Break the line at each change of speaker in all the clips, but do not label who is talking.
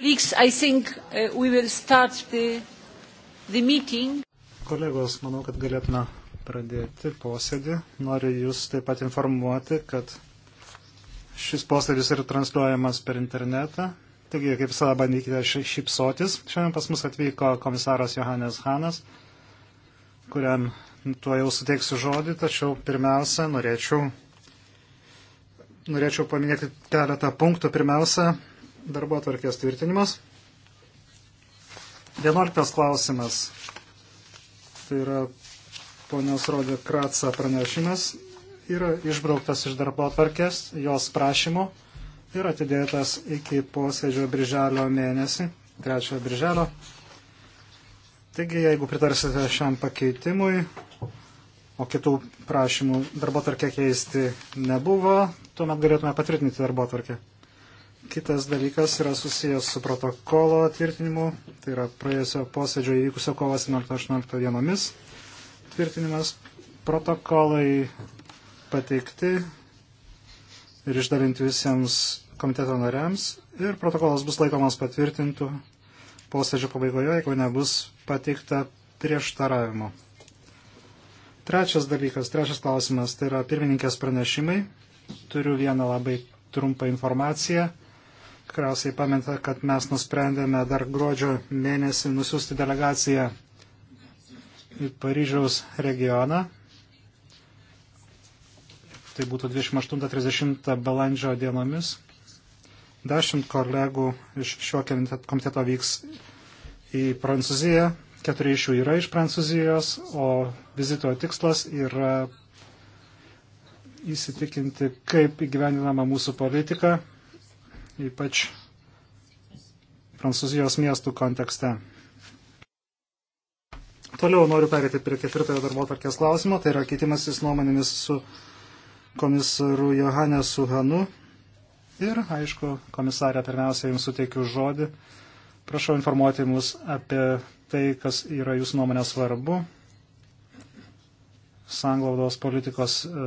Colleagues, I think uh, we will start the, the meeting.
Kolegos, manau, kad galėtume pradėti posėdį. Noriu Jūs taip pat informuoti, kad šis posėdis yra transliuojamas per internetą. Taigi, kaip visada, bandykite šypsotis. Šiandien pas mus atvyko komisaras Johannes Hanas, kuriam tuo jau suteiksiu žodį, tačiau pirmiausia, norėčiau, norėčiau paminėti keletą punktų. Pirmiausia, Darbo atvarkės tvirtinimas. Vienuoliktas klausimas. Tai yra ponios Rodė Kratsa pranešimas. Yra išbrauktas iš darbo atvarkės jos prašymu ir atidėtas iki posėdžio birželio mėnesį, 3 birželio. Taigi, jeigu pritarsite šiam pakeitimui, o kitų prašymų darbo tarkė keisti nebuvo, tuomet galėtume patvirtinti darbo tarkę. Kitas dalykas yra susijęs su protokolo tvirtinimu, tai yra praėjusio posėdžio įvykusio kovo 17-18 dienomis tvirtinimas. Protokolai pateikti ir išdalinti visiems komiteto nariams ir protokolas bus laikomas patvirtintų posėdžio pabaigoje, jeigu nebus pateikta prieštaravimo. Trečias dalykas, trečias klausimas, tai yra pirmininkės pranešimai. Turiu vieną labai trumpą informaciją tikriausiai pamenta, kad mes nusprendėme dar gruodžio mėnesį nusiųsti delegaciją į Paryžiaus regioną. Tai būtų 28-30 balandžio dienomis. Dešimt kolegų iš šio komiteto vyks į Prancūziją. Keturi iš jų yra iš Prancūzijos, o vizito tikslas yra įsitikinti, kaip įgyvendinama mūsų politika ypač Prancūzijos miestų kontekste. Toliau noriu perėti prie ketvirtojo darbo tarkės klausimo, tai yra keitimasis nuomonėmis su komisaru Johannesu Hanu. Ir, aišku, komisarė, pirmiausia, jums suteikiu žodį. Prašau informuoti mus apie tai, kas yra jūsų nuomonė svarbu sanglaudos politikos e,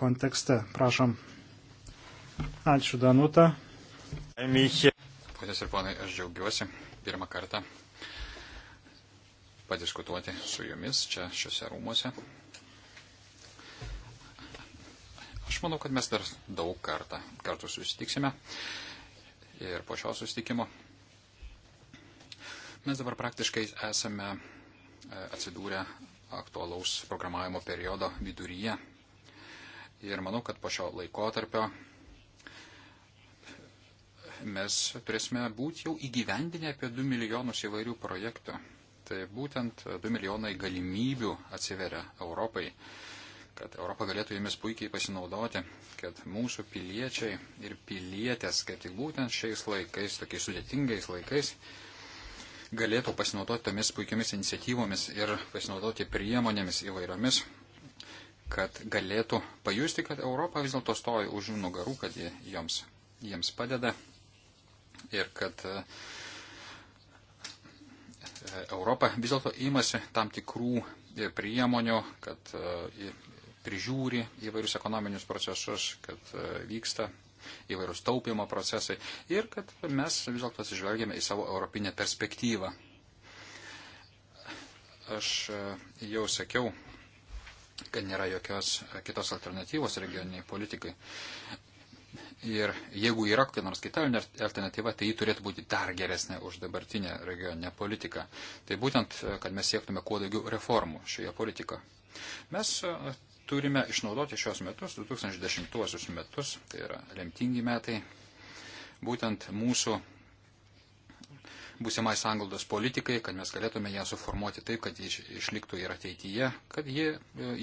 kontekste. Prašom. Ačiū, Danuta.
Ponios ir ponai, aš džiaugiuosi pirmą kartą padiskutuoti su jumis čia šiuose rūmuose. Aš manau, kad mes dar daug kartą kartu susitiksime ir po šio susitikimo. Mes dabar praktiškai esame e, atsidūrę aktualaus programavimo periodo viduryje. Ir manau, kad po šio laikotarpio mes turėsime būti jau įgyvendinę apie 2 milijonus įvairių projektų. Tai būtent 2 milijonai galimybių atsiveria Europai, kad Europa galėtų jomis puikiai pasinaudoti, kad mūsų piliečiai ir pilietės, kaip tik būtent šiais laikais, tokiais sudėtingais laikais, galėtų pasinaudoti tomis puikiamis iniciatyvomis ir pasinaudoti priemonėmis įvairiomis, kad galėtų pajusti, kad Europa vis dėlto stovi už jų nugarų, kad jie, joms, jiems padeda ir kad e, Europa vis dėlto imasi tam tikrų e, priemonių, kad e, prižiūri įvairius ekonominius procesus, kad vyksta įvairūs taupimo procesai ir kad mes vis dėlto atsižvelgėme į savo europinę perspektyvą. Aš jau sakiau, kad nėra jokios kitos alternatyvos regioniniai politikai. Ir jeigu yra kokia nors kita alternatyva, tai ji turėtų būti dar geresnė už dabartinę regioninę politiką. Tai būtent, e, kad mes siektume kuo daugiau reformų šioje politikoje. Mes e, turime išnaudoti šios metus, 2010 metus, tai yra lemtingi metai, būtent mūsų būsimai sanglaudos politikai, kad mes galėtume ją suformuoti taip, kad ji išliktų ir ateityje, kad ji e,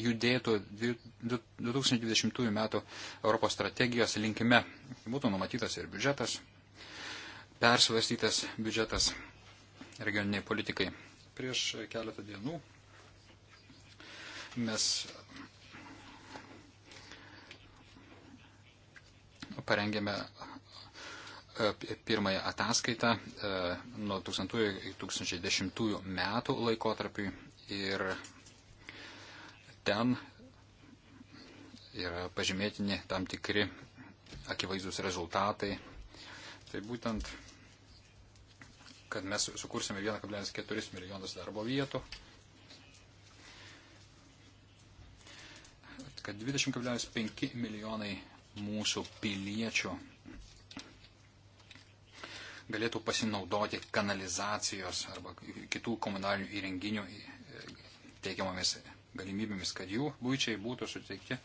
judėtų 2020 m. Europos strategijos linkime. Būtų numatytas ir biudžetas, persvarstytas biudžetas regioniniai politikai. Prieš keletą dienų mes parengėme E, pirmąją ataskaitą e, nuo 2000-2010 metų laikotarpiui ir ten yra pažymėtini tam tikri akivaizdus rezultatai. Tai būtent, kad mes sukursime 1,4 milijonus darbo vietų, kad 20,5 milijonai mūsų piliečių galėtų pasinaudoti kanalizacijos arba kitų komunalinių įrenginių e, teikiamomis galimybėmis, kad jų būčiai būtų suteikti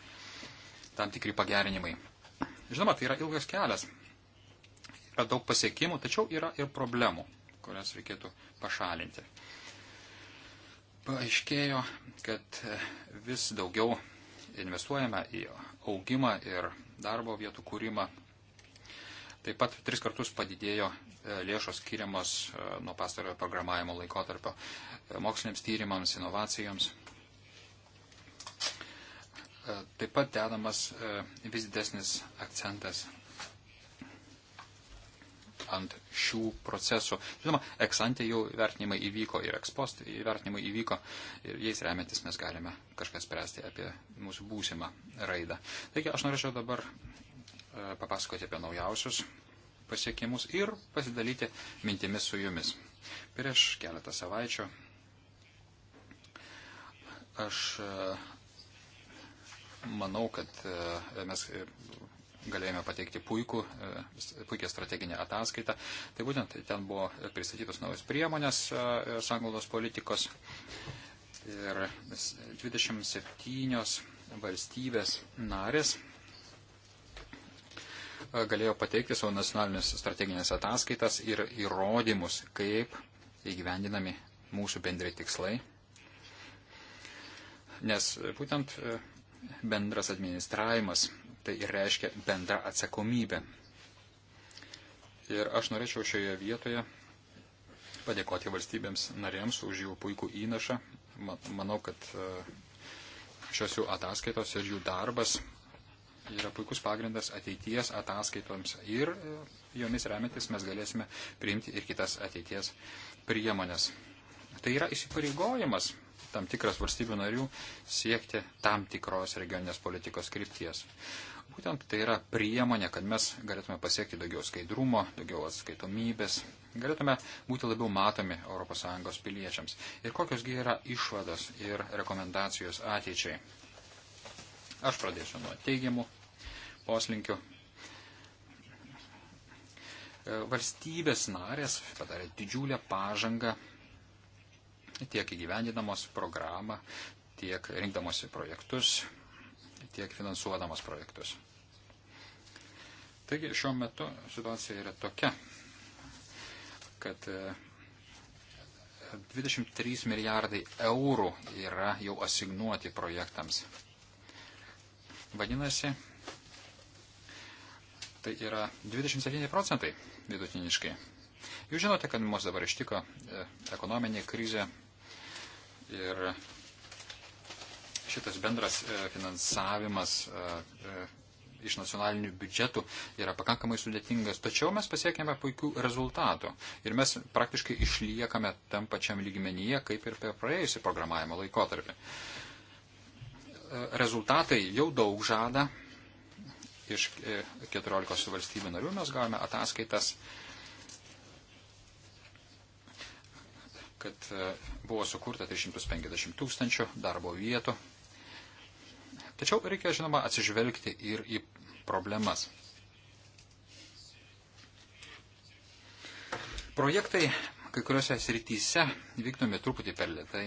tam tikri pagerinimai. Žinoma, tai yra ilgas kelias, yra daug pasiekimų, tačiau yra ir problemų, kurias reikėtų pašalinti. Paaiškėjo, kad e, vis daugiau investuojame į augimą ir darbo vietų kūrimą. Taip pat tris kartus padidėjo E, lėšos skiriamos e, nuo pastarojo programavimo laikotarpio e, moksliniams tyrimams, inovacijoms. Taip pat dedamas vis didesnis akcentas ant šių procesų. Žinoma, eksantė jau vertinimai įvyko ir ekspost vertinimai įvyko ir jais remiantis mes galime kažką spręsti apie mūsų būsimą raidą. Taigi aš norėčiau dabar papasakoti apie naujausius pasiekimus ir pasidalyti mintimis su jumis. Prieš keletą savaičių aš e, manau, kad e, mes e, galėjome pateikti puikų, puikią strateginę ataskaitą. Tai būtent ten buvo pristatytos naujos priemonės sanglaudos politikos ir 27 valstybės narės galėjo pateikti savo nacionalinės strateginės ataskaitas ir įrodymus, kaip įgyvendinami mūsų bendri tikslai. Nes būtent e, bendras administravimas tai ir reiškia bendra atsakomybė. Ir aš norėčiau šioje vietoje padėkoti valstybėms narėms už jų puikų įnašą. Manau, kad e, šios jų ataskaitos ir jų darbas yra puikus pagrindas ateities ataskaitoms ir e, jomis remiantis mes galėsime priimti ir kitas ateities priemonės. Tai yra įsipareigojimas tam tikras valstybių narių siekti tam tikros regioninės politikos krypties. Būtent tai yra priemonė, kad mes galėtume pasiekti daugiau skaidrumo, daugiau atskaitomybės, galėtume būti labiau matomi ES piliečiams. Ir kokiosgi yra išvados ir rekomendacijos ateičiai. Aš pradėsiu nuo teigiamų poslinkių. E, valstybės narės padarė didžiulę pažangą tiek įgyvendinamos programą, tiek rinkdamosi projektus, tiek finansuodamos projektus. Taigi šiuo metu situacija yra tokia, kad 23 e, milijardai eurų yra jau asignuoti projektams. Vadinasi, tai yra 27 procentai vidutiniškai. Jūs žinote, kad mus dabar ištiko e, ekonominė krizė ir šitas bendras e, finansavimas e, iš nacionalinių biudžetų yra pakankamai sudėtingas, tačiau mes pasiekėme puikių rezultatų ir mes praktiškai išliekame tam pačiam lygmenyje, kaip ir per praėjusią programavimo laikotarpį rezultatai jau daug žada. Iš 14 e, valstybių narių mes gavome ataskaitas, kad e, buvo sukurta 350 tūkstančių darbo vietų. Tačiau reikia, žinoma, atsižvelgti ir į problemas. Projektai kai kuriuose srityse vykdomi truputį per lietai,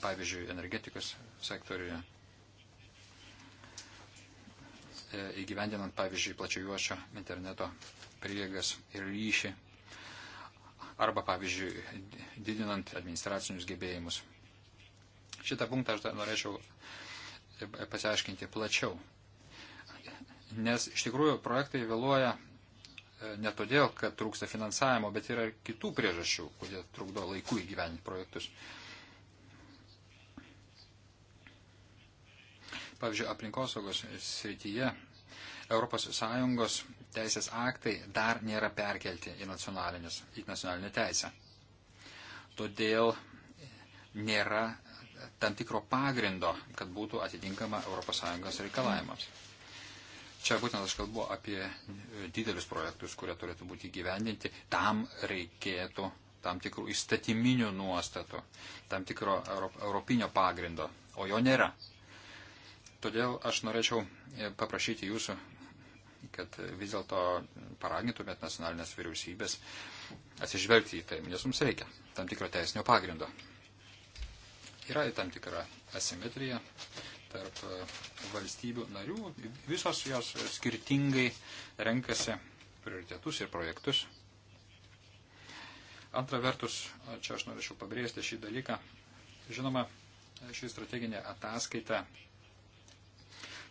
pavyzdžiui, energetikos sektoriuje E, įgyvendinant, pavyzdžiui, plačiajuošio interneto prieigas ir ryšį, arba, pavyzdžiui, didinant administracinius gebėjimus. Šitą punktą aš norėčiau e, pasiaiškinti plačiau, nes iš tikrųjų projektai vėluoja e, ne todėl, kad trūksta finansavimo, bet yra kitų priežasčių, kurie trukdo laiku įgyvendinti projektus. Pavyzdžiui, aplinkosaugos srityje ES teisės aktai dar nėra perkelti į, į nacionalinę teisę. Todėl nėra tam tikro pagrindo, kad būtų atitinkama ES reikalavimams. Čia būtent aš kalbu apie didelius projektus, kurie turėtų būti gyvendinti. Tam reikėtų tam tikrų įstatyminių nuostatų, tam tikro europinio pagrindo, o jo nėra. Todėl aš norėčiau e, paprašyti jūsų, kad e, vis dėlto paragintumėt nacionalinės vyriausybės atsižvelgti į tai, nes mums reikia tam tikro teisinio pagrindo. Yra tam tikra asimetrija tarp e, valstybių narių, visos jos skirtingai renkasi prioritetus ir projektus. Antra vertus, čia aš norėčiau pabrėžti šį dalyką, žinoma, ši strateginė ataskaita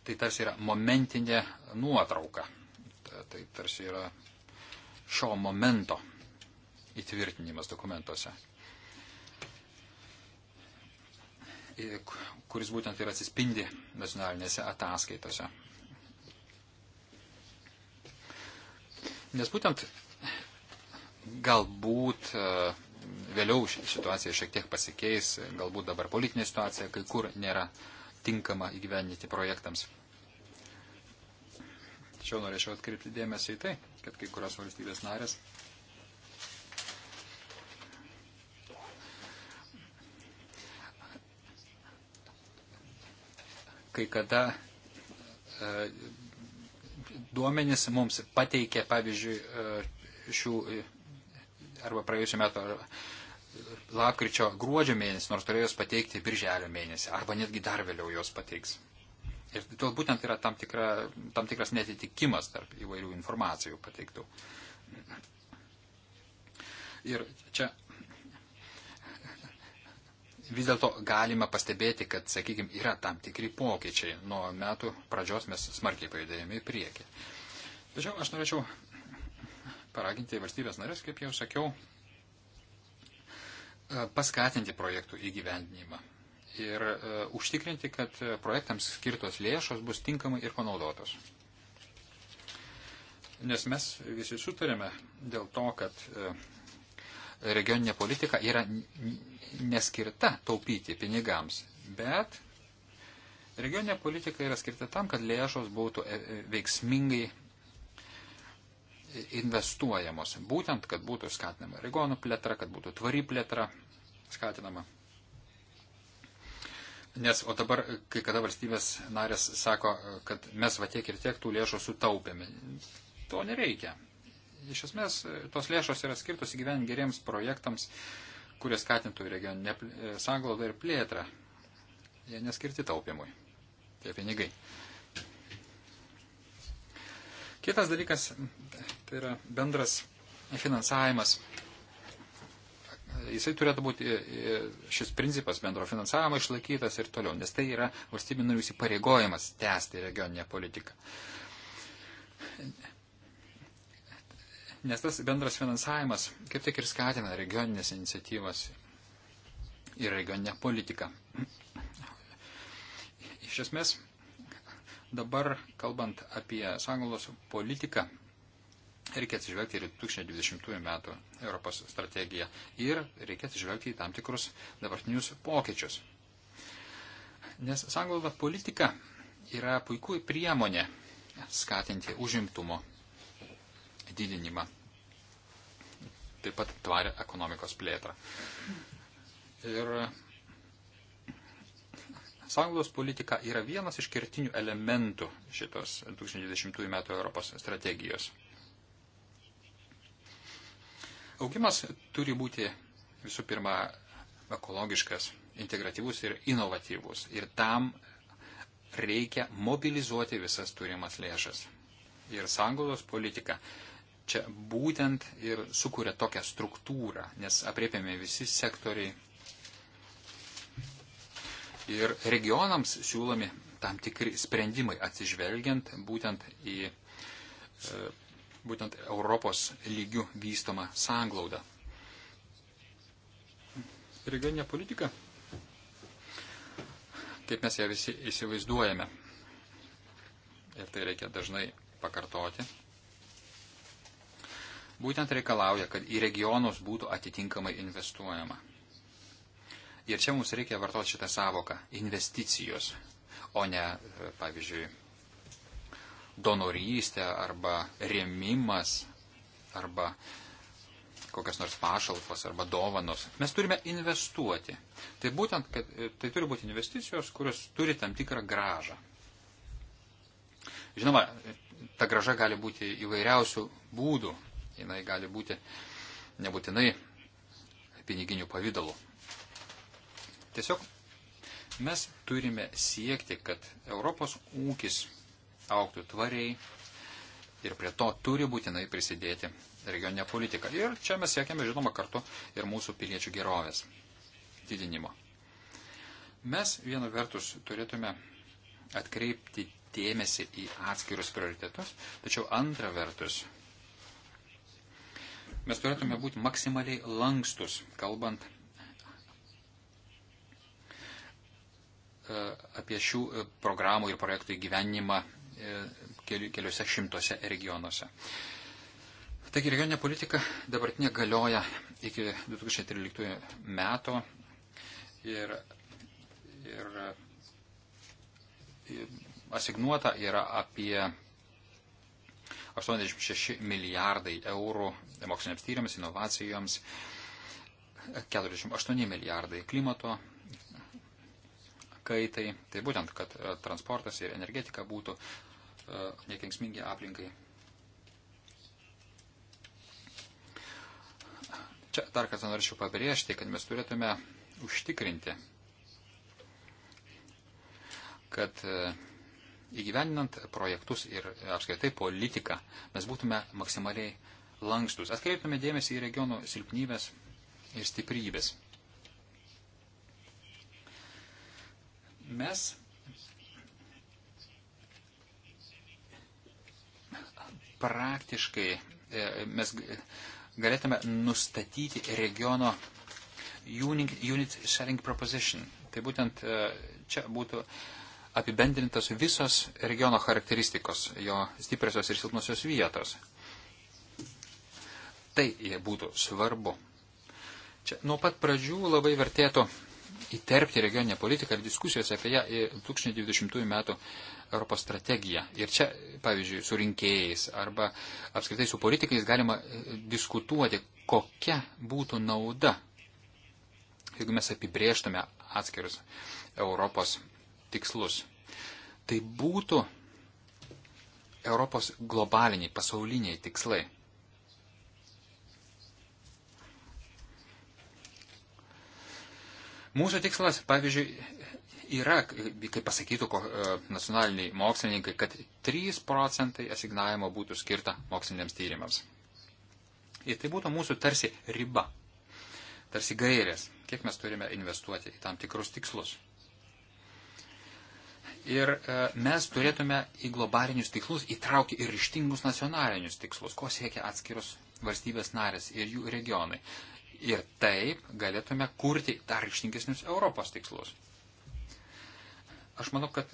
tai tarsi yra momentinė nuotrauka. Tai, tai tarsi yra šio momento įtvirtinimas dokumentuose, kuris būtent ir atsispindi nacionalinėse ataskaitose. Nes būtent galbūt e, vėliau situacija šiek tiek pasikeis, galbūt dabar politinė situacija kai kur nėra uh, tinkama įgyveninti projektams. Tačiau norėčiau atkreipti dėmesį į tai, kad kai kurios valstybės narės kai kada e, duomenys mums pateikė, pavyzdžiui, e, šių e, arba praėjusiu metu ar, lapkričio gruodžio mėnesį, nors turėjo jos pateikti birželio mėnesį, arba netgi dar vėliau jos pateiks. Ir todėl būtent yra tam, tikra, tam tikras netitikimas tarp įvairių informacijų pateiktų. Ir čia vis dėlto galima pastebėti, kad, sakykime, yra tam tikri pokyčiai. Nuo metų pradžios mes smarkiai pajudėjome į priekį. Tačiau aš norėčiau paraginti valstybės narės, kaip jau sakiau, E, paskatinti projektų įgyvendinimą ir e, užtikrinti, kad projektams skirtos lėšos bus tinkamai ir panaudotos. Nes mes visi sutarėme dėl to, kad e, regioninė politika yra neskirta taupyti pinigams, bet regioninė politika yra skirta tam, kad lėšos būtų veiksmingai investuojamos. Būtent, kad būtų skatinama regionų plėtra, kad būtų tvari plėtra skatinama. Nes, o dabar, kai kada valstybės narės sako, kad mes va tiek ir tiek tų lėšų sutaupėme. To nereikia. Iš esmės, tos lėšos yra skirtos įgyveninti geriems projektams, kurie skatintų regioninę sąglaudą ir plėtrą. Jie neskirti taupimui. Tie pinigai. Uh, Kitas dalykas tai yra bendras finansavimas. Jisai turėtų būti šis principas bendro finansavimo išlaikytas ir toliau, nes tai yra valstybių narių įsipareigojimas tęsti regioninę politiką. Nes tas bendras finansavimas kaip tik ir skatina regioninės iniciatyvas ir regioninę politiką. Iš esmės, Dabar, kalbant apie sąjungos politiką, reikia atsižvelgti ir 2020 metų Europos strategiją ir reikia atsižvelgti į tam tikrus dabartinius pokyčius. Nes sąjungos politika yra puikų priemonė skatinti užimtumo didinimą, taip pat tvarę ekonomikos plėtrą. Ir Sąjungos politika yra vienas iš kertinių elementų šitos 2010 m. Europos strategijos. Augimas turi būti visų pirma ekologiškas, integratyvus ir inovatyvus. Ir tam reikia mobilizuoti visas turimas lėšas. Ir sąjungos politika čia būtent ir sukuria tokią struktūrą, nes apriepiame visi sektoriai Ir regionams siūlomi tam tikri sprendimai atsižvelgiant būtent į e, būtent Europos lygių vystomą sanglaudą. Regioninė politika, kaip mes ją visi įsivaizduojame, ir tai reikia dažnai pakartoti, būtent reikalauja, kad į regionus būtų atitinkamai investuojama. Ir čia mums reikia vartoti šitą savoką - investicijos, o ne, e, pavyzdžiui, donorystė arba rėmimas arba kokios nors pašalpos arba dovanos. Mes turime investuoti. Tai būtent, kad e, tai turi būti investicijos, kurios turi tam tikrą gražą. Žinoma, ta graža gali būti įvairiausių būdų. Jis gali būti nebūtinai piniginių pavydalų. Tiesiog mes turime siekti, kad Europos ūkis auktų tvariai ir prie to turi būtinai prisidėti regioninė politika. Ir čia mes siekiame, žinoma, kartu ir mūsų piliečių gerovės didinimo. Mes viena vertus turėtume atkreipti dėmesį į atskirus prioritetus, tačiau antra vertus mes turėtume būti maksimaliai lankstus, kalbant E, apie šių e, programų ir projektų įgyvenimą e, keliuose šimtuose regionuose. Taigi regioninė politika dabartinė galioja iki 2013 metų ir, ir, ir asignuota yra apie 86 milijardai eurų moksliniams tyriams, inovacijoms, 48 milijardai klimato kaitai. Tai būtent, kad e, transportas ir energetika būtų e, nekenksmingi aplinkai. Čia dar kartą norėčiau pabrėžti, kad mes turėtume užtikrinti, kad e, įgyveninant projektus ir apskritai politiką mes būtume maksimaliai lankstus, atkreiptume dėmesį į regionų silpnybės ir stiprybės. Mes praktiškai e, mes galėtume nustatyti regiono unit sharing proposition. Tai būtent e, čia būtų apibendrintas visos regiono charakteristikos, jo stipriosios ir silpnosios vietos. Tai būtų svarbu. Čia nuo pat pradžių labai vertėtų įterpti regioninę politiką ir diskusijos apie ją 2020 metų Europos strategiją. Ir čia, pavyzdžiui, su rinkėjais arba apskritai su politikais galima e, diskutuoti, kokia būtų nauda, jeigu mes apibrėžtume atskirus Europos tikslus. Tai būtų Europos globaliniai, pasauliniai tikslai. Mūsų tikslas, pavyzdžiui, yra, kaip pasakytų e, nacionaliniai mokslininkai, kad 3 procentai asignavimo būtų skirta moksliniams tyrimams. Ir tai būtų mūsų tarsi riba, tarsi gairės, kiek mes turime investuoti į tam tikrus tikslus. Ir e, mes turėtume į globalinius tikslus įtraukti ir ryštingus nacionalinius tikslus, ko siekia atskirus valstybės narės ir jų regionai. Ir taip galėtume kurti dar išninkesnius Europos tikslus. Aš manau, kad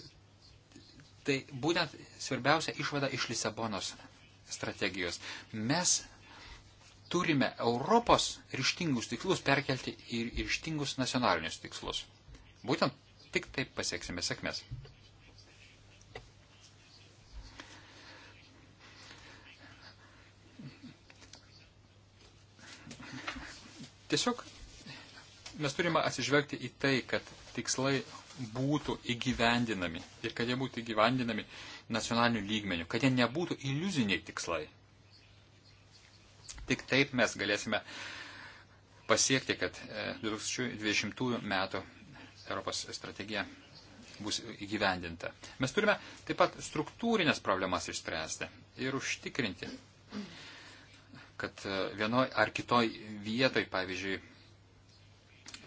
tai būtent svarbiausia išvada iš Lisabonos strategijos. Mes turime Europos ryštingus tikslus perkelti į ryštingus nacionalinius tikslus. Būtent tik taip pasieksime sėkmės. Tiesiog mes turime atsižvelgti į tai, kad tikslai būtų įgyvendinami ir kad jie būtų įgyvendinami nacionaliniu lygmeniu, kad jie nebūtų iliuziniai tikslai. Tik taip mes galėsime pasiekti, kad 2020 e, metų Europos strategija bus įgyvendinta. Mes turime taip pat struktūrinės problemas išspręsti ir užtikrinti, kad e, vienoj ar kitoj vietoj, pavyzdžiui,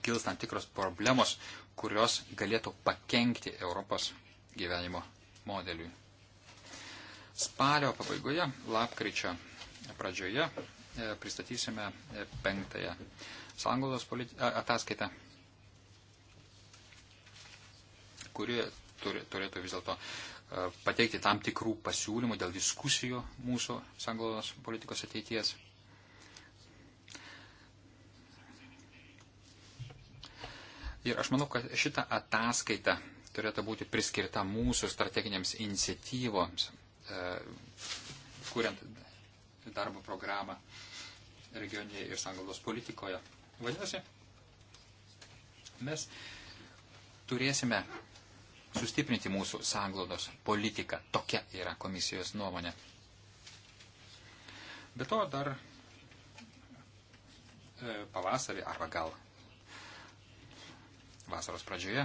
kils tam tikros problemos, kurios galėtų pakengti Europos gyvenimo modeliui. Spalio pabaigoje, lapkričio pradžioje e, pristatysime e, penktąją sąnglaudos ataskaitą, kuri turėtų vis dėlto pateikti tam tikrų pasiūlymų dėl diskusijų mūsų sanglaudos politikos ateities. Ir aš manau, kad šita ataskaita turėtų būti priskirta mūsų strateginėms iniciatyvoms, e, kuriant darbo programą regioninėje ir sangaldos politikoje. Vadinasi, mes turėsime sustiprinti mūsų sanglaudos politiką. Tokia yra komisijos nuomonė. Be to dar e, pavasarį arba gal vasaros pradžioje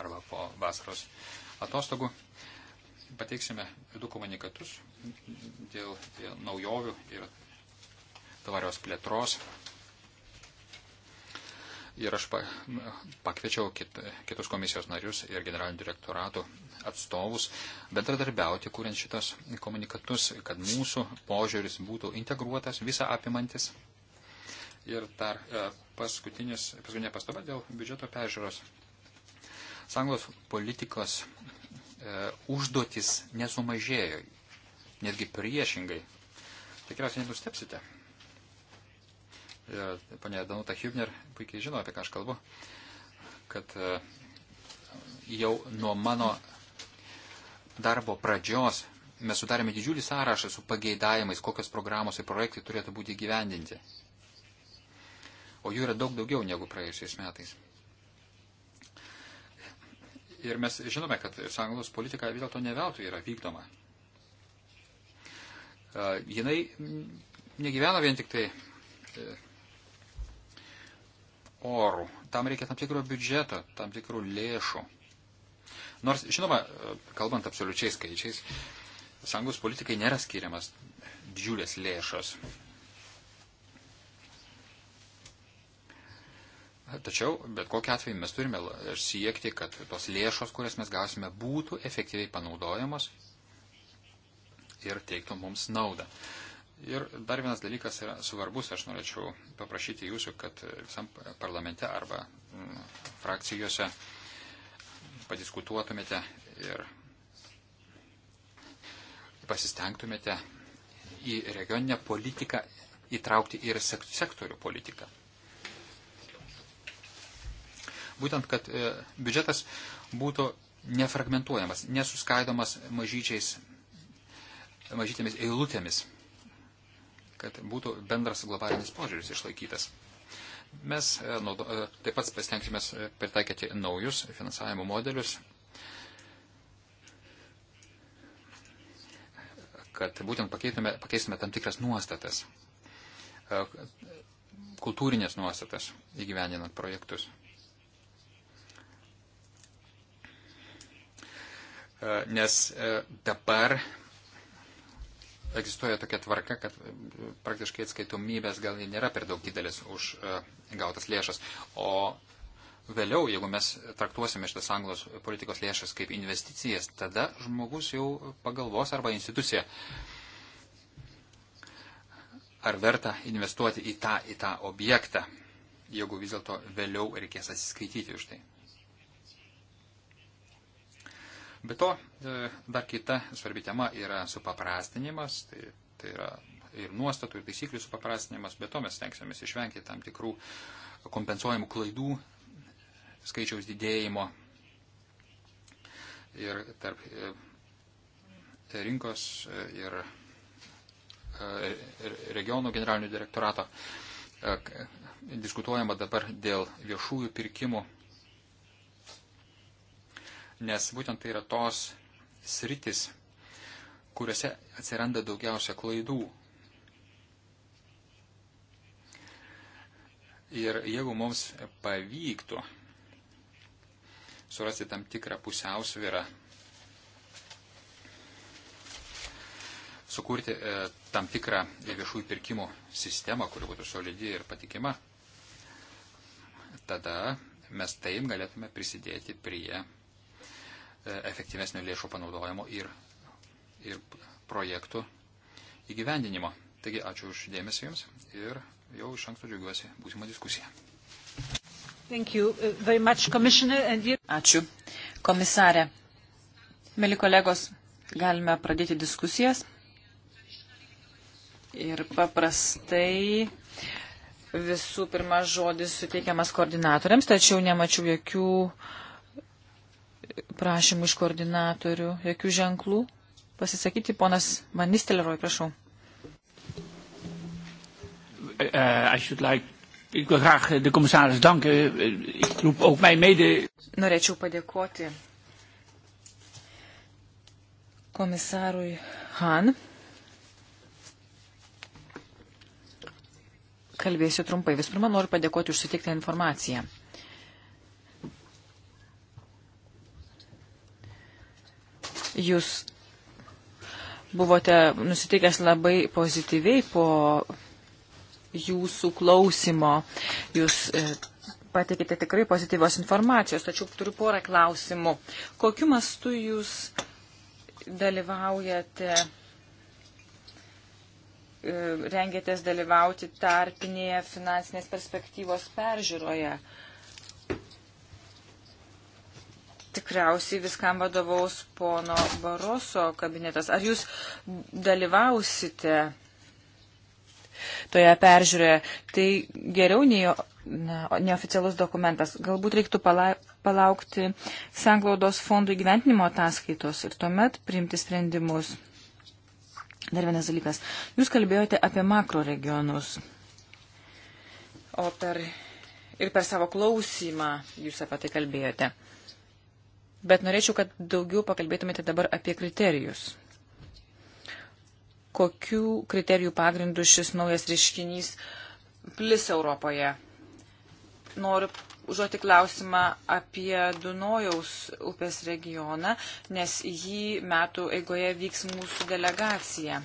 arba po vasaros atostogų. Pateiksime du komunikatus dėl, dėl naujovių ir tvarios plėtros. Ir aš pakviečiau kit, kitus komisijos narius ir generalinių direktoratų atstovus bendradarbiauti, kuriant šitas komunikatus, kad mūsų požiūris būtų integruotas, visa apimantis Ir dar e, paskutinė pastaba dėl biudžeto peržiūros. Sanglos politikos e, užduotis nesumažėjo, netgi priešingai. Tikriausiai nenustepsite. Ir e, ponė Danuta Hübner puikiai žino, apie ką aš kalbu, kad e, jau nuo mano darbo pradžios mes sudarėme didžiulį sąrašą su pageidavimais, kokios programos ir projektai turėtų būti gyvendinti o jų yra daug daugiau negu praėjusiais metais. Ir mes žinome, kad sąjungos politika vis dėlto neveltui yra vykdoma. Uh, jinai negyvena vien tik tai uh, orų. Tam reikia tam tikro biudžeto, tam tikrų lėšų. Nors, žinoma, e, kalbant absoliučiais skaičiais, sąjungos politikai nėra skiriamas didžiulės lėšos. Tačiau, bet kokiu atveju, mes turime siekti, kad tos lėšos, kurias mes gausime, būtų efektyviai panaudojamos ir teiktų mums naudą. Ir dar vienas dalykas yra svarbus, aš norėčiau paprašyti jūsų, kad visam parlamente arba mm, frakcijose padiskutuotumėte ir pasistengtumėte į regioninę politiką įtraukti ir sektorių politiką būtent, kad e, biudžetas būtų nefragmentuojamas, nesuskaidomas mažyčiais, mažytėmis eilutėmis, kad būtų bendras globalinis požiūris išlaikytas. Mes e, naudo, e, taip pat pasitengsime pritaikyti naujus finansavimo modelius, kad būtent pakeistume, pakeistume tam tikras nuostatas, kultūrinės nuostatas įgyveninant projektus. E, nes e, dabar egzistuoja tokia tvarka, kad e, praktiškai atskaitomybės gal nėra per daug didelis už gautas lėšas. O vėliau, jeigu mes traktuosime šitas anglos politikos lėšas kaip investicijas, tada žmogus jau pagalvos arba institucija, ar verta investuoti į tą, į tą objektą, jeigu vis dėlto vėliau reikės atsiskaityti už tai. Be to, e, dar kita svarbi tema yra supaprastinimas, tai, tai yra ir nuostatų, ir taisyklių supaprastinimas, be to mes tenksimės išvengti tam tikrų kompensuojamų klaidų skaičiaus didėjimo ir tarp e, rinkos e, ir regionų generalinio direktorato diskutuojama dabar dėl viešųjų pirkimų nes būtent tai yra tos sritis, kuriuose atsiranda daugiausia klaidų. Ir jeigu mums pavyktų surasti tam tikrą pusiausvyrą, sukurti e, tam tikrą viešųjų pirkimų sistemą, kuri būtų solidi ir patikima, tada mes taip galėtume prisidėti prie E, efektyvesnio lėšų panaudojimo ir, ir projektų įgyvendinimo. Taigi ačiū uždėmesi Jums ir jau iš anksto džiaugiuosi būsimą diskusiją.
Uh, much, ačiū. Komisarė, mėly kolegos, galime pradėti diskusijas. Ir paprastai visų pirma žodis suteikiamas koordinatoriams, tačiau nemačiau jokių uh, prašymų iš koordinatorių, jokių ženklų pasisakyti. Ponas Manistelroj, prašau.
Uh, like, ik wil graag eh, de commissaris danken. Ik roep ook mijn mede.
Norėčiau padėkoti komisarui Han. Kalbėsiu trumpai. Vis pirma, noriu padėkoti už sutiktą informaciją. Jūs buvote nusiteikęs labai pozityviai po jūsų klausimo. Jūs e, pateikite tikrai pozityvios informacijos, tačiau turiu porą klausimų. Kokiu mastu jūs dalyvaujate, e, rengėtės dalyvauti tarpinėje finansinės perspektyvos peržiūroje? Uh, tikriausiai viskam vadovaus pono Baroso kabinetas. Ar jūs dalyvausite toje peržiūroje? Tai geriau nei na, neoficialus dokumentas. Galbūt reiktų pala palaukti Sanglaudos fondų įgyventinimo ataskaitos ir tuomet priimti sprendimus. Dar vienas dalykas. Jūs kalbėjote apie makro regionus. O per, ir per savo klausimą jūs apie tai kalbėjote. Uh, Bet norėčiau, kad daugiau pakalbėtumėte dabar apie kriterijus. Kokių kriterijų pagrindų šis naujas reiškinys plis Europoje? Noriu užduoti klausimą apie Dunojaus upės regioną, nes jį metų eigoje vyks mūsų delegacija.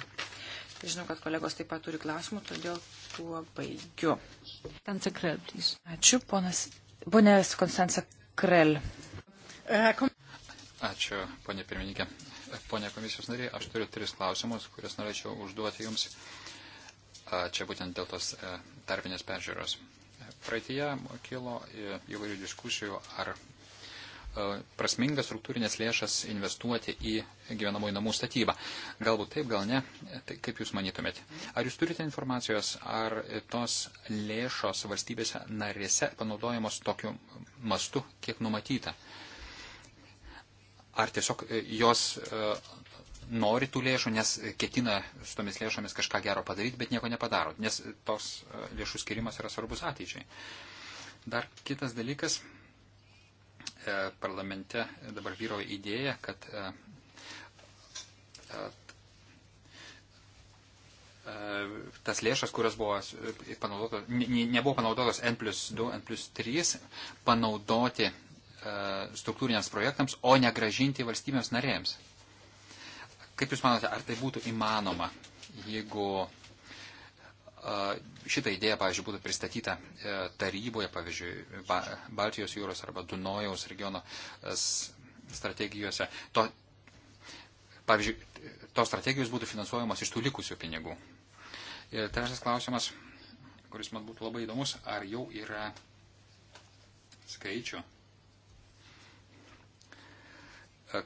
Žinau, kad kolegos taip pat turi klausimų, todėl tuo baigiu. Ačiū, ponas, ponės Konstantas Krell. Ačiū,
ponė pirmininkė. Pone komisijos nariai, aš turiu tris klausimus, kuriuos norėčiau užduoti jums. Čia būtent dėl tos e, tarpinės peržiūros. Praeitie kilo įvairių diskusijų, ar e, prasmingas struktūrinės lėšas investuoti į gyvenamųjų namų statybą. Galbūt taip, gal ne. Tai kaip Jūs manytumėte? Ar Jūs turite informacijos, ar tos lėšos valstybėse narėse panaudojamos tokiu mastu, kiek numatyta? Uh, ar tiesiog e, jos e, nori tų lėšų, nes ketina su tomis lėšomis kažką gero padaryti, bet nieko nepadaro, nes tos e, lėšų skirimas yra svarbus ateičiai. Dar kitas dalykas, parlamente dabar vyroja idėja, kad tas lėšas, kurios buvo panaudotos, ne, nebuvo panaudotos N plus 2, N plus 3, panaudoti E, struktūriniams projektams, o negražinti valstybėms narėms. Kaip Jūs manote, ar tai būtų įmanoma, jeigu e, šitą idėją, pavyzdžiui, būtų pristatyta e, taryboje, pavyzdžiui, Baltijos jūros arba Dunojaus regiono strategijose, to, pavyzdžiui, tos strategijos būtų finansuojamos iš tų likusių pinigų. Ir trečias klausimas, kuris man būtų labai įdomus, ar jau yra skaičių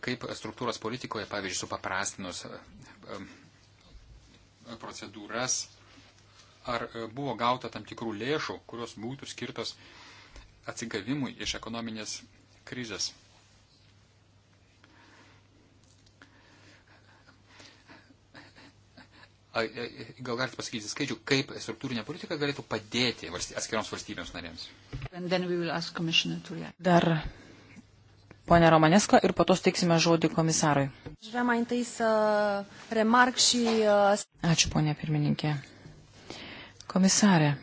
kaip struktūros politikoje, pavyzdžiui, supaprastinus procedūras, ar e, buvo gauta tam tikrų lėšų, kurios būtų skirtos atsigavimui iš ekonominės krizės. E, e, gal galite pasakyti skaičių, kaip struktūrinė politika galėtų padėti atskiroms valstybėms narėms?
Dar ponę Romaneską ir po to steiksime žodį komisarui. Uh, Ačiū, ponė pirmininkė. Komisarė.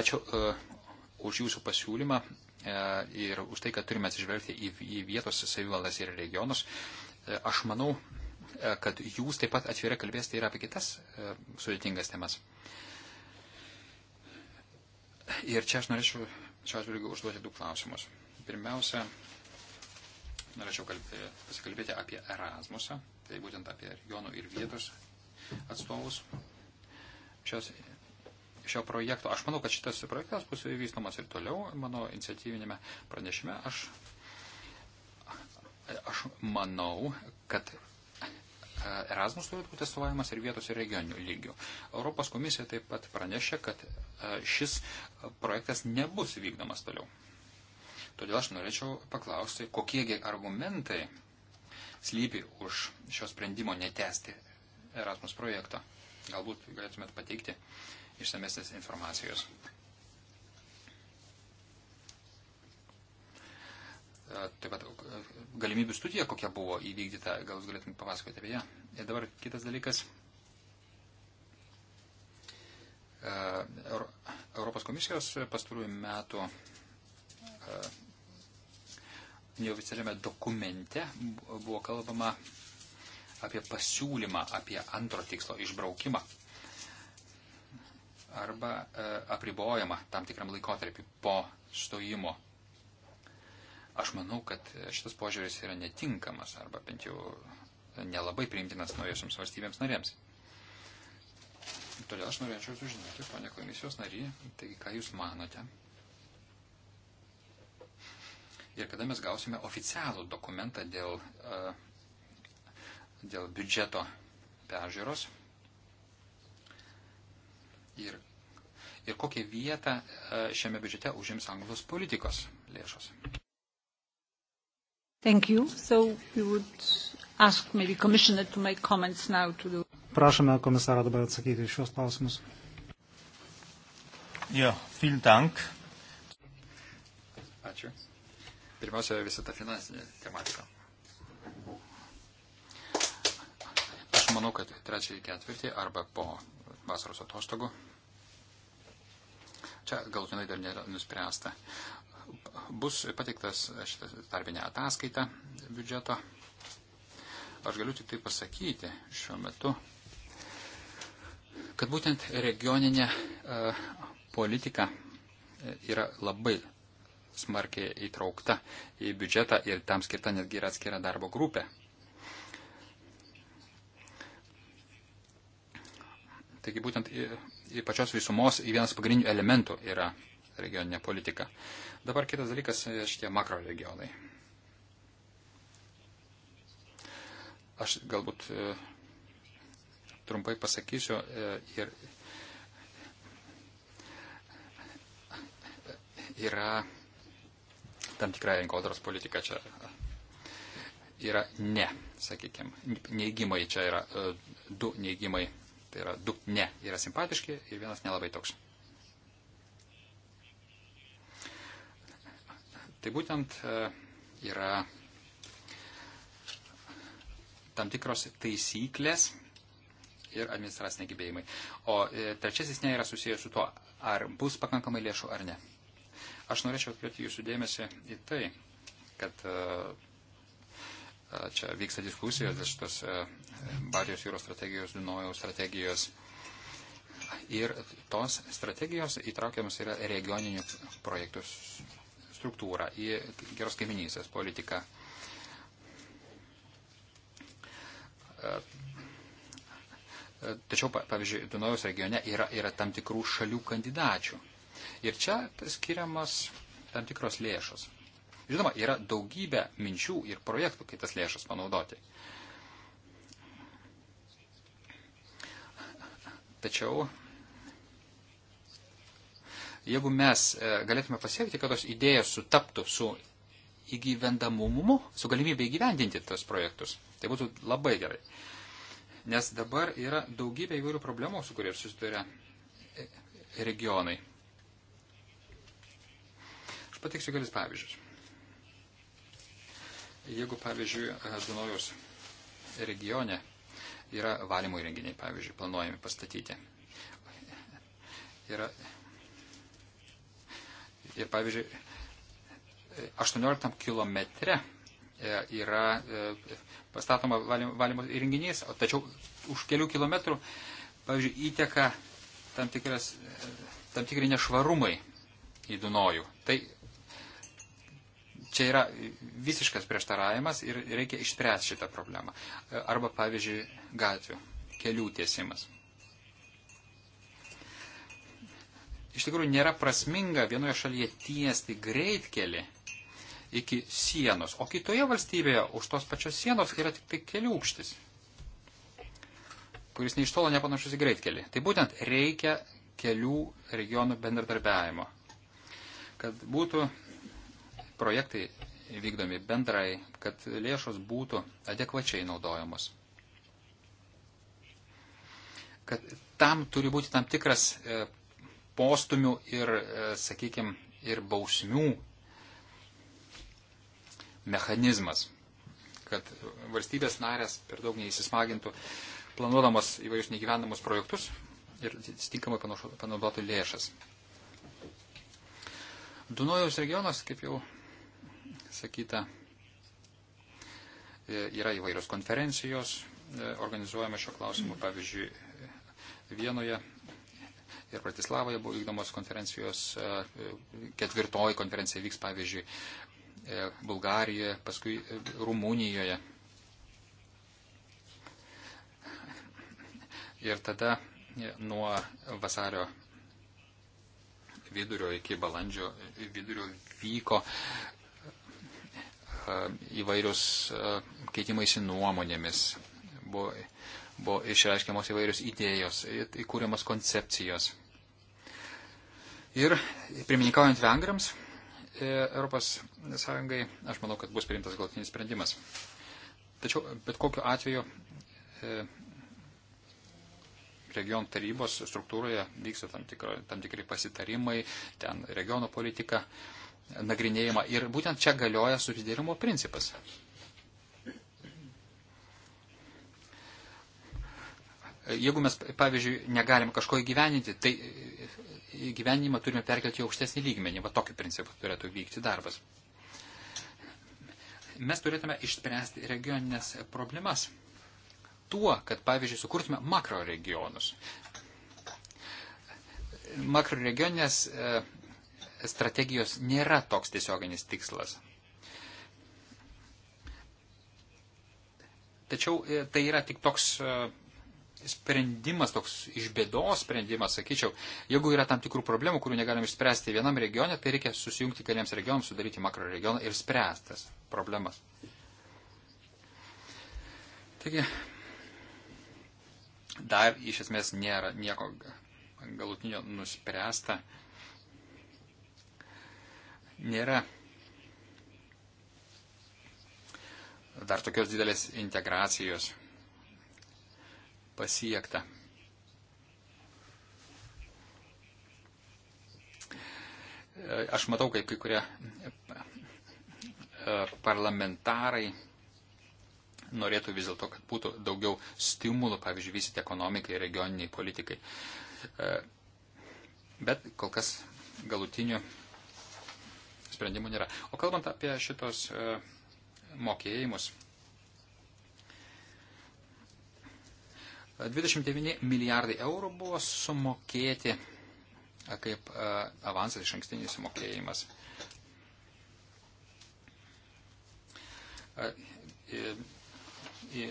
Ačiū uh, už jūsų pasiūlymą uh, ir už tai, kad turime atsižvelgti į, į vietos savivaldas ir regionus. Uh, aš manau, uh, kad jūs taip pat atvirai kalbėsite ir apie kitas uh, sudėtingas temas. Uh, Ir čia aš norėčiau šiuo atveju užduoti du klausimus. Pirmiausia, norėčiau kalbė, pasikalbėti apie Erasmusą, tai būtent apie regionų ir vietos atstovus šios, šio projekto. Aš manau, kad šitas projektas bus vystomas ir toliau mano iniciatyvinėme pranešime. Aš, aš manau, kad E, Erasmus turi būti atstovavimas ir vietos ir regioninių lygių. Europos komisija taip pat pranešė, kad e, šis projektas nebus vykdomas toliau. Todėl aš norėčiau paklausti, kokiegi argumentai slypi už šio sprendimo netesti Erasmus projekto. Galbūt galėtumėt pateikti išsamesnės informacijos. taip pat galimybių studija, kokia buvo įvykdyta, gal jūs galėtumėte papasakoti apie ją. Ir dabar kitas dalykas. Europos komisijos pastarųjų metų neoficialiame dokumente buvo kalbama apie pasiūlymą, apie antro tikslo išbraukimą arba apribojimą tam tikram laikotarpiu po stojimo Aš manau, kad šitas požiūris yra netinkamas arba bent jau nelabai priimtinas naujosiams valstybėms narėms. Todėl aš norėčiau sužinoti, ponia komisijos nary, taigi ką jūs manote. Ir kada mes gausime oficialų dokumentą dėl, e, dėl biudžeto peržiūros. Ir, ir kokią vietą e, šiame biudžete užims anglos politikos lėšos.
Thank you. So we would ask maybe commissioner to make comments now to the...
Prašome komisarą dabar atsakyti šios klausimus. Jo, vielen Dank.
Ačiū. Pirmiausia, visa ta finansinė tematika. Aš manau, kad trečiąjį ketvirtį arba po vasaros atostogų. Čia galutinai dar nėra nuspręsta bus pateiktas šitas tarpinė ataskaita biudžeto. Aš galiu tik tai pasakyti šiuo metu, kad būtent regioninė e, politika e, yra labai smarkiai įtraukta į biudžetą ir tam skirta netgi yra atskira darbo grupė. Taigi būtent į, į pačios visumos į vienas pagrindinių elementų yra regioninė politika. Dabar kitas dalykas e, - šitie makro regionai. Aš galbūt e, trumpai pasakysiu e, ir yra tam tikra rinkodaros politika čia yra ne, sakykime, neįgymai čia yra du neįgymai, tai yra du ne yra simpatiški ir vienas nelabai toks. Tai būtent e, yra tam tikros taisyklės ir administraciniai gebėjimai. O e, trečiasis ne yra susijęs su tuo, ar bus pakankamai lėšų ar ne. Aš norėčiau atkreipti jūsų dėmesį į tai, kad e, čia vyksta diskusijos dėl šitos Barijos jūros strategijos, Dunojaus strategijos. Ir tos strategijos įtraukiamas yra regioninių projektus struktūrą, į geros kaiminysės politiką. Tačiau, pavyzdžiui, Dunojaus regione yra, yra tam tikrų šalių kandidačių. Ir čia skiriamas tam tikros lėšos. Žinoma, yra daugybė minčių ir projektų, kaip tas lėšas panaudoti. Tačiau Jeigu mes e, galėtume pasiekti, kad tos idėjos sutaptų su įgyvendamumu, su galimybė įgyvendinti tos projektus, tai būtų labai gerai. Nes dabar yra daugybė įvairių problemų, su kuriais susiduria e, regionai. Aš pateiksiu kelis pavyzdžius. Jeigu, pavyzdžiui, e, Dunojaus regione yra valymo įrenginiai, pavyzdžiui, planuojami pastatyti. Yra Ir pavyzdžiui, 18 kilometre e, yra e, pastatoma valymo įrenginys, tačiau už kelių kilometrų, pavyzdžiui, įteka tam, tikras, e, tam tikri nešvarumai į Dunojų. Tai čia yra visiškas prieštaravimas ir reikia išspręsti šitą problemą. Arba, pavyzdžiui, gatvių, kelių tiesimas. iš tikrųjų nėra prasminga vienoje šalyje tiesti greitkelį iki sienos, o kitoje valstybėje už tos pačios sienos yra tik tai keliukštis, kuris nei iš tolo nepanašus į greitkelį. Tai būtent reikia kelių regionų bendradarbiavimo, kad būtų projektai vykdomi bendrai, kad lėšos būtų adekvačiai naudojamos kad tam turi būti tam tikras e, postumių ir, e, sakykime, ir bausmių mechanizmas, kad valstybės narės per daug neįsismagintų, planuodamas įvairius negyvenamus projektus ir tinkamai panaudotų lėšas. Dunojaus regionas, kaip jau sakyta, e, yra įvairios konferencijos, e, organizuojame šio klausimu, pavyzdžiui, Vienoje ir Bratislavoje buvo vykdomos konferencijos, e, ketvirtoji konferencija vyks, pavyzdžiui, e, Bulgarijoje, paskui e, Rumunijoje. Ir tada nuo vasario vidurio iki balandžio vidurio vyko įvairius keitimaisi nuomonėmis. Buvo buvo išreiškiamos įvairios idėjos, įkūriamos koncepcijos. Ir pirmininkaujant vengrams e, Europos Sąjungai, aš manau, kad bus priimtas galtinis sprendimas. Tačiau bet kokiu atveju e, regionų tarybos struktūroje vyksta tam, tikro, tam tikri pasitarimai, ten regionų politika nagrinėjama. Ir būtent čia galioja subsidirimo principas. Jeigu mes, pavyzdžiui, negalim kažko įgyveninti, tai gyvenimą turime perkelti į aukštesnį lygmenį. Va tokiu principu turėtų vykti darbas. Mes turėtume išspręsti regioninės problemas. Tuo, kad pavyzdžiui, sukurtume makro regionus. Makro regioninės e, strategijos nėra toks tiesioginis tikslas. Tačiau e, tai yra tik toks e, sprendimas, toks iš bėdos sprendimas, sakyčiau. Jeigu yra tam tikrų problemų, kurių negalim išspręsti vienam regione, tai reikia susijungti keliams regionams, sudaryti makro regioną ir spręstas problemas. Taigi, dar iš esmės nėra nieko galutinio nuspręsta. Nėra dar tokios didelės integracijos pasiekta. Aš matau, kaip kai kurie e, parlamentarai norėtų vis dėlto, kad būtų daugiau stimulų, pavyzdžiui, vystyti ekonomikai, regioniniai politikai. E, bet kol kas galutinių sprendimų nėra. O kalbant apie šitos e, mokėjimus, 29 milijardai eurų buvo sumokėti kaip avansas iš ankstinis sumokėjimas.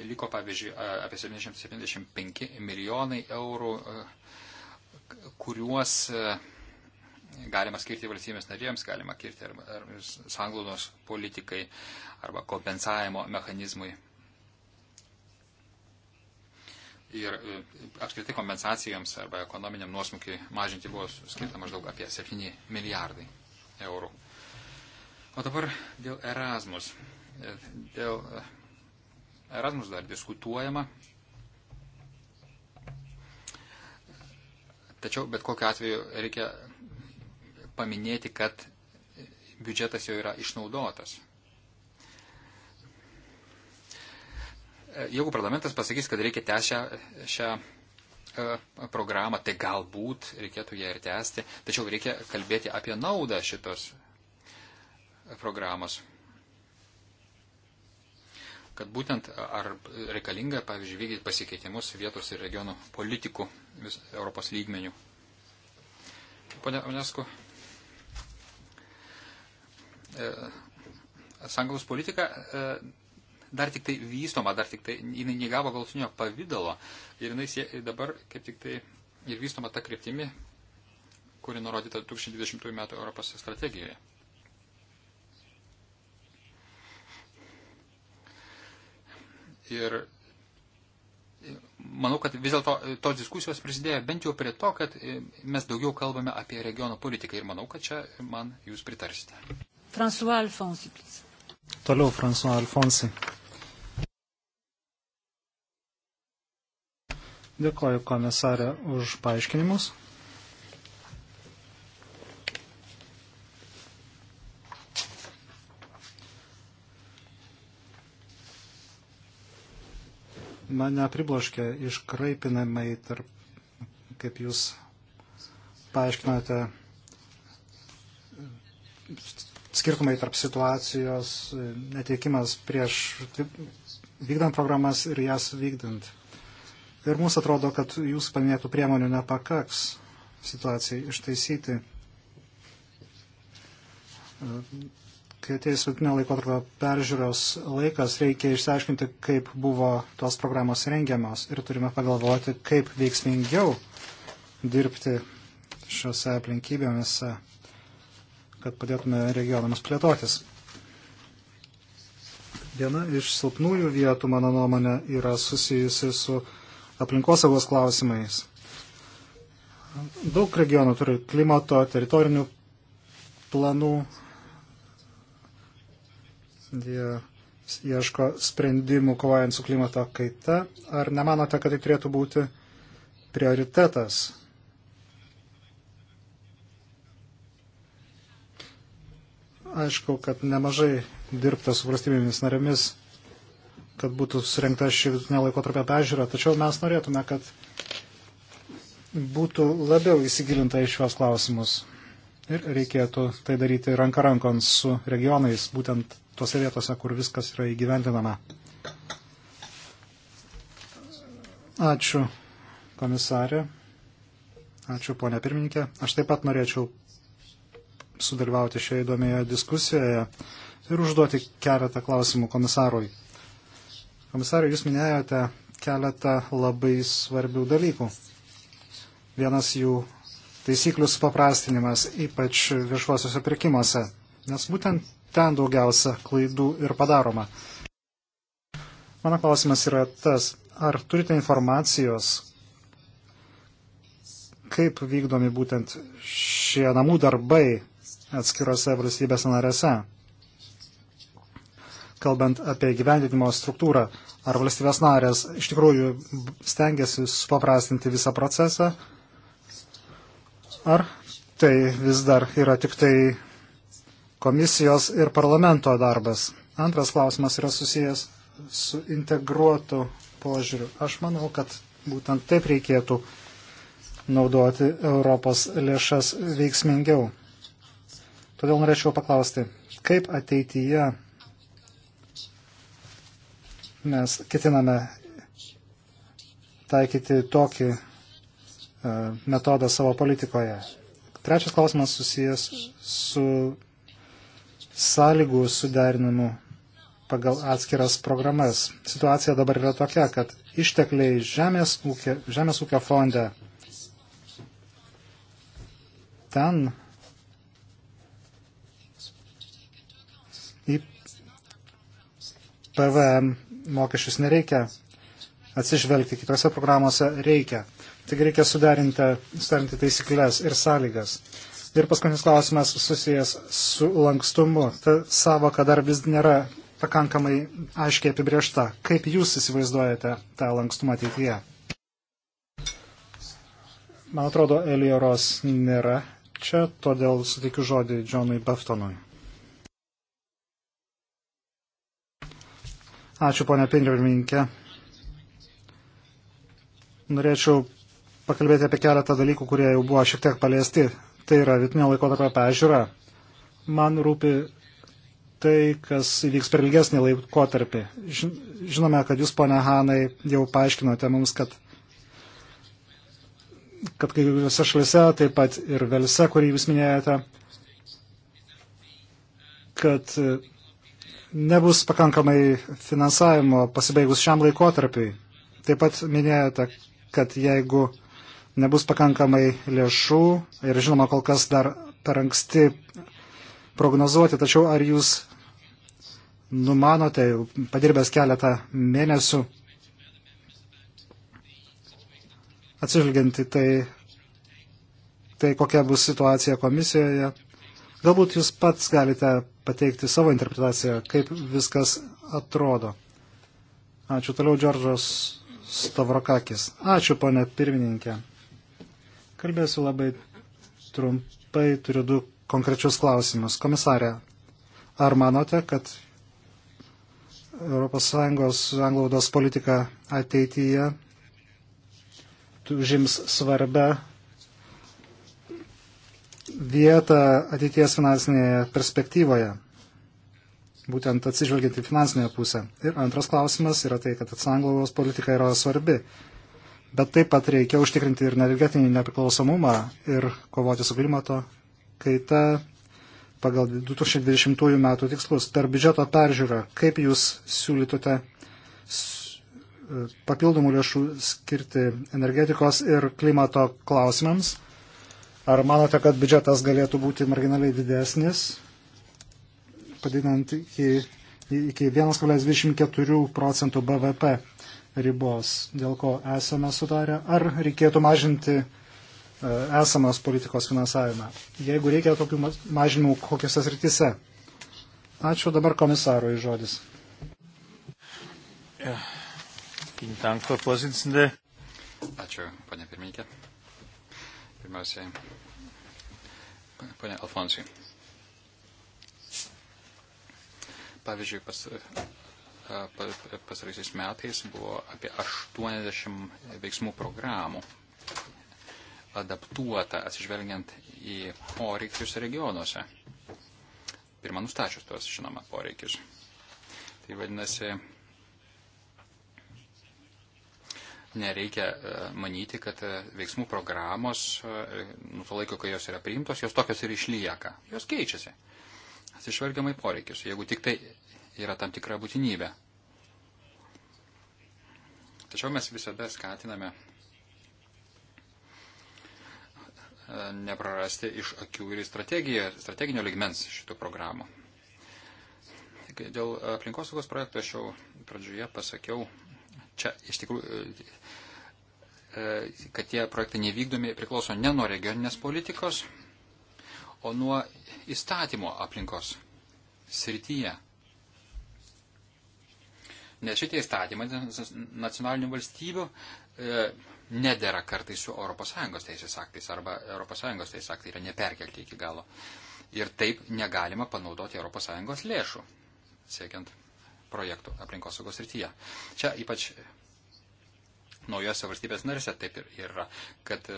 Liko, pavyzdžiui, apie 775 milijonai eurų, kuriuos galima skirti valstybės narėms, galima skirti ar, ar sanglaudos politikai arba kompensavimo mechanizmui ir e, apskritai kompensacijoms arba ekonominiam nuosmukiai mažinti buvo skirta maždaug apie 7 milijardai eurų. O dabar dėl Erasmus. E, dėl e, Erasmus dar diskutuojama. Tačiau bet kokiu atveju reikia paminėti, kad biudžetas jau yra išnaudotas. jeigu parlamentas pasakys, kad reikia tęsti šią e, programą, tai galbūt reikėtų ją ir tęsti, tačiau reikia kalbėti apie naudą šitos programos. Kad būtent ar reikalinga, pavyzdžiui, vykdyti pasikeitimus vietos ir regionų politikų vis Europos lygmenių. Pone Onesku, e, sangaus politika e, dar tik tai vystoma, dar tik tai jinai negavo galutinio pavydalo ir jinai sie, dabar kaip tik tai ir vystoma ta kryptimi, kuri nurodyta 2020 m. Europos strategijoje. Ir manau, kad vis dėlto tos diskusijos prisidėjo bent jau prie to, kad mes daugiau kalbame apie regiono politiką ir manau, kad čia man jūs pritarsite.
François Alfonsi, please.
Toliau François Alfonsi. Dėkoju komisarė už paaiškinimus. Mane pribloškė iškraipinamai tarp, kaip jūs paaiškinote, skirtumai tarp situacijos, neteikimas prieš vykdant programas ir jas vykdant. Ir mums atrodo, kad jūsų paminėtų priemonių nepakaks situacijai ištaisyti. Kai ateis vidutinio laikotarpio peržiūros laikas, reikia išsiaiškinti, kaip buvo tos programos rengiamos ir turime pagalvoti, kaip veiksmingiau dirbti šiuose aplinkybėmis, kad padėtume regionams plėtotis. Viena iš silpnųjų vietų, mano nuomonė, yra susijusi su aplinkosaugos klausimais. Daug regionų turi klimato, teritorinių planų. Jie ieško sprendimų kovojant su klimato kaita. Ar nemanote, kad tai turėtų būti prioritetas? Aišku, kad nemažai dirbta su valstybėmis narėmis kad būtų surinkta ši vidutinė laikotarpio pežiūra, tačiau mes norėtume, kad būtų labiau įsigilinta į šios klausimus. Ir reikėtų tai daryti ranka rankon su regionais, būtent tose vietose, kur viskas yra įgyvendinama. Ačiū, komisarė. Ačiū, ponė pirmininkė. Aš taip pat norėčiau sudalyvauti šioje įdomioje diskusijoje ir užduoti keletą klausimų komisarui. Komisarai, jūs minėjote keletą labai svarbių dalykų. Vienas jų taisyklių supaprastinimas, ypač viešuosiuose pirkimuose, nes būtent ten daugiausia klaidų ir padaroma. Mano klausimas yra tas, ar turite informacijos, kaip vykdomi būtent šie namų darbai atskirose valstybės narėse? kalbant apie gyvendinimo struktūrą, ar valstybės narės iš tikrųjų stengiasi supaprastinti visą procesą, ar tai vis dar yra tik tai komisijos ir parlamento darbas. Antras klausimas yra susijęs su integruotu požiūriu. Aš manau, kad būtent taip reikėtų naudoti Europos lėšas veiksmingiau. Todėl norėčiau paklausti, kaip ateityje mes ketiname taikyti tokį e, metodą savo politikoje. Trečias klausimas susijęs su sąlygų suderinimu pagal atskiras programas. Situacija dabar yra tokia, kad ištekliai žemės ūkio, žemės ūkio fonde ten į PVM mokesčius nereikia atsižvelgti, kitose programuose reikia. Tik reikia suderinti, suderinti taisyklės ir sąlygas. Ir paskutinis klausimas susijęs su lankstumu. Ta savoka dar vis nėra pakankamai aiškiai apibriešta. Kaip jūs įsivaizduojate tą lankstumą ateityje? Man atrodo, Elioros nėra čia, todėl suteikiu žodį Džonui Baftonui. Ačiū, ponia Pindirmininkė. Norėčiau pakalbėti apie keletą dalykų, kurie jau buvo šiek tiek paliesti. Tai yra vidinio laikotarpio pežiūra. Man rūpi tai, kas įvyks per ilgesnį laikotarpį. Žinome, kad jūs, ponia Hanai, jau paaiškinote mums, kad, kad kai visose šalise, taip pat ir Velse, kurį jūs minėjote, kad nebus pakankamai finansavimo pasibaigus šiam laikotarpiui. Taip pat minėjote, kad jeigu nebus pakankamai lėšų ir žinoma, kol kas dar per anksti prognozuoti, tačiau ar jūs numanote, padirbęs keletą mėnesių, atsižvelgiant į tai, tai kokia bus situacija komisijoje, Galbūt jūs pats galite pateikti savo interpretaciją, kaip viskas atrodo. Ačiū toliau, Džordžos Stavrokakis. Ačiū, ponė pirmininkė. Kalbėsiu labai trumpai, turiu du konkrečius klausimus. Komisarė, ar manote, kad ES anglaudos politika ateityje užims svarbę vietą ateities finansinėje perspektyvoje, būtent atsižvelgiant į finansinę pusę. Ir antras klausimas yra tai, kad atsanglaudos politika yra svarbi, bet taip pat reikia užtikrinti ir energetinį nepriklausomumą ir kovoti su klimato kaita pagal 2020 metų tikslus. Per biudžeto peržiūrą, kaip jūs siūlytote papildomų lėšų skirti energetikos ir klimato klausimams? Ar manote, kad biudžetas galėtų būti marginaliai didesnis, padidinant iki, iki 1,24 procentų BVP ribos, dėl ko esame sutarę, ar reikėtų mažinti e, esamos politikos finansavimą, jeigu reikia tokių mažinimų kokiuose srityse. Ačiū dabar komisarui žodis.
Ačiū, ponė pirmininkė pirmiausiai ponė Alfonsui. Pavyzdžiui, pas, pasaraisiais metais buvo apie 80 veiksmų programų adaptuota atsižvelgiant į poreikius regionuose. Pirmą nustačius tuos, žinoma, poreikius. Tai vadinasi, nereikia e, manyti, kad e, veiksmų programos, e, nuo to laiko, kai jos yra priimtos, jos tokios ir išlieka. Jos keičiasi. Atsižvelgiamai poreikius, jeigu tik tai yra tam tikra būtinybė. Tačiau mes visada skatiname neprarasti iš akių ir strateginio ligmens šitų programų. Dėl aplinkosaugos projektų aš jau pradžioje pasakiau, čia iš tikrųjų, e, e, kad tie projektai nevykdomi priklauso ne nuo regioninės politikos, o nuo įstatymo aplinkos srityje. Nes šitie įstatymai nacionalinių valstybių e, nedėra kartai su ES teisės aktais arba ES teisės aktai yra neperkelti iki galo. Ir taip negalima panaudoti ES lėšų, siekiant projektų aplinkosaugos rytyje. Čia ypač naujose valstybės narise taip ir yra, kad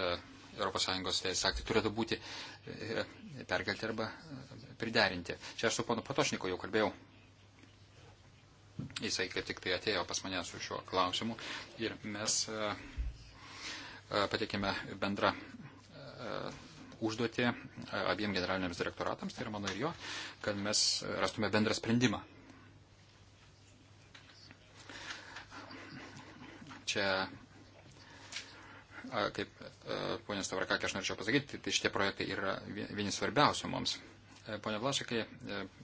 ES teisės aktai turėtų būti e, perkelti arba e, priderinti. Čia aš su ponu Patošniku jau kalbėjau. Jisai kaip tik tai atėjo pas mane su šiuo klausimu ir mes e, patikėme bendrą užduotį abiem generaliniams direktoratams, tai yra mano ir jo, kad mes rastume bendrą sprendimą čia, kaip ponės Tavarakakė, aš norėčiau pasakyti, tai, tai šitie projektai yra vieni svarbiausių mums. Pone Vlašakai,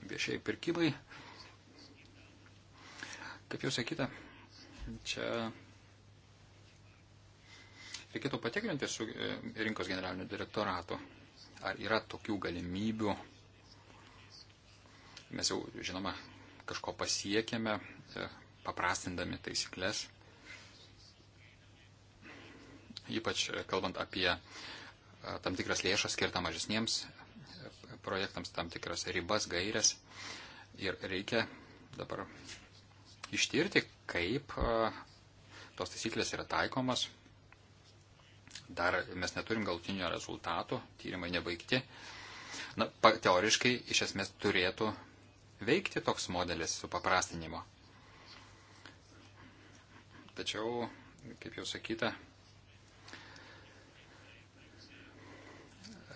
viešieji pirkimai, kaip jau sakyta, čia reikėtų patikrinti su e, rinkos generaliniu direktoratu, ar yra tokių galimybių. Mes jau, žinoma, kažko pasiekėme, e, paprastindami taisyklės ypač kalbant apie e, tam tikras lėšas skirtą mažesniems e, projektams, tam tikras ribas, gairias. Ir reikia dabar ištirti, kaip e, tos taisyklės yra taikomas. Dar mes neturim galtinio rezultato, tyrimai nebaigti. Na, teoriškai iš esmės turėtų veikti toks modelis su paprastinimo. Tačiau, kaip jau sakyta,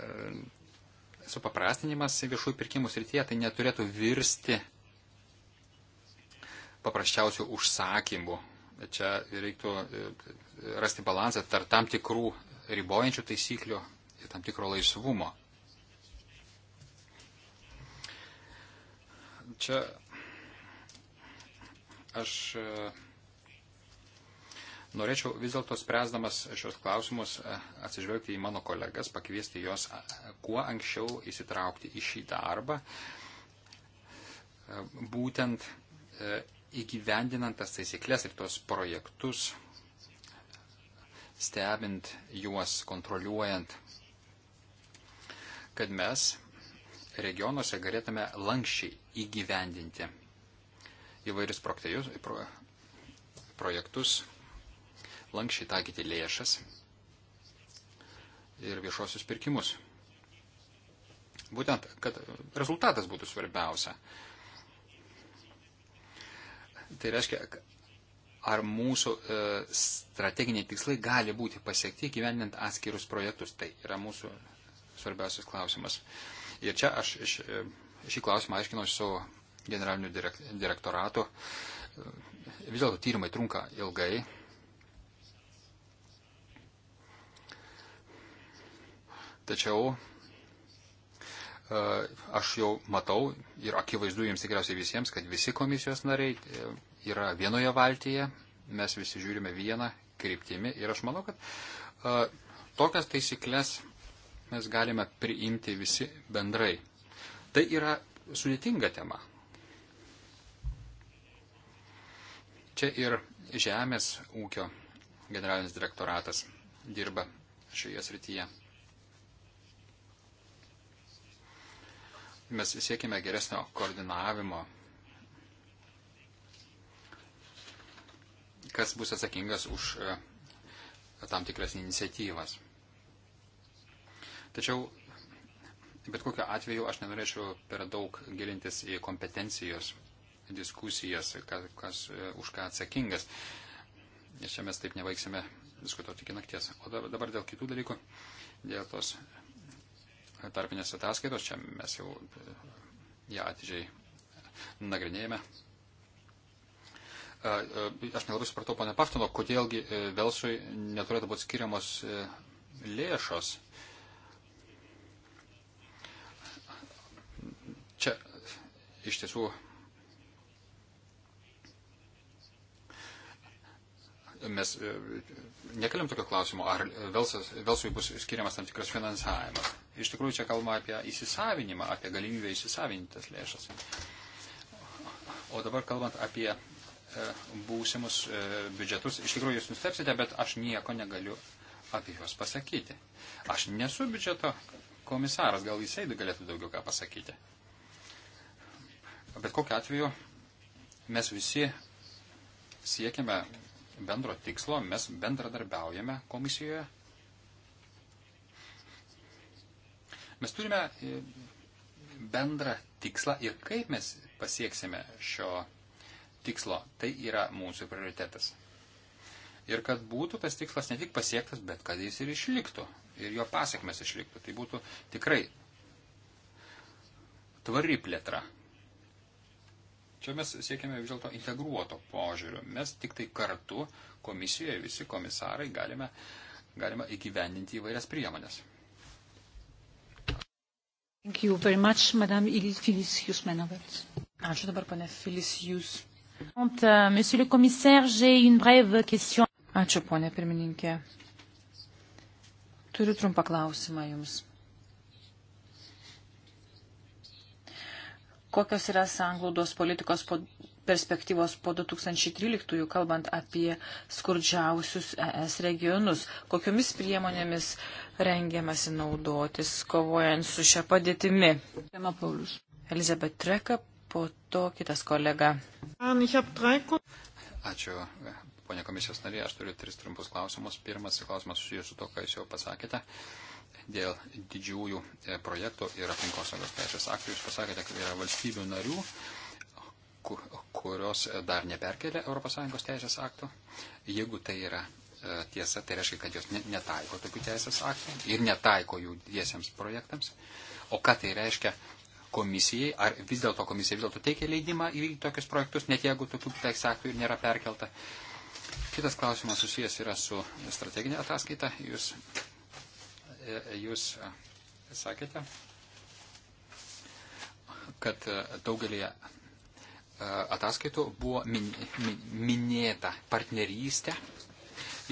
E, supaprastinimas viešųjų pirkimų srityje tai neturėtų virsti paprasčiausių užsakymų. Čia reiktų e, rasti balansą tarp tam tikrų ribojančių taisyklių ir tam tikro laisvumo. Čia aš e, Norėčiau vis dėlto spręsdamas šios klausimus e, atsižvelgti į mano kolegas, pakviesti juos e, kuo anksčiau įsitraukti į šį darbą, e, būtent įgyvendinant tas taisyklės ir tos projektus, stebint juos, kontroliuojant, kad mes regionuose galėtume lankščiai įgyvendinti įvairius projektus, lankščiai taikyti lėšas ir viešuosius pirkimus. Būtent, kad rezultatas būtų svarbiausia. Tai reiškia, ar mūsų e, strateginiai tikslai gali būti pasiekti gyvenant atskirus projektus. Tai yra mūsų svarbiausias klausimas. Ir čia aš šį, e, šį klausimą aiškinau su generaliniu direktoratu. E, vis dėlto tyrimai trunka ilgai, Tačiau e, aš jau matau ir akivaizdu jums tikriausiai visiems, kad visi komisijos nariai e, yra vienoje valtyje, mes visi žiūrime vieną kryptimį ir aš manau, kad e, tokias taisyklės mes galime priimti visi bendrai. Tai yra sudėtinga tema. Čia ir Žemės ūkio generalinis direktoratas dirba šioje srityje. mes siekime geresnio koordinavimo, kas bus atsakingas už e, tam tikras iniciatyvas. Tačiau bet kokiu atveju aš nenorėčiau per daug gilintis į kompetencijos diskusijas, kas, kas e, už ką atsakingas. Nes čia mes taip nevaiksime diskutuoti iki nakties. O dabar dėl kitų dalykų, dėl tos tarpinės ataskaitos, čia mes jau e, ją atidžiai nagrinėjame. E, e, aš nelabai supratau, pane Paftono, kodėlgi Velsui neturėtų būti skiriamos lėšos. Čia iš tiesų mes e, nekeliam tokio klausimo, ar Velsas, Velsui bus skiriamas tam tikras finansavimas. Iš tikrųjų, čia kalba apie įsisavinimą, apie galimybę įsisavinti tas lėšas. O dabar kalbant apie e, būsimus e, biudžetus, iš tikrųjų jūs nustepsite, bet aš nieko negaliu apie juos pasakyti. Aš nesu biudžeto komisaras, gal jisai galėtų daugiau ką pasakyti. Bet kokiu atveju mes visi siekiame bendro tikslo, mes bendradarbiaujame komisijoje. Mes turime e, bendrą tikslą ir kaip mes pasieksime šio tikslo, tai yra mūsų prioritetas. Ir kad būtų tas tikslas ne tik pasiektas, bet kad jis ir išliktų, ir jo pasiekmes išliktų. Tai būtų tikrai tvari plėtra, Čia mes siekiame vis dėlto integruoto požiūrių. Mes tik tai kartu komisijoje visi komisarai galime, galime įgyvendinti įvairias priemonės.
Much,
Ačiū dabar, pane Filisijus.
Ačiū, ponė pirmininkė. Turiu trumpą klausimą Jums. kokios yra sanglaudos politikos po perspektyvos po 2013-ųjų, kalbant apie skurdžiausius ES regionus. Kokiomis priemonėmis rengiamasi naudotis, kovojant su šia padėtimi? Elizabeth Treka, po to kitas kolega.
Ačiū, ponė komisijos narė. Aš turiu tris trumpus klausimus. Pirmas klausimas susijęs su to, ką jūs jau pasakėte. Uh, dėl didžiųjų e, projektų ir aplinkosaugos teisės aktų. Jūs pasakėte, kad yra valstybių narių, kurios e, dar neperkelia ES teisės aktų. Jeigu tai yra e, tiesa, tai reiškia, kad jos netaiko tokių teisės aktų ir netaiko jų diesiams projektams. O ką tai reiškia komisijai, ar vis dėlto komisija vis dėlto teikia leidimą įvykdyti tokius projektus, net jeigu tokių teisės aktų ir nėra perkelta. Kitas klausimas susijęs yra su strateginė ataskaita. Jūs E, jūs e, sakėte, kad e, daugelį ataskaitų buvo minėta partnerystė.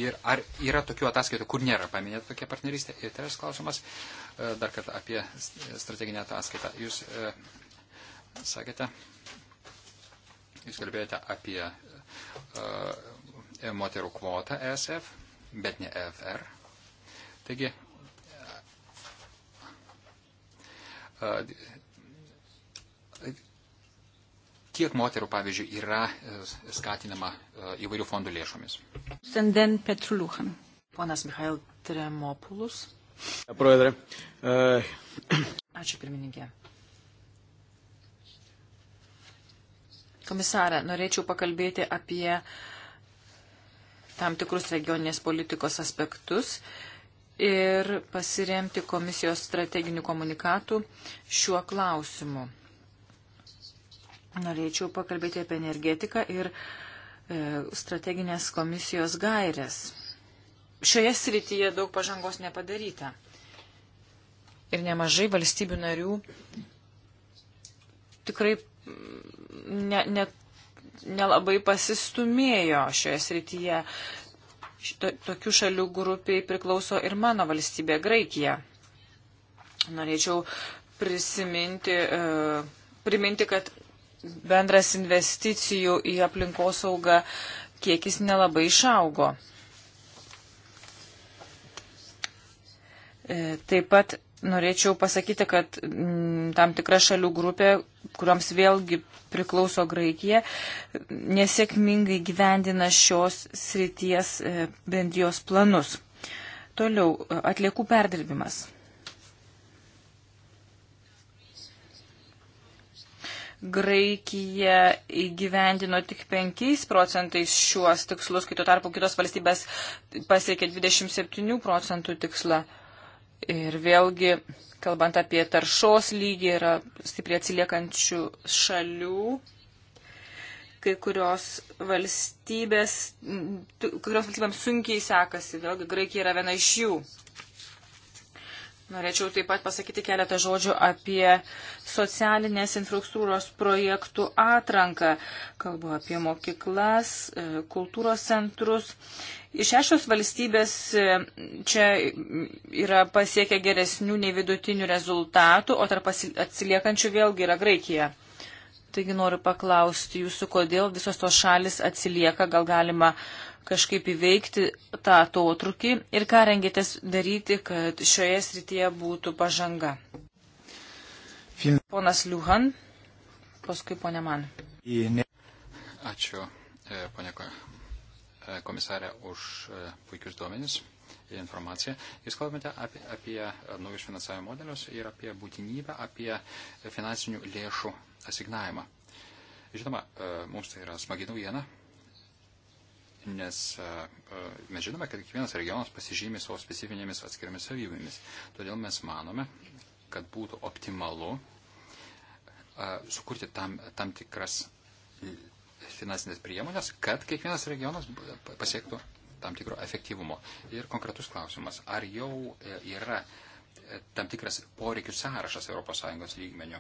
Ir ar yra tokių ataskaitų, kur nėra paminėta tokia partnerystė? Ir trečias klausimas, dar kartą apie strateginę ataskaitą. Jūs sakėte, jūs kalbėjote apie moterų kvotą ESF, bet ne FR. Taigi, Kiek moterų, pavyzdžiui, yra e, skatinama e, įvairių fondų lėšomis?
Senden Petruluhan. Ponas Mikhail Tremopulus.
Proedrė. E,
Ačiū pirmininkė. Komisarė, norėčiau pakalbėti apie tam tikrus regioninės politikos aspektus. Uh, ir pasiremti komisijos strateginių komunikatų šiuo klausimu. Norėčiau pakalbėti apie energetiką ir e, strateginės komisijos gairės. Šioje srityje daug pažangos nepadaryta. Ir nemažai valstybių narių tikrai mm, ne, ne, nelabai pasistumėjo šioje srityje šito, tokių šalių grupiai priklauso ir mano valstybė Graikija. Norėčiau prisiminti, e, priminti, kad bendras investicijų į aplinkosaugą kiekis nelabai išaugo. E, taip pat norėčiau pasakyti, kad mm, tam tikra šalių grupė, kuriuoms vėlgi priklauso Graikija, nesėkmingai gyvendina šios srities e, bendrijos planus. Toliau, e, atliekų perdirbimas. Graikija įgyvendino tik 5 procentais šiuos tikslus, kai tuo tarpu kitos valstybės pasiekė 27 procentų tikslą. Uh, Ir vėlgi, kalbant apie taršos lygį, yra stipriai atsiliekančių šalių. Kai kurios valstybės, kai kurios valstybėms sunkiai sekasi, vėlgi Graikija yra viena iš jų. Norėčiau taip pat pasakyti keletą žodžių apie socialinės infrastruktūros projektų atranką. Kalbu apie mokyklas, e, kultūros centrus. Šešios valstybės e, čia yra pasiekę geresnių nei vidutinių rezultatų, o tarp atsiliekančių vėlgi yra Graikija. Taigi noriu paklausti jūsų, kodėl visos tos šalis atsilieka, gal galima uh, kažkaip įveikti tą atotrukį ir ką rengėtės daryti, kad šioje srityje būtų pažanga. Ponas Liuhan, paskui ponė man.
Ačiū, e, ponė e, komisarė, už e, puikius duomenis ir informaciją. Jūs kalbate apie, apie naujus finansavimo modelius ir apie būtinybę, apie finansinių lėšų asignavimą. Žinoma, mums tai yra smagi naujiena, nes mes žinome, kad kiekvienas regionas pasižymė savo specifinėmis atskiriamis savybėmis. Todėl mes manome, kad būtų optimalu sukurti tam, tam tikras finansinės priemonės, kad kiekvienas regionas pasiektų tam tikro efektyvumo. Ir konkretus klausimas, ar jau e, yra e, tam tikras poreikių sąrašas ES lygmenių?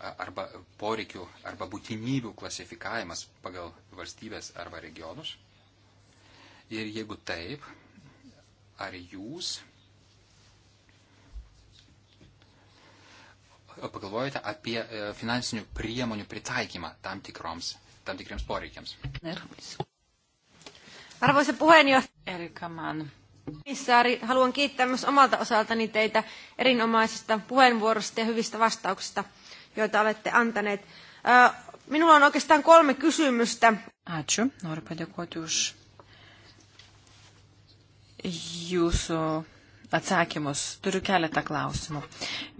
arba poreikių arba būtinybių klasifikavimas pagal valstybės arba regionus? Ir jeigu taip, ar jūs pagalvojate apie e, finansinių priemonių pritaikymą tam, tikroms, tam tikriems poreikiams?
Arvoisa puheenjohtaja Erika Mann. Komissaari, haluan kiittää myös omalta osaltani teitä erinomaisista puheenvuorosta ja hyvistä vastauksista joita olette antaneet. Minulla on oikeastaan kolme kysymystä. Ačiū. Noriu padėkoti už jūsų atsakymus. Turiu keletą klausimų.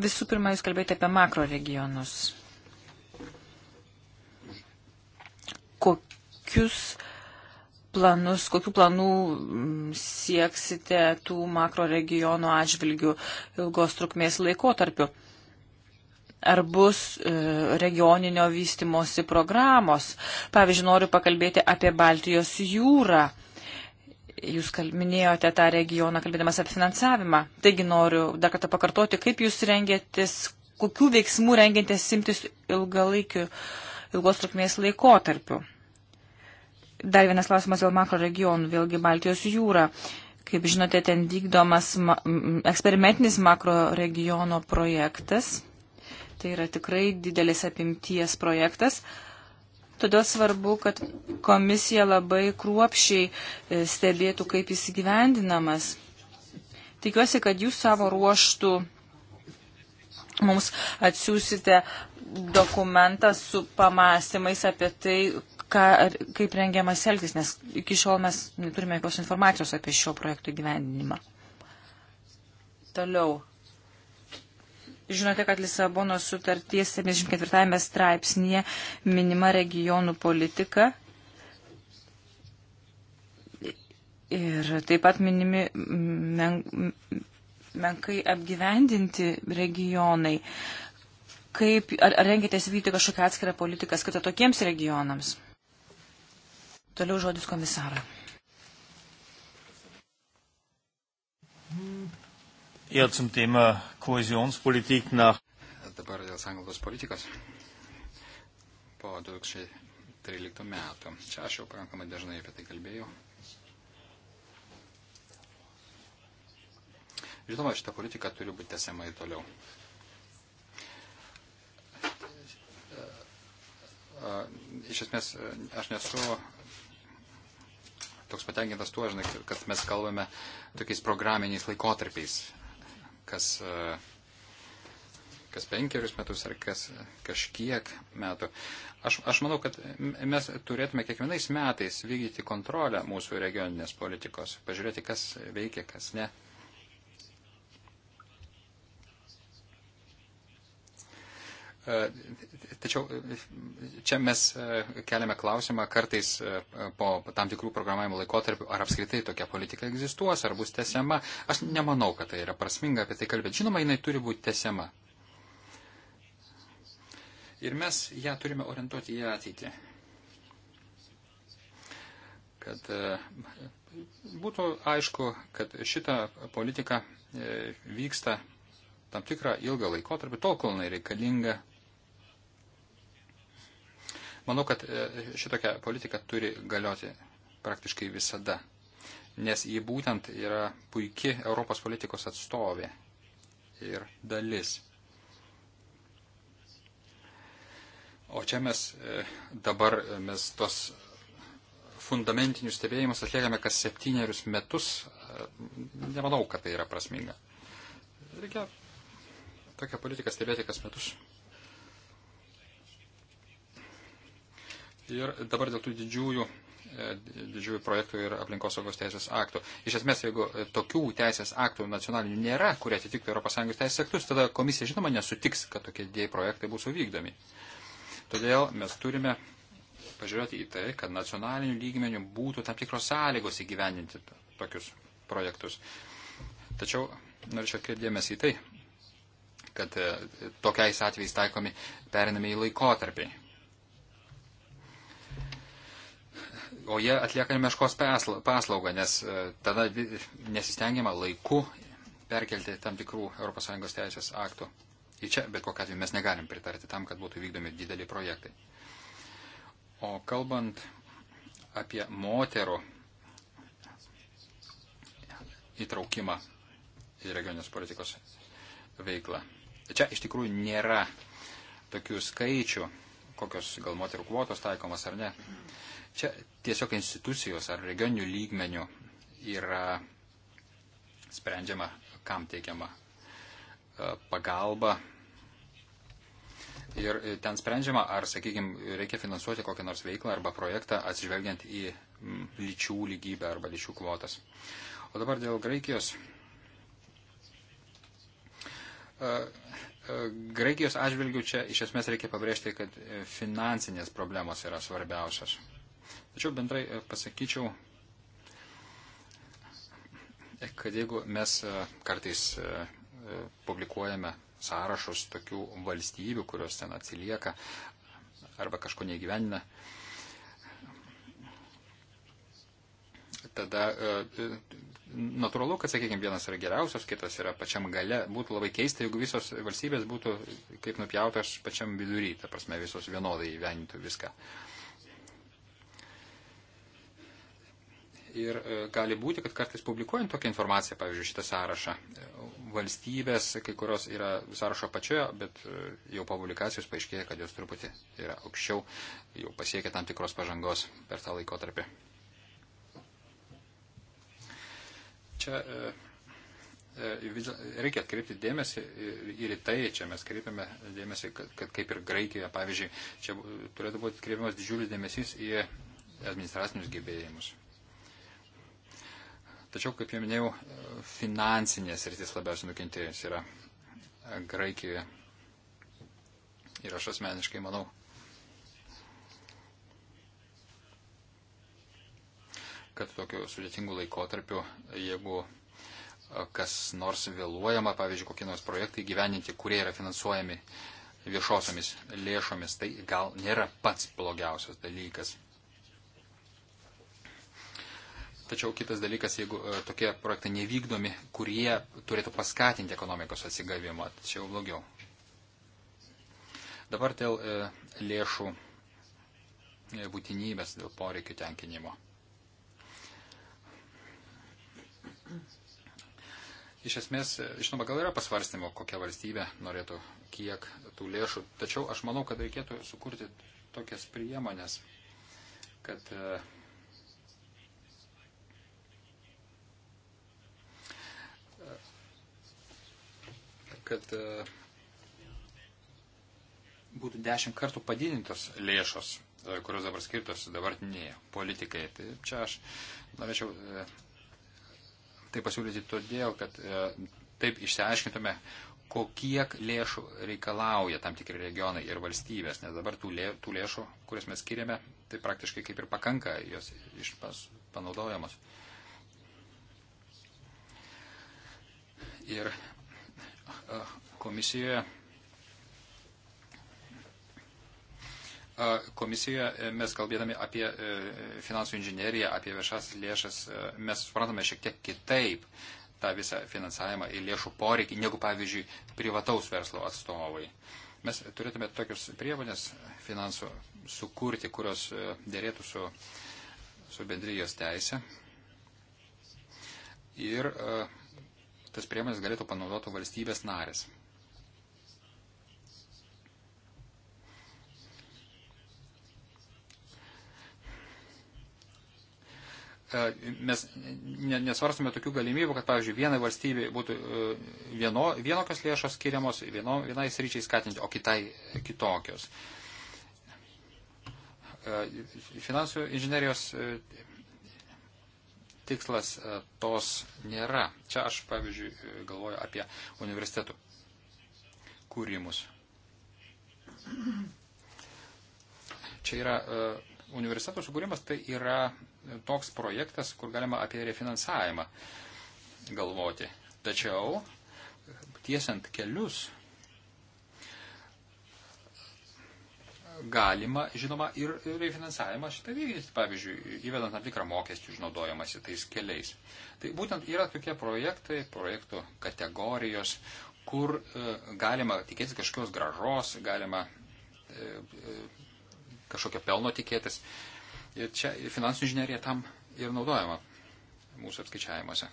Visų pirma, jūs kalbėjote apie makro regionus. Kokius planus, kokiu planu mm, sieksite tų makro regionų atžvilgių ilgos trukmės laikotarpiu? ar bus e, regioninio vystimosi programos. Pavyzdžiui, noriu pakalbėti apie Baltijos jūrą. Jūs minėjote tą regioną, kalbėdamas apie finansavimą. Taigi noriu dar kartą pakartoti, kaip jūs rengėtis, kokių veiksmų rengėtės simtis ilgalaikiu, ilgos trukmės laikotarpiu. Dar vienas klausimas dėl makro regionų, vėlgi Baltijos jūra. Kaip žinote, ten vykdomas eksperimentinis makro regiono projektas Tai yra tikrai didelis apimties projektas. Todėl svarbu, kad komisija labai kruopšiai e, stebėtų, kaip jis įgyvendinamas. Tikiuosi, kad jūs savo ruoštų mums atsiūsite dokumentą su pamastymais apie tai, ką, kaip rengiamas elgtis, nes iki šiol mes neturime jokios informacijos apie šio projekto gyvendinimą. Toliau. Žinote, kad Lisabono sutarties 74 straipsnėje minima regionų politika. Ir taip pat minimi men, menkai apgyvendinti regionai. Kaip, ar, ar rengitės vykti kažkokią atskirą politiką skirtą tokiems regionams? Toliau žodis komisarą. Ja, zum Thema Kohäsionspolitik nach.
Dabar dėl sąnglaudos politikos po 2013 metų. Čia aš jau pakankamai dažnai apie tai kalbėjau. Žinoma, šita politika turi būti tęsiama ir toliau. Iš esmės, aš nesu toks patenkintas tuo, žinai, kad mes kalbame tokiais programiniais laikotarpiais kas, e, kas penkerius metus ar kas kažkiek metų. Aš, aš manau, kad mes turėtume kiekvienais metais vykdyti kontrolę mūsų regioninės politikos, pažiūrėti, kas veikia, kas ne. E, tačiau e, čia mes e, keliame klausimą kartais po tam tikrų programavimo laikotarpių, ar apskritai tokia politika egzistuos, ar bus tesiama. Aš nemanau, kad tai yra prasminga apie tai kalbėti. Žinoma, jinai turi būti tesiama. Ir mes ją turime orientuoti į ateitį. Kad būtų aišku, kad šita politika vyksta tam tikrą ilgą laikotarpį, tol kol jinai reikalinga Manau, kad e, šitokia politika turi galioti praktiškai visada, nes ji būtent yra puikia Europos politikos atstovė ir dalis. O čia mes e, dabar mes tos fundamentinius stebėjimus atliekame kas septynerius metus. E, nemanau, kad tai yra prasminga. Reikia tokią politiką stebėti kas metus Ir dabar dėl tų didžiųjų, e, didžiųjų projektų ir aplinkosaugos teisės aktų. Iš esmės, jeigu e, tokių teisės aktų nacionalinių nėra, kurie atitiktų ES teisės aktus, tada komisija žinoma nesutiks, kad tokie didieji projektai bus vykdomi. Todėl mes turime pažiūrėti į tai, kad nacionalinių lygmenių būtų tam tikros sąlygos įgyvendinti tokius projektus. Tačiau norėčiau atkreipdėmės į tai, kad e, tokiais atvejais taikomi perinami į laikotarpiai. o jie atliekami meškos paslaugą, nes e, tada nesistengiama laiku perkelti tam tikrų ES teisės aktų. Į tai čia bet kokią atveju mes negalim pritarti tam, kad būtų vykdomi dideli projektai. O kalbant apie moterų įtraukimą į regioninės politikos veiklą. Tai čia iš tikrųjų nėra tokių skaičių, kokios gal moterų kvotos taikomas ar ne. Čia tiesiog institucijos ar regioninių lygmenių yra sprendžiama, kam teikiama e, pagalba. Ir ten sprendžiama, ar, sakykime, reikia finansuoti kokią nors veiklą arba projektą atsižvelgiant į lyčių lygybę arba lyčių kvotas. O dabar dėl Graikijos. E, e, Graikijos atžvilgių čia iš esmės reikia pabrėžti, kad finansinės problemos yra svarbiausios. Tačiau bendrai e, pasakyčiau, e, kad jeigu mes e, kartais publikuojame sąrašus tokių valstybių, kurios ten atsilieka arba kažko neįgyvenina, tada natūralu, kad, sakykime, vienas yra geriausias, kitas yra pačiam gale. Būtų labai keista, jeigu visos valstybės būtų kaip nupjautos pačiam vidury, ta prasme, visos vienodai įvenintų viską. Uh, ir e, gali būti, kad kartais publikuojant tokią informaciją, pavyzdžiui, šitą sąrašą, e, valstybės, kai kurios yra sąrašo pačioje, bet e, jau po publikacijos paaiškėja, kad jos truputį yra aukščiau, jau pasiekia tam tikros pažangos per tą laikotarpį. Čia reikia atkreipti dėmesį ir į tai, čia mes kreipiame dėmesį, kad, kad kaip ir Graikijoje, pavyzdžiui, čia turėtų būti kreipiamas didžiulis dėmesys į administracinius gebėjimus. Tačiau, kaip jau minėjau, finansinės rytis labiausiai nukentėjus yra Graikijoje. Ir aš asmeniškai manau, kad tokiu sudėtingu laikotarpiu, jeigu kas nors vėluojama, pavyzdžiui, kokie nors projektai gyveninti, kurie yra finansuojami viešosiomis lėšomis, tai gal nėra pats blogiausias dalykas. Tačiau kitas dalykas, jeigu e, tokie projektai nevykdomi, kurie turėtų paskatinti ekonomikos atsigavimą, tačiau blogiau. Dabar dėl e, lėšų e, būtinybės, dėl poreikių tenkinimo. Iš esmės, žinoma, gal yra pasvarstymo, kokia valstybė norėtų kiek tų lėšų, tačiau aš manau, kad reikėtų sukurti tokias priemonės, kad uh, kad e, būtų dešimt kartų padidintos lėšos, e, kurios dabar skirtos dabartinėje politikai. Tai čia aš norėčiau e, tai pasiūlyti todėl, kad taip išsiaiškintume, kokiek lėšų reikalauja tam tikri regionai ir valstybės, nes dabar tų, lė, tų lėšų, kurias mes skiriame, tai praktiškai kaip ir pakanka, jos išpas panaudojamos. Ir komisijoje. Komisijoje e, mes kalbėdami apie e, finansų inžineriją, apie viešas lėšas, e, mes suprantame šiek tiek kitaip tą visą finansavimą ir lėšų poreikį, negu pavyzdžiui privataus verslo atstovai. Mes turėtume tokius priemonės finansų sukurti, kurios dėrėtų su, su bendrijos teise. Ir uh, tas priemonės galėtų panaudoti valstybės narės. E, mes nesvarstome tokių galimybių, kad, pavyzdžiui, vienai valstybei būtų e, vieno, vienokios lėšos skiriamos vieno, vienai sryčiai skatinti, o kitai kitokios. E, finansų inžinerijos tikslas e, tos nėra. Čia aš, pavyzdžiui, e, galvoju apie universitetų kūrimus. Čia yra e, universiteto sukūrimas, tai yra toks projektas, kur galima apie refinansavimą galvoti. Tačiau tiesiant kelius galima, žinoma, ir refinansavimą šitą vykdyti, pavyzdžiui, įvedant tam tikrą mokestį išnaudojamasi tais keliais. Tai būtent yra tokie projektai, projektų kategorijos, kur e, galima tikėtis kažkokios gražos, galima e, e, kažkokio pelno tikėtis. Ir čia finansų inžinierija tam ir naudojama mūsų apskaičiavimuose.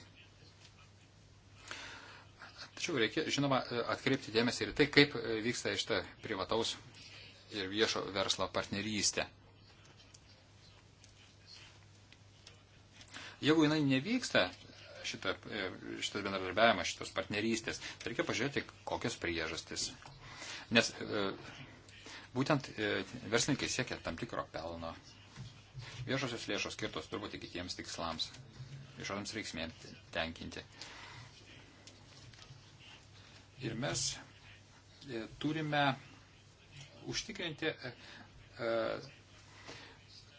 Tačiau reikia, žinoma, atkreipti dėmesį ir tai, kaip vyksta iš ta privataus ir viešo verslo partnerystę. Jeigu jinai nevyksta, šita, e, šitas bendradarbiavimas, šitos partnerystės, tai reikia pažiūrėti, kokios priežastis. Nes e, būtent e, verslininkai siekia tam tikro pelno. Viešosios lėšos skirtos turbūt tik kitiems tikslams, viešosiams reiksmėms tenkinti. Ir mes e, turime užtikrinti, e, e,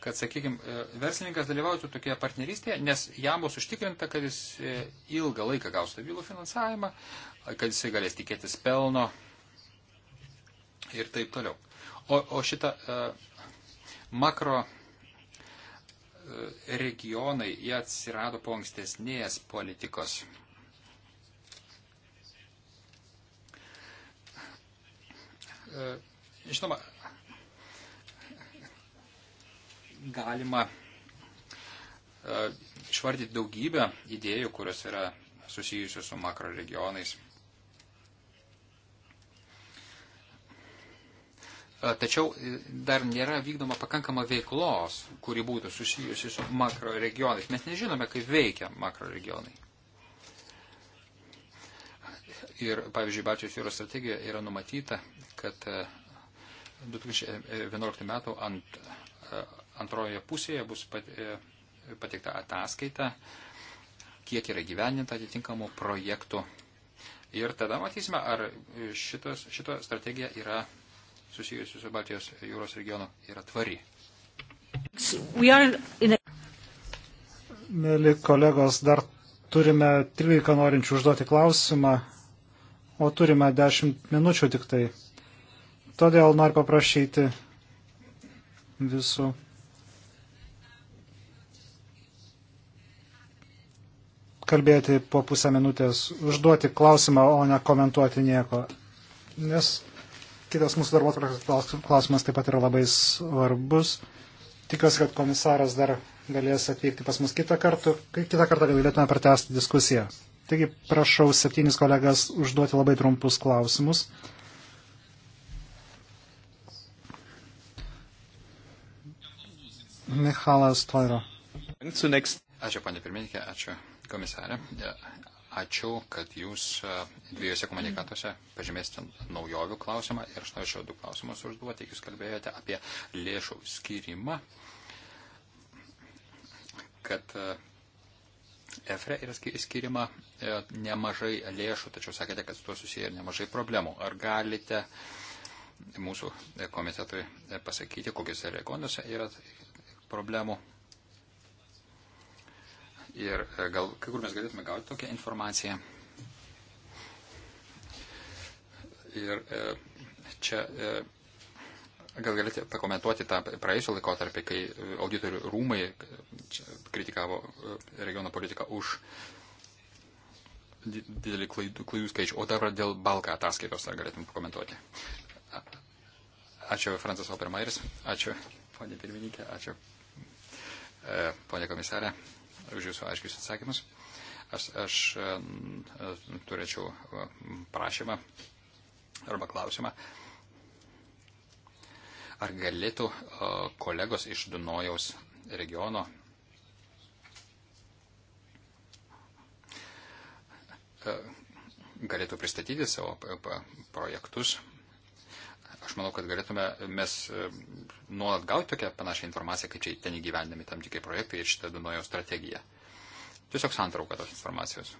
kad, sakykime, verslininkas dalyvautų tokioje partnerystėje, nes jam bus užtikrinta, kad jis e, ilgą laiką gaus stabilų finansavimą, kad jisai galės tikėtis pelno ir taip toliau. O, o šita makro regionai, jie atsirado po ankstesnės politikos. Žinoma, galima e, išvardyti daugybę idėjų, kurios yra susijusios su makro regionais. E, tačiau e, dar nėra vykdoma pakankama veiklos, kuri būtų susijusi su makro regionais. Mes nežinome, kaip veikia makro regionai. Ir, pavyzdžiui, Baltijos jūros strategijoje yra numatyta, kad 2011 metų ant, e, antrojoje pusėje bus e, pateikta ataskaita, kiek yra gyveninta atitinkamų projektų. Ir tada matysime, ar šitas, šita strategija yra susijusi su Baltijos jūros regionu yra tvari.
Mėly kolegos, dar turime 13 norinčių užduoti klausimą, o turime 10 minučių tik tai. Todėl noriu paprašyti visų. kalbėti po pusę minutės, užduoti klausimą, o ne komentuoti nieko. Nes kitas mūsų darbo tvarkos klausimas taip pat yra labai svarbus. Tikiuosi, kad komisaras dar galės atvykti pas mus kitą kartą, kitą kartą galėtume pratesti diskusiją. Taigi prašau septynis kolegas užduoti labai trumpus klausimus. Michalas Toiro.
Ačiū, panė pirmininkė, ačiū komisarė. Ačiū, kad jūs e, dviejose komunikatuose pažymėsite naujovių klausimą ir aš norėčiau du klausimus užduoti. Jūs kalbėjote apie lėšų skirimą, kad e, EFRE yra skirima e, nemažai lėšų, tačiau sakėte, kad su tuo susiję ir nemažai problemų. Ar galite mūsų komitetui pasakyti, kokiuose regionuose yra problemų. Ir e, gal kai kur mes galėtume gauti tokią informaciją. Ir e, čia e, gal galite pakomentuoti tą praėjusią laikotarpį, kai auditorių rūmai kritikavo regiono politiką už didelį klaidų, klaidų skaičių. O dar dėl Balką ataskaitos, ar galėtum pakomentuoti? Ačiū, Francis Opermairis. Ačiū, ponė pirmininkė. Ačiū, E, ponė komisarė, už jūsų aiškius atsakymus. Aš, aš e, turėčiau e, prašymą arba klausimą. Ar galėtų kolegos iš Dunojaus regiono galėtų pristatyti savo projektus aš manau, kad galėtume mes e, nuolat gauti tokią panašią informaciją, kai čia ten įgyvendami tam tikrai projektai ir šitą Dunojaus strategiją. Tiesiog santrauka tos informacijos.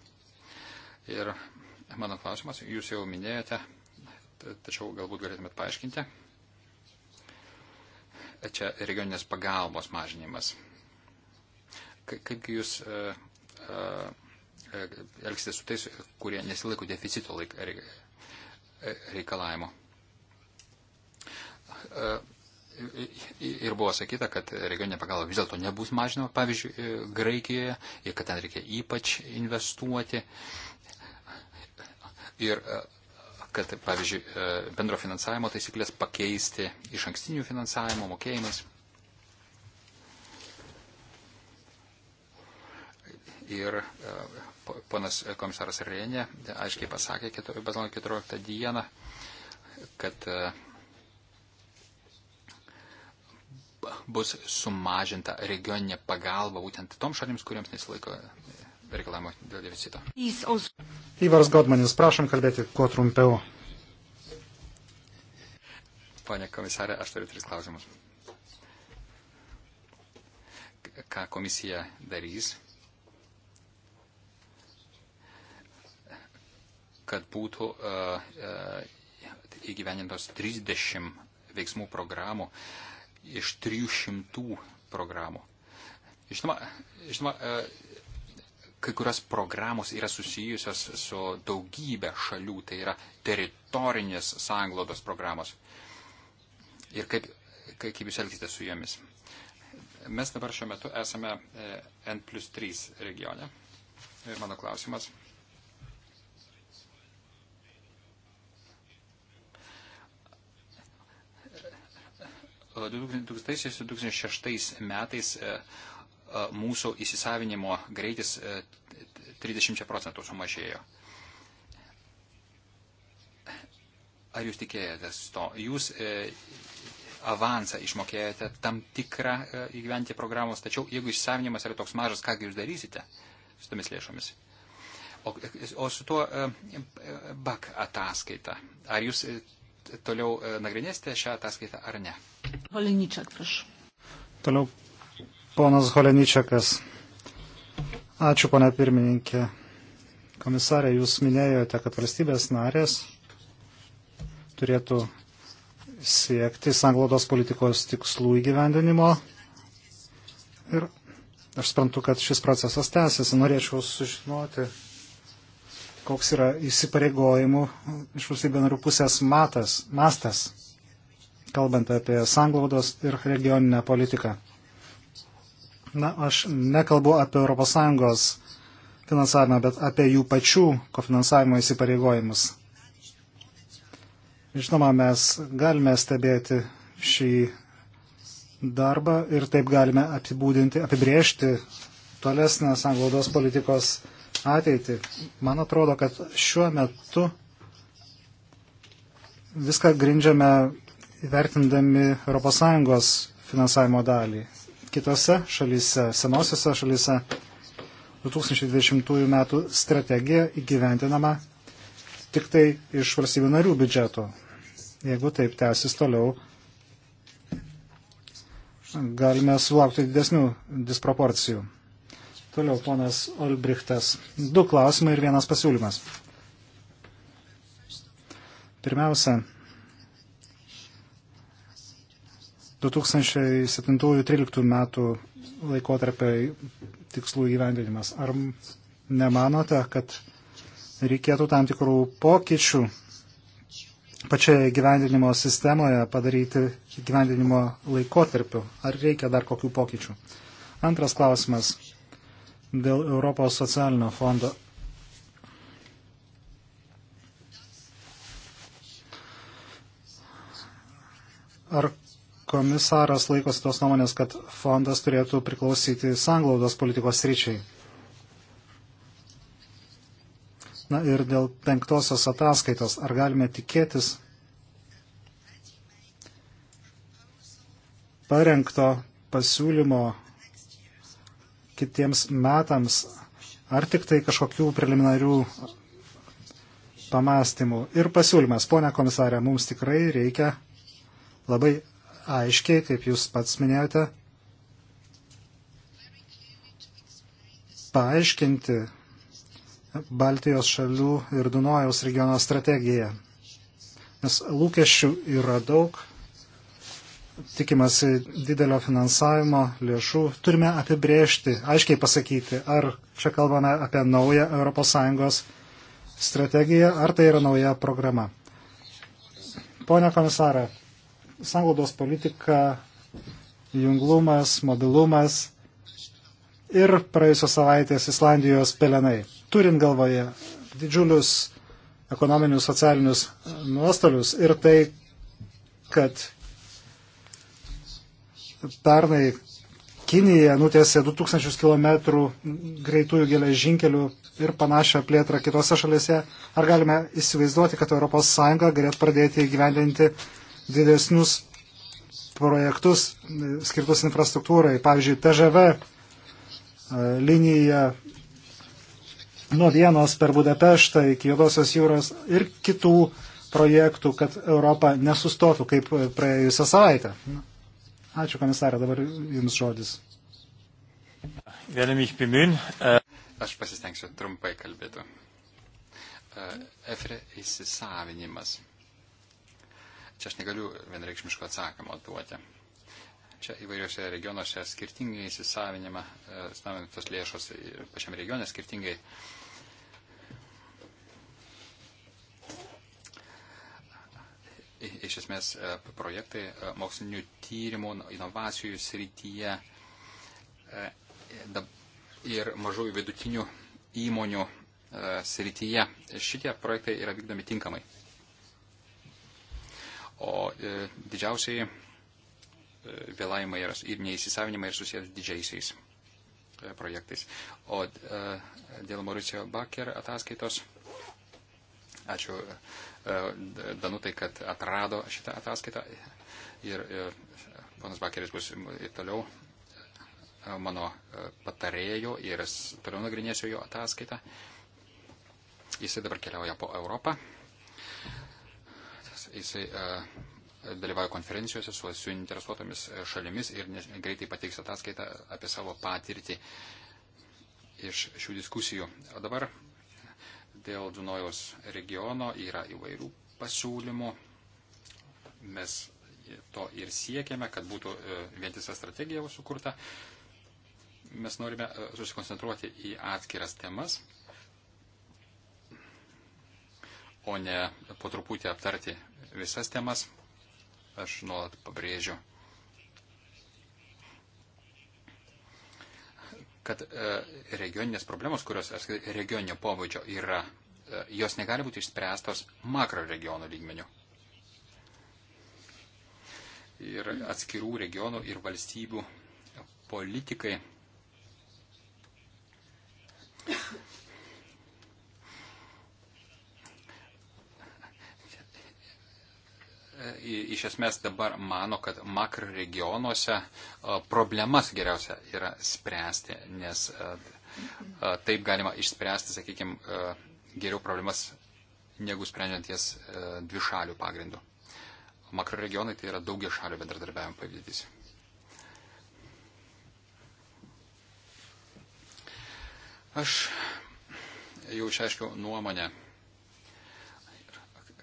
Ir mano klausimas, jūs jau minėjote, tačiau galbūt galėtumėt paaiškinti. Čia regioninės pagalbos mažinimas. Kaip jūs uh, e, uh, e, elgsite su tais, kurie nesilaiko deficito laik, reikalavimo? E, ir buvo sakyta, kad regioninė pagalba vis dėlto nebus mažinama, pavyzdžiui, e, Graikijoje, ir kad ten reikia ypač investuoti. Ir e, kad, pavyzdžiui, bendro finansavimo taisyklės pakeisti iš ankstinių finansavimo mokėjimas. Ir ponas komisaras Renė aiškiai pasakė 14 dieną, kad bus sumažinta regioninė pagalba būtent tom šalims, kuriems nesilaiko e, reikalavimo dėl deficito.
Įvars Godmanis, prašom kalbėti kuo trumpiau.
Pane komisarė, aš turiu tris klausimus. Ką komisija darys, kad būtų uh, e, uh, e, įgyvenintos 30 veiksmų programų uh, iš 300 programų. Žinoma, žinoma, e, kai kurios programos yra susijusios su daugybė šalių, tai yra teritorinės sąnglodos programos. Ir kaip, kaip jūs elgite su jomis? Mes dabar šiuo metu esame e, N plus 3 regione. Ir mano klausimas 2006 metais e, e, mūsų įsisavinimo greitis 30 e, procentų sumažėjo. Ar jūs tikėjotės to? Jūs avansą išmokėjote tam tikrą įgyventi programos, tačiau jeigu įsisavinimas yra toks mažas, ką jūs darysite su tomis lėšomis? O, o su tuo BAK ataskaita, ar jūs toliau e, nagrinėsite šią ataskaitą ar ne?
Holeničiak, prašau.
Toliau ponas Holeničiakas. Ačiū, ponia pirmininkė. Komisarė, jūs minėjote, kad valstybės narės turėtų siekti sanglaudos politikos tikslų įgyvendinimo. Ir aš sprantu, kad šis procesas tęsiasi. Norėčiau sužinoti, koks yra įsipareigojimų iš valstybių narių pusės matas, mastas, kalbant apie sanglaudos ir regioninę politiką. Na, aš nekalbu apie ES finansavimą, bet apie jų pačių kofinansavimo įsipareigojimus. Žinoma, mes galime stebėti šį darbą ir taip galime apibūdinti, apibriežti tolesnę sanglaudos politikos ateitį. Man atrodo, kad šiuo metu viską grindžiame įvertindami ES finansavimo dalį. Kitose šalyse, senosiose šalyse 2020 m. strategija įgyventinama tik tai iš valstybių narių biudžeto. Jeigu taip tęsis toliau, galime sulaukti didesnių disproporcijų. Toliau ponas Olbrichtas. Du klausimai ir vienas pasiūlymas. Pirmiausia, 2007-2013 metų laikotarpio tikslų įvendinimas. Ar nemanote, kad reikėtų tam tikrų pokyčių pačioje gyvendinimo sistemoje padaryti gyvendinimo laikotarpiu? Ar reikia dar kokių pokyčių? Antras klausimas dėl Europos socialinio fondo. Ar komisaras laikosi tos nuomonės, kad fondas turėtų priklausyti sanglaudos politikos ryčiai? Na ir dėl penktosios ataskaitos, ar galime tikėtis parengto pasiūlymo kitiems metams, ar tik tai kažkokių preliminarių pamastymų. Ir pasiūlymas, ponia komisarė, mums tikrai reikia labai aiškiai, kaip jūs pats minėjote, paaiškinti Baltijos šalių ir Dunojaus regiono strategiją. Nes lūkesčių yra daug, tikimasi didelio finansavimo lėšų, turime apibriežti, aiškiai pasakyti, ar čia kalbame apie naują ES strategiją, ar tai yra nauja programa. Pone komisarė, sanglaudos politika, junglumas, mobilumas ir praėjusios savaitės Islandijos pelenai. Turint galvoje didžiulius ekonominius, socialinius nuostolius ir tai, kad pernai Kinija nutėsė 2000 km greitųjų geležinkelių ir panašią plėtrą kitose šalise. Ar galime įsivaizduoti, kad ES galėtų pradėti įgyvendinti didesnius projektus e, skirtus infrastruktūrai? Pavyzdžiui, TŽV e, linija nuo Vienos per Budapeštą iki Jodosios jūros ir kitų projektų, kad Europa nesustotų kaip e, praėjusią savaitę. Na. Ačiū komisarė, dabar jums žodis. Äh,
aš pasistengsiu trumpai kalbėti. Äh, Efre įsisavinimas. Čia aš negaliu vienreikšmiško atsakymo duoti. Čia įvairiuose regionuose skirtingai įsisavinimą, äh, tos lėšos pačiam regione skirtingai iš esmės e, projektai e, mokslinių tyrimų, inovacijų srityje e, ir mažųjų vidutinių įmonių srityje. Šitie projektai yra vykdomi tinkamai. O didžiausiai vėlavimai yra, ir neįsisavinimai yra susijęs didžiaisiais projektais. O dėl Mauricio Baker ataskaitos. Ačiū E, Danutai, kad atrado šitą ataskaitą ir, ir ponas Bakeris bus ir toliau e, mano e, patarėjų ir toliau nagrinėsiu jo ataskaitą. Jisai dabar keliauja po Europą. Jisai uh, dalyvauja konferencijose su suinteresuotomis šalimis ir ne, greitai pateiks ataskaitą apie savo patirtį iš šių diskusijų. O dabar Dėl Dunojaus regiono yra įvairių pasiūlymų. Mes to ir siekiame, kad būtų e, vientisa strategija sukurta. Mes norime e, susikoncentruoti į atskiras temas, o ne po truputį aptarti visas temas. Aš nuolat pabrėžiu kad e, regioninės problemos, kurios regioninio pobūdžio yra, e, jos negali būti išspręstos makro regionų lygmenių. Ir atskirų regionų ir valstybių politikai iš esmės dabar mano, kad makro regionuose problemas geriausia yra spręsti, nes taip galima išspręsti, sakykime, geriau problemas negu sprendžiant jas dvi šalių pagrindų. Makro regionai tai yra daugia šalių bendradarbiavimo pavyzdys. Aš jau išaiškiau nuomonę,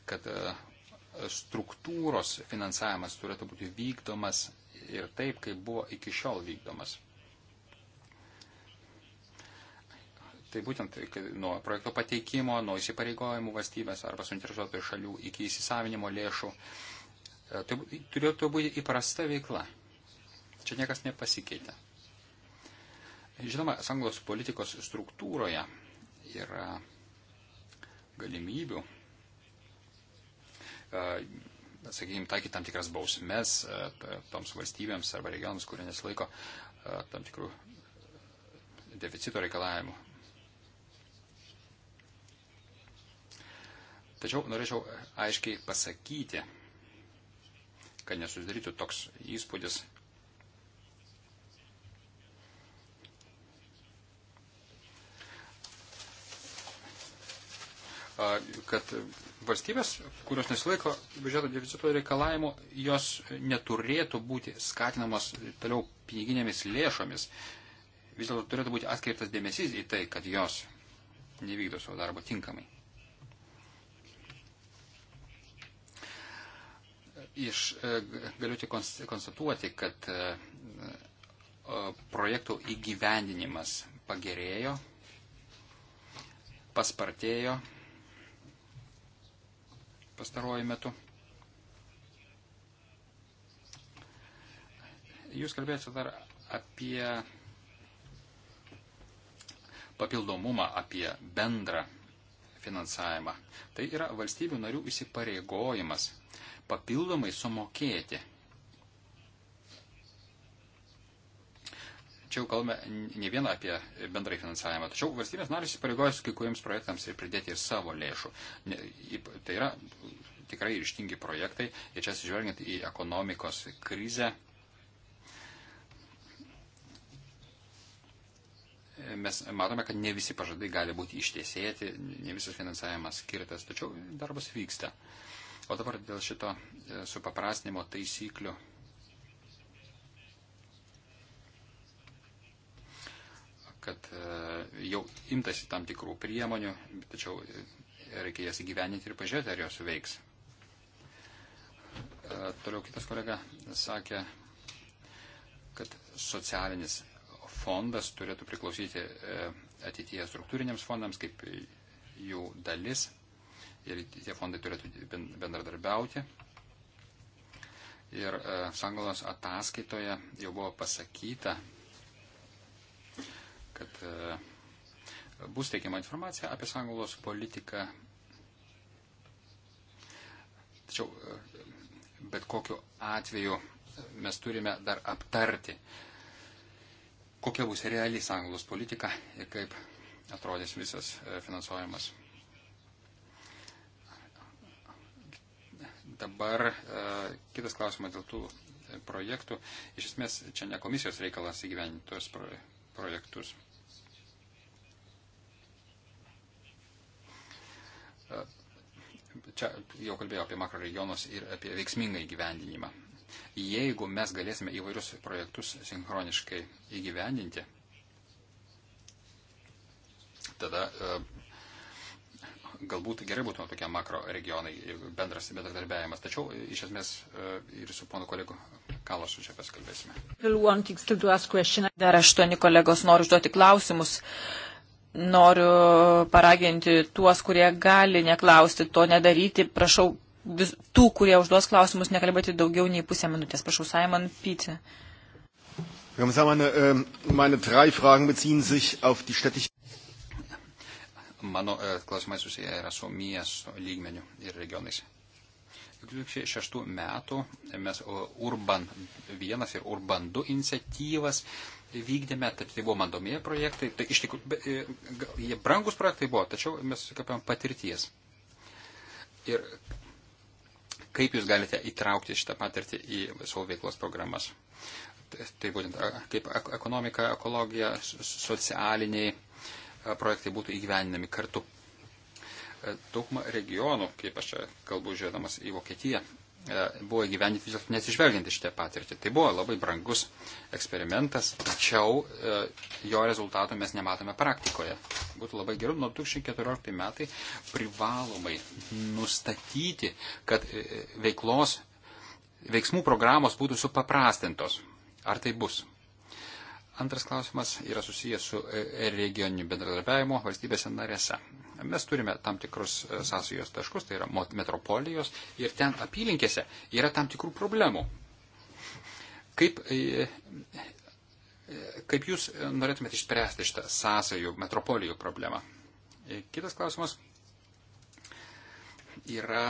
kad struktūros finansavimas turėtų būti vykdomas ir taip, kaip buvo iki šiol vykdomas. Tai būtent nuo projekto pateikimo, nuo įsipareigojimų valstybės arba suinteresuotojų šalių iki įsisavinimo lėšų. E, tai turėtų būti įprasta veikla. Čia niekas nepasikeitė. Žinoma, sanglos politikos struktūroje yra galimybių sakykime, taikyti tam tikras bausmes toms valstybėms arba regionams, kurie nesilaiko tam tikrų deficito reikalavimų. Tačiau norėčiau aiškiai pasakyti, kad nesusidarytų toks įspūdis, kad valstybės, kurios nesilaiko biudžeto deficito reikalavimų, jos neturėtų būti skatinamos toliau piniginėmis lėšomis. Vis dėlto turėtų būti atkreiptas dėmesys į tai, kad jos nevykdo savo darbo tinkamai. Iš, e, galiu tik konstatuoti, kad e, projektų įgyvendinimas pagerėjo, paspartėjo pastaruoju metu. Jūs kalbėjote dar apie papildomumą, apie bendrą finansavimą. Tai yra valstybių narių įsipareigojimas papildomai sumokėti čia jau kalbame ne vieną apie bendrai finansavimą, tačiau valstybės narės įsipareigojus kai kuriems projektams ir pridėti ir savo lėšų. Ne, tai yra tikrai ryštingi projektai ir čia atsižvelgiant į ekonomikos krizę. Mes matome, kad ne visi pažadai gali būti ištiesėti, ne visas finansavimas skirtas, tačiau darbas vyksta. O dabar dėl šito e, supaprastinimo taisyklių kad e, jau imtasi tam tikrų priemonių, tačiau e, reikia jas įgyveninti ir pažiūrėti, ar jos veiks. E, toliau kitas kolega sakė, kad socialinis fondas turėtų priklausyti ateityje struktūriniams fondams kaip jų dalis ir tie fondai turėtų bendradarbiauti. Ir sanglos ataskaitoje jau buvo pasakyta, kad e, bus teikiama informacija apie sąjungos politiką. Tačiau e, bet kokiu atveju mes turime dar aptarti, kokia bus reali sąjungos politika ir kaip atrodys visas e, finansuojamas. Dabar kitas klausimas dėl tų projektų. Iš esmės, čia ne komisijos reikalas įgyveninti tos projektus. Čia jau kalbėjau apie makroregionus ir apie veiksmingą įgyvendinimą. Jeigu mes galėsime įvairius projektus sinchroniškai įgyvendinti, tada e, galbūt gerai būtų tokie makro regionai, bendras bendradarbiavimas. Tačiau e, iš esmės e, ir su pono kolegu Kalašų čia
paskalbėsime. Dar aštuoni kolegos noriu užduoti klausimus. Noriu paraginti tuos, kurie gali neklausti, to nedaryti. Prašau vis, tų, kurie užduos klausimus, nekalbėti daugiau nei pusę minutės. Prašau, Simon Pyti.
Herr Kommissar, meine, meine drei Fragen beziehen sich auf
die städtische. Mano äh, klausimai susiję yra su miesto lygmeniu ir regionais. 2006 metų mes e, Urban 1 ir Urban 2 iniciatyvas vykdėme, tai buvo mandomieji projektai, tai iš tikrųjų e, jie brangus projektai buvo, tačiau mes susikapėm patirties. Ir kaip jūs galite įtraukti šitą patirtį į savo veiklos programas? Tai, tai būtent kaip ekonomika, ekologija, socialiniai projektai būtų įgyveninami kartu. E, dauguma regionų, kaip aš čia kalbu žiūrėdamas į Vokietiją, e, buvo įgyvendinti vis dėlto nesižvelgiant iš tą patirtį. Tai buvo labai brangus eksperimentas, tačiau e, jo rezultato mes nematome praktikoje. Būtų labai geru nuo 2014 metai privalomai nustatyti, kad veiklos, veiksmų programos būtų supaprastintos. Ar tai bus? Antras klausimas yra susijęs su regioniniu bendradarbiavimu valstybėse narėse. Mes turime tam tikrus e, sąsajos taškus, tai yra metropolijos, ir ten apylinkėse yra tam tikrų problemų. Kaip, e, e, kaip jūs norėtumėte išspręsti šitą sąsajų metropolijų problemą? Kitas klausimas yra.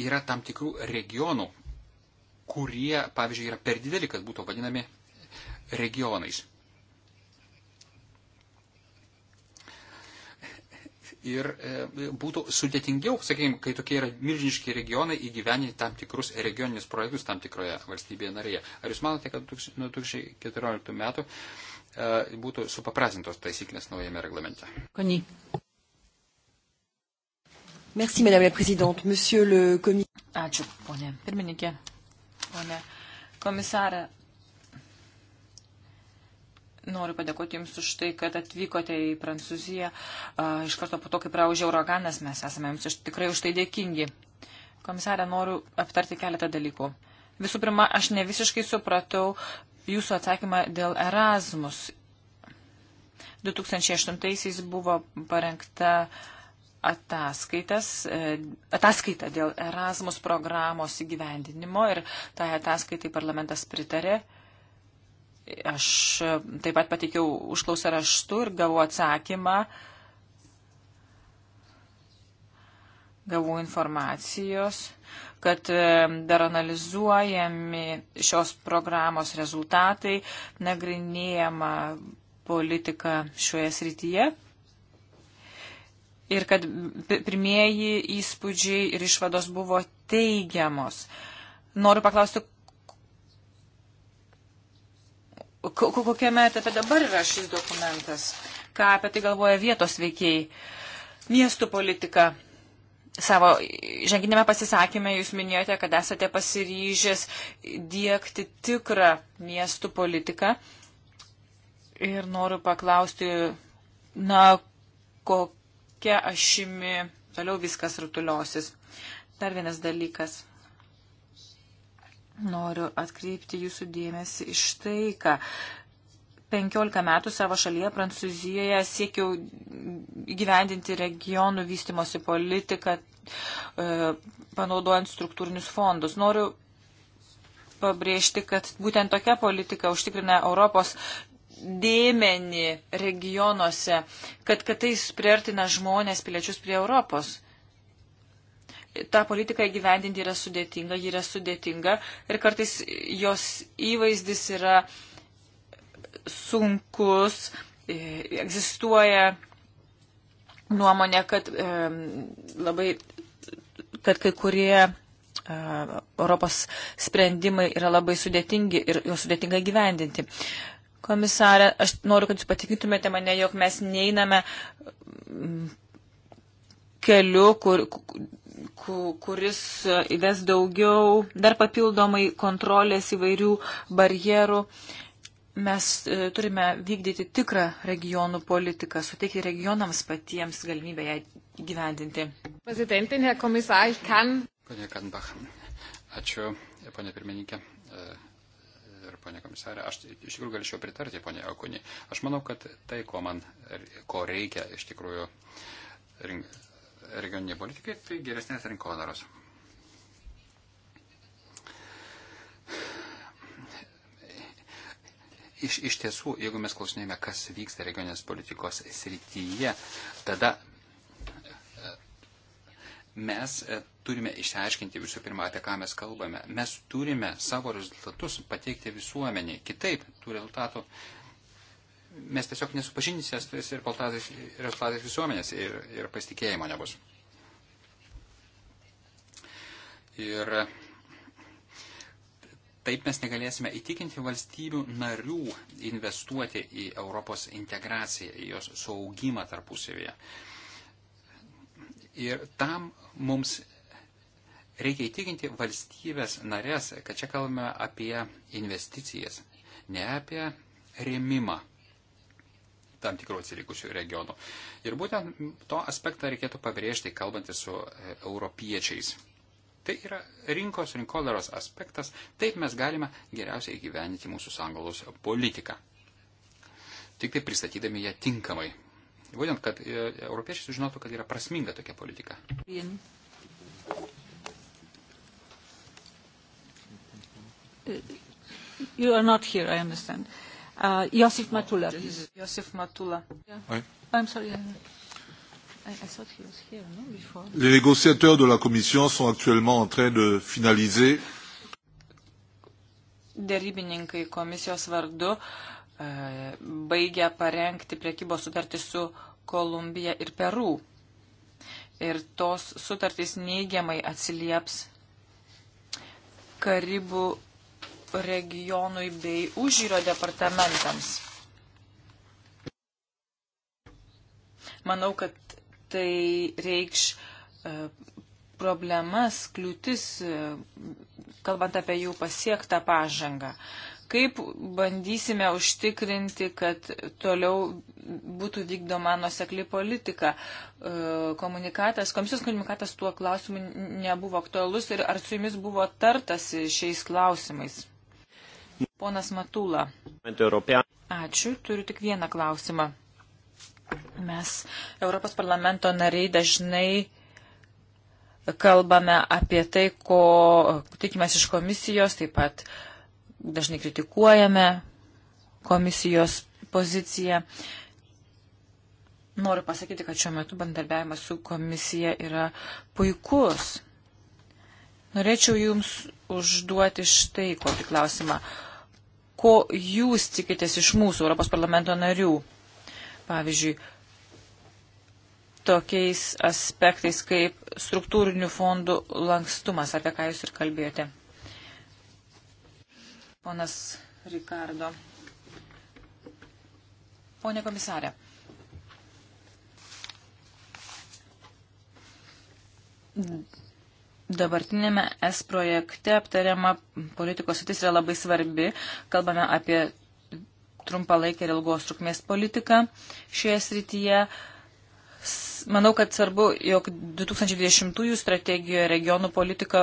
Yra tam tikrų regionų, kurie, pavyzdžiui, yra per dideli, kad būtų vadinami regionais. ir e, būtų sudėtingiau, sakykime, kai tokie yra milžiniški regionai įgyveninti tam tikrus regioninius projektus tam tikroje valstybėje narėje. Ar Jūs manote, kad nuo 2014 metų e, būtų supaprasintos taisyklės naujame reglamente?
Koni. Merci, Madame la Présidente. Monsieur le Commissaire. Ačiū, ponė pirmininkė. Ponė komisarė, Noriu padėkoti Jums už tai, kad atvykote į Prancūziją. Iš karto po to, kai praužė uraganas, mes esame Jums tikrai už tai dėkingi. Komisarė, noriu aptarti keletą dalykų. Visų pirma, aš ne visiškai supratau Jūsų atsakymą dėl Erasmus. 2008-aisiais buvo parengta ataskaitas, e, ataskaita dėl Erasmus programos įgyvendinimo ir tai ataskaitai parlamentas pritarė. Aš e, taip pat patikiau užklausą raštu ir gavau atsakymą. Gavau informacijos, kad e, dar analizuojami šios programos rezultatai, nagrinėjama politika šioje srityje ir kad pirmieji įspūdžiai ir išvados buvo teigiamos. Noriu paklausti, kokiame etape dabar yra šis dokumentas, ką apie tai galvoja vietos veikiai, miestų politika. Savo ženginėme pasisakymė jūs minėjote, kad esate pasiryžęs dėkti tikrą miestų politiką. Ir noriu paklausti, na, kokia ašimi toliau viskas rutuliosis. Dar vienas dalykas. Noriu atkreipti jūsų dėmesį iš tai, ką 15 metų savo šalyje Prancūzijoje siekiau gyvendinti regionų vystimosi politiką, e, panaudojant struktūrinius fondus. Noriu pabrėžti, kad būtent tokia politika užtikrina Europos dėmenį regionuose, kad, kad tai priartina žmonės, piliečius prie Europos tą politiką įgyvendinti yra sudėtinga, ji yra sudėtinga ir kartais jos įvaizdis yra sunkus, e, egzistuoja nuomonė, kad e, labai, kad kai kurie e, Europos sprendimai yra labai sudėtingi ir juos sudėtinga gyvendinti. Komisarė, aš noriu, kad jūs patikintumėte mane, jog mes neiname keliu, kur, kuris įves daugiau, dar papildomai kontrolės įvairių barjerų. Mes e, turime vykdyti tikrą regionų politiką, suteikti regionams
patiems galimybę ją gyvendinti.
Prezidentin, Herr Kommissar, ich kann.
Pane Kanbach, ačiū, pane pirmininkė e, ir ponė komisarė, aš iš tikrųjų galėčiau pritarti ponė Akunį. Aš manau, kad tai, ko man, ko reikia iš tikrųjų regioniniai politikai, tai geresnės rinkodaros. Iš, iš tiesų, jeigu mes klausinėjame, kas vyksta regioninės politikos srityje, tada e, mes e, turime išsiaiškinti visų pirma, apie ką mes kalbame. Mes turime savo rezultatus pateikti visuomeniai. Kitaip tų rezultatų uh, mes tiesiog nesupažindinsime su tais rezultatais visuomenės ir, ir pasitikėjimo nebus. Ir taip mes negalėsime įtikinti valstybių narių investuoti į Europos integraciją, į jos saugimą tarpusavėje. Ir tam mums reikia įtikinti valstybės narės, kad čia kalbame apie investicijas, ne apie rėmimą tam tikrų atsilikusių regionų. Ir būtent to aspektą reikėtų pabrėžti, kalbantis su e, europiečiais. Tai yra rinkos, rinkodaros aspektas, taip mes galime geriausiai įgyveninti mūsų sangalos politiką. Tik tai pristatydami ją tinkamai. Būtent, kad e, europiečiai sužinotų, kad yra prasminga tokia politika. Bien.
You are not here, I understand. Uh, Uh, Josif Matula. Oh, Josif Matula. Yeah. Oui. Oh, I'm sorry. I, I thought he was here, no, before. Les négociateurs de la Commission sont actuellement en train
de finaliser.
Dėrybininkai komisijos vardu uh, baigia parengti priekybos sutartį su Kolumbija ir Peru. Ir tos sutartys neigiamai atsilieps Karibų regionui bei užyro departamentams. Manau, kad tai reikš e, problemas, kliūtis, e, kalbant apie jų pasiektą pažangą. Kaip bandysime užtikrinti, kad toliau būtų vykdoma nusekli politika? E, komunikatas, komisijos komunikatas tuo klausimu nebuvo aktualus ir ar su jumis buvo tartasi šiais klausimais? Ponas Matula. Ačiū, turiu tik vieną klausimą. Mes, Europos parlamento nariai, dažnai kalbame apie tai, ko tikimės iš komisijos, taip pat dažnai kritikuojame komisijos poziciją. Noriu pasakyti, kad šiuo metu bandarbiavimas su komisija yra puikus. Norėčiau Jums užduoti štai kokį klausimą ko jūs tikitės iš mūsų Europos parlamento narių. Pavyzdžiui, tokiais aspektais kaip struktūrinių fondų lankstumas, apie ką jūs ir kalbėjote. Ponas Rikardo. Pone komisarė. Mm dabartinėme S projekte aptariama politikos sutis yra labai svarbi. Kalbame apie trumpalaikę ir ilgos trukmės politiką šioje srityje. Manau, kad svarbu, jog 2020 strategijoje regionų politika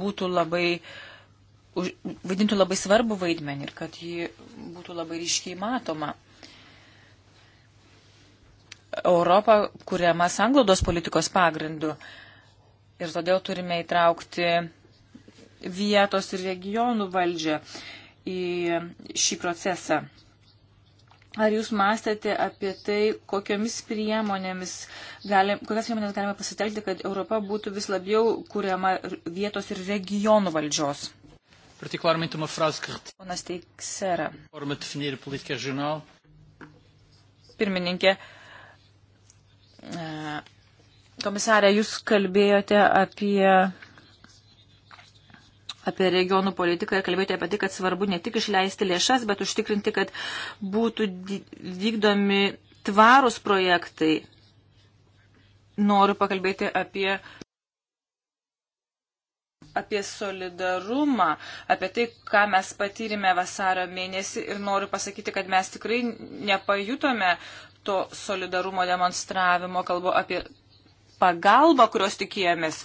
būtų labai, vaidintų labai svarbu vaidmenį ir kad ji būtų labai ryškiai matoma. Europa kuriama sanglaudos politikos pagrindu. Uh, ir todėl turime įtraukti vietos ir regionų valdžią į šį procesą. Ar jūs mąstėte apie tai, kokiamis priemonėmis galim, kokias priemonės galime pasitelkti, kad Europa būtų vis labiau kuriama vietos ir regionų valdžios?
Particularmente uma frase que
Ponas Teixeira. Forma de definir a política regional. Pirmininkė, Komisarė, jūs kalbėjote apie, apie regionų politiką ir kalbėjote apie tai, kad svarbu ne tik išleisti lėšas, bet užtikrinti, kad būtų vykdomi tvarūs projektai. Noriu pakalbėti apie apie solidarumą, apie tai, ką mes patyrėme vasario mėnesį ir noriu pasakyti, kad mes tikrai nepajutome to solidarumo demonstravimo, kalbu apie pagalbą, kurios tikėjomės.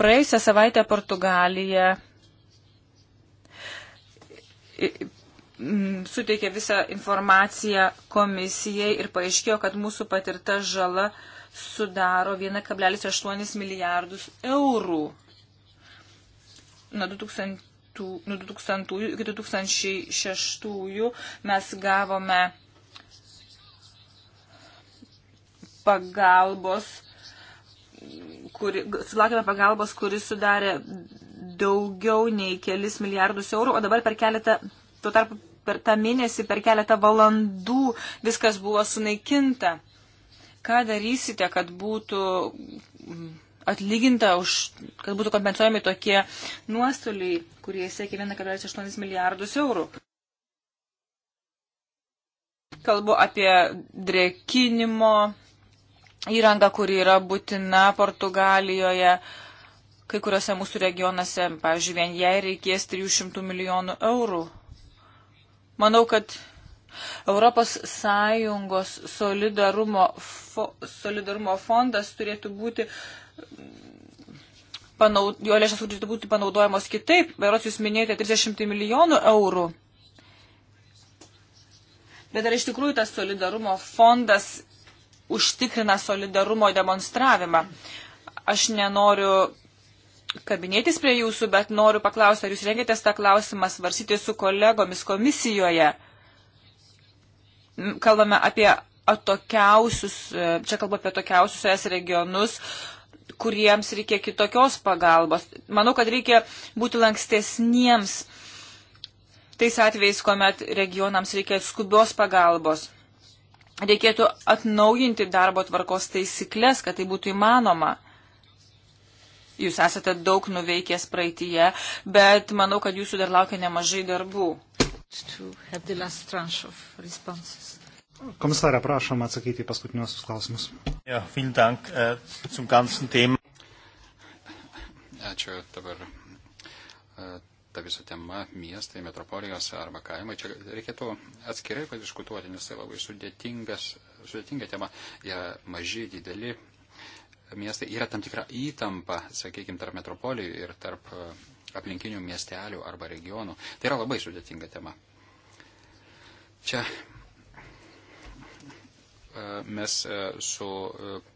Praėjusią savaitę Portugalija suteikė visą informaciją komisijai ir paaiškėjo, kad mūsų patirta žala sudaro 1,8 milijardus eurų. Nuo 2000, nuo 2000 iki 2006 mes gavome pagalbos, kuri, sulaukėme pagalbos, kuris sudarė daugiau nei kelis milijardus eurų, o dabar per keletą, tuo tarpu per tą mėnesį, per keletą valandų viskas buvo sunaikinta. Ką darysite, kad būtų atlyginta už, kad būtų kompensuojami tokie nuostoliai, kurie siekia 1,8 milijardus eurų? Kalbu apie drekinimo įranga, kuri yra būtina Portugalijoje, kai kuriuose mūsų regionuose, pavyzdžiui, vien jai reikės 300 milijonų eurų. Manau, kad Europos Sąjungos solidarumo, fo, solidarumo fondas turėtų būti panaud, jo lėšas turėtų būti panaudojamos kitaip. Berots jūs minėjote 30 milijonų eurų. Bet ar iš tikrųjų tas solidarumo fondas užtikrina solidarumo demonstravimą. Aš nenoriu kabinėtis prie jūsų, bet noriu paklausti, ar jūs rengėtės tą klausimą svarsyti su kolegomis komisijoje. Kalbame apie atokiausius, e, čia kalbu apie atokiausius es regionus, kuriems reikia kitokios pagalbos. Manau, kad reikia būti lankstesniems tais atvejais, kuomet regionams reikia skubios pagalbos reikėtų atnaujinti darbo tvarkos taisyklės, kad tai būtų įmanoma. Jūs esate daug nuveikęs praeitie, bet manau, kad jūsų dar laukia nemažai darbų.
Komisarė, prašom atsakyti į paskutiniuosius klausimus. Ja, dank, uh,
Ačiū dabar. Uh, ta visa tema miestai, metropolijos arba kaimai. Čia reikėtų atskirai padiskutuoti, nes tai labai sudėtinga tema. Yra maži, dideli miestai. Yra tam tikra įtampa, sakykime, tarp metropolijų ir tarp e, aplinkinių miestelių arba regionų. Tai yra labai sudėtinga tema. Čia e, mes e, su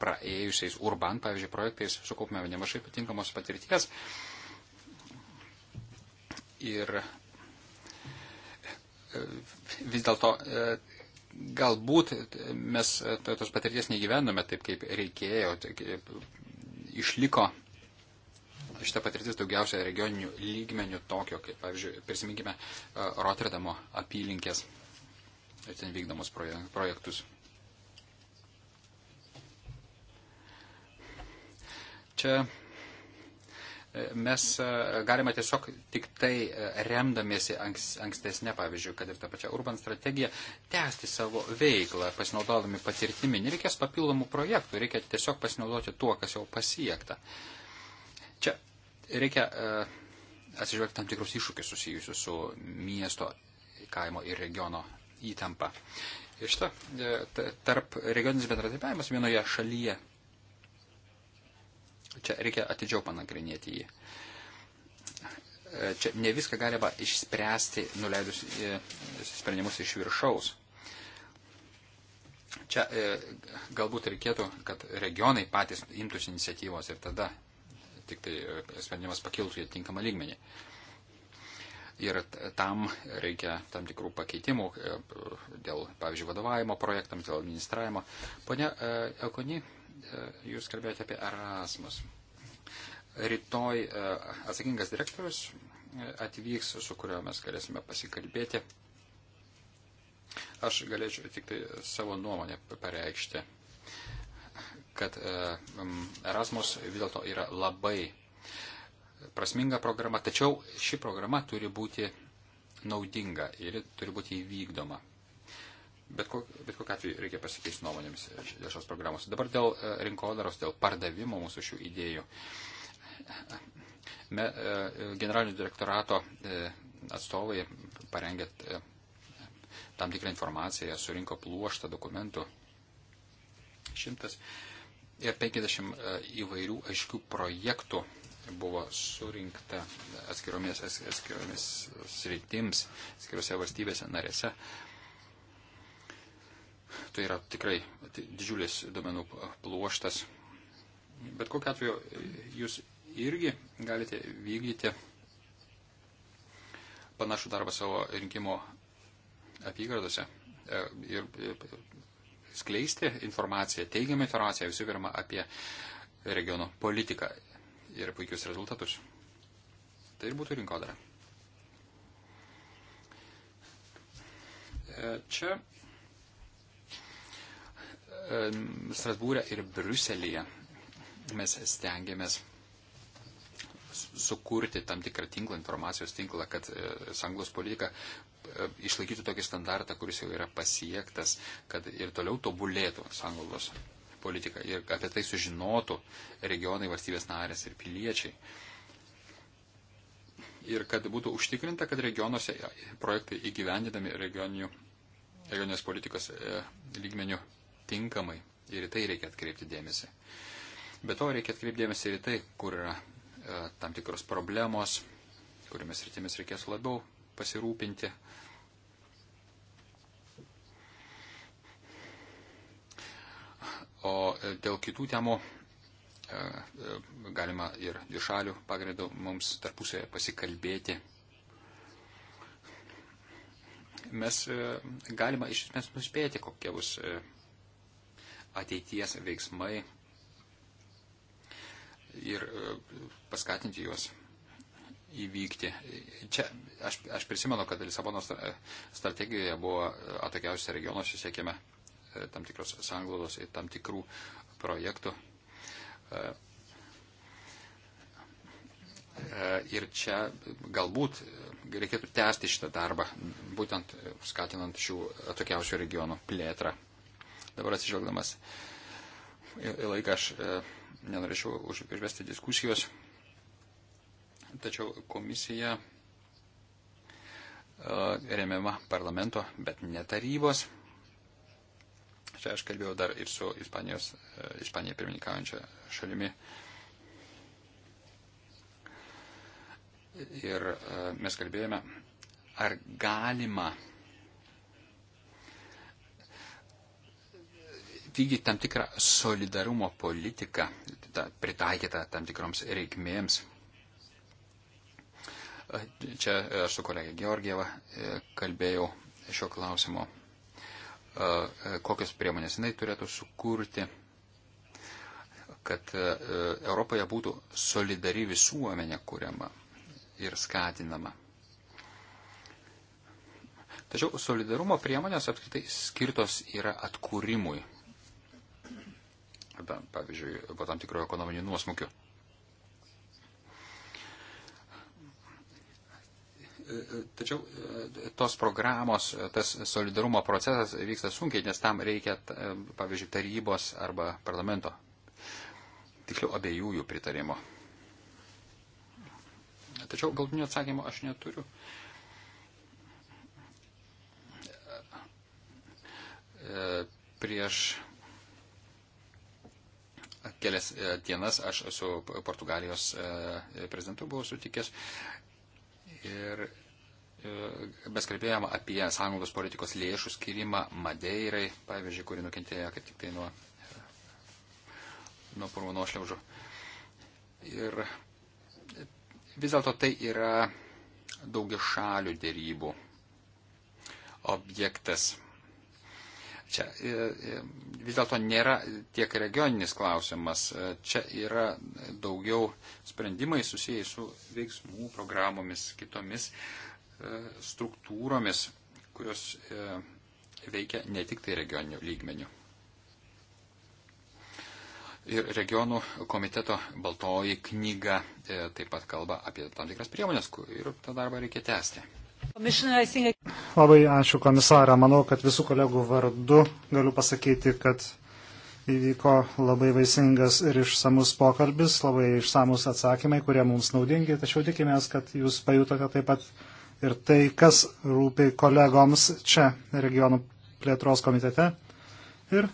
praėjusiais Urban, pavyzdžiui, projektais sukaupėme nemažai patinkamos patirties. Uh, ir e, vis dėlto e, galbūt mes tos patirties negyvenome taip, kaip reikėjo, taip, e, išliko šitą patirtis daugiausia regioninių lygmenių tokio, kaip, pavyzdžiui, prisiminkime Rotterdamo apylinkės ir ten vykdomus projektus. Čia mes e, galime tiesiog tik tai e, remdamiesi anks, ankstesnė, pavyzdžiui, kad ir tą pačią urban strategiją, tęsti savo veiklą, pasinaudodami patirtimi. Nereikės papildomų projektų, reikia tiesiog pasinaudoti tuo, kas jau pasiekta. Čia reikia e, atsižvelgti tam tikrus iššūkius susijusius su miesto, kaimo ir regiono įtampa. Ir šita tarp regioninis bendradarbiavimas vienoje šalyje Čia reikia atidžiau panagrinėti jį. Čia ne viską galima išspręsti, nuleidus e, sprendimus iš viršaus. Čia e, galbūt reikėtų, kad regionai patys imtųsi iniciatyvos ir tada tik tai e, sprendimas pakiltų į tinkamą lygmenį. Ir tam reikia tam tikrų pakeitimų dėl, pavyzdžiui, vadovavimo projektams, dėl administravimo. Pone Ekoni, e, E, jūs kalbėjote apie Erasmus. Rytoj e, atsakingas direktorius e, atvyks, su kuriuo mes galėsime pasikalbėti. Aš galėčiau tik tai savo nuomonę pareikšti, kad Erasmus vis dėlto yra labai prasminga programa, tačiau ši programa turi būti naudinga ir turi būti įvykdoma Bet, kok, bet kokiu atveju reikia pasikeisti nuomonėmis e, dėl šios programos. Dabar dėl e, rinkodaros, dėl pardavimo mūsų šių idėjų. Me, e, generalinio direktorato atstovai parengė tam tikrą informaciją, surinko pluoštą dokumentų. 150 įvairių aiškių projektų buvo surinkta atskiromis, atskiromis sritims, atskirose valstybėse narėse. Tai yra tikrai tai didžiulis duomenų pluoštas. Bet kokiu atveju jūs irgi galite vykdyti panašų darbą savo rinkimo apygardose e, ir e, skleisti informaciją, teigiamą informaciją visų pirma apie regiono politiką ir puikius rezultatus. Tai ir būtų rinkodara. E, čia E, Strasbūrė ir Briuselėje mes stengiamės sukurti tam tikrą tinklą, informacijos tinklą, kad e, sanglos politika e, išlaikytų tokį standartą, kuris jau yra pasiektas, kad ir toliau tobulėtų sanglos politika ir apie tai sužinotų regionai, valstybės narės ir piliečiai. Ir kad būtų užtikrinta, kad regionuose projektai įgyvendinami regioninės politikos lygmenių tinkamai ir į tai reikia atkreipti dėmesį. Be to reikia atkreipti dėmesį ir į tai, kur yra e, tam tikros problemos, kuriomis rytimis reikės labiau pasirūpinti. O e, dėl kitų temų e, e, galima ir dvišalių pagrindų mums tarpusėje pasikalbėti. Mes galima iš esmės nuspėti, kokie bus ateities veiksmai ir e, paskatinti juos įvykti. Čia aš, aš prisimenu, kad Lisabono strategijoje buvo e, atokiausiuose regionuose siekime e, tam tikros sanglaudos ir tam tikrų projektų. Ir čia galbūt reikėtų tęsti šitą darbą, būtent skatinant šių atokiausių regionų plėtrą. Dabar atsižvelgdamas į laiką aš e, nenorėčiau užvesti diskusijos, tačiau komisija e, remiama parlamento, bet ne tarybos. Čia aš kalbėjau dar ir su Ispanijos, e, Ispanija pirmininkaujančia šalimi. Ir mes kalbėjome, ar galima taigi tam tikrą solidarumo politiką ta, pritaikytą tam tikroms reikmėms. Čia aš su kolegė Georgieva e, kalbėjau šio klausimo, e, kokios priemonės jinai turėtų sukurti, kad e, Europoje būtų solidari visuomenė kuriama ir skatinama. Tačiau solidarumo priemonės apskritai skirtos yra atkūrimui pavyzdžiui, po tam tikrojo ekonominio nuosmukio. Tačiau e, tos programos, e, tas solidarumo procesas vyksta sunkiai, nes tam reikia, e, pavyzdžiui, tarybos arba parlamento, tiksliau abiejų jų pritarimo. Tačiau galtinio atsakymo aš neturiu. Prieš kelias e, dienas aš su Portugalijos e, prezidentu buvau sutikęs. Ir e, mes kalbėjome apie sąjungos politikos lėšų skirimą Madeirai, pavyzdžiui, kuri nukentėjo kaip tik tai nuo, nuo purvono šliaužų. Ir vis dėlto tai yra daugia šalių dėrybų objektas. Čia e, e, vis dėlto nėra tiek regioninis klausimas, e, čia yra daugiau sprendimai susijęs su veiksmų programomis, kitomis struktūromis, kurios veikia ne tik tai regioninių lygmenių. Ir regionų komiteto baltoji knyga taip pat kalba apie tam tikras priemonės ir tą darbą reikia tęsti.
Labai
ačiū komisarą. Manau, kad visų kolegų vardu galiu pasakyti, kad įvyko labai vaisingas ir išsamus pokalbis, labai išsamus atsakymai, kurie mums naudingi. Tačiau tikimės, kad jūs pajutote taip pat ir tai, kas rūpi kolegoms čia regionų plėtros komitete. Ir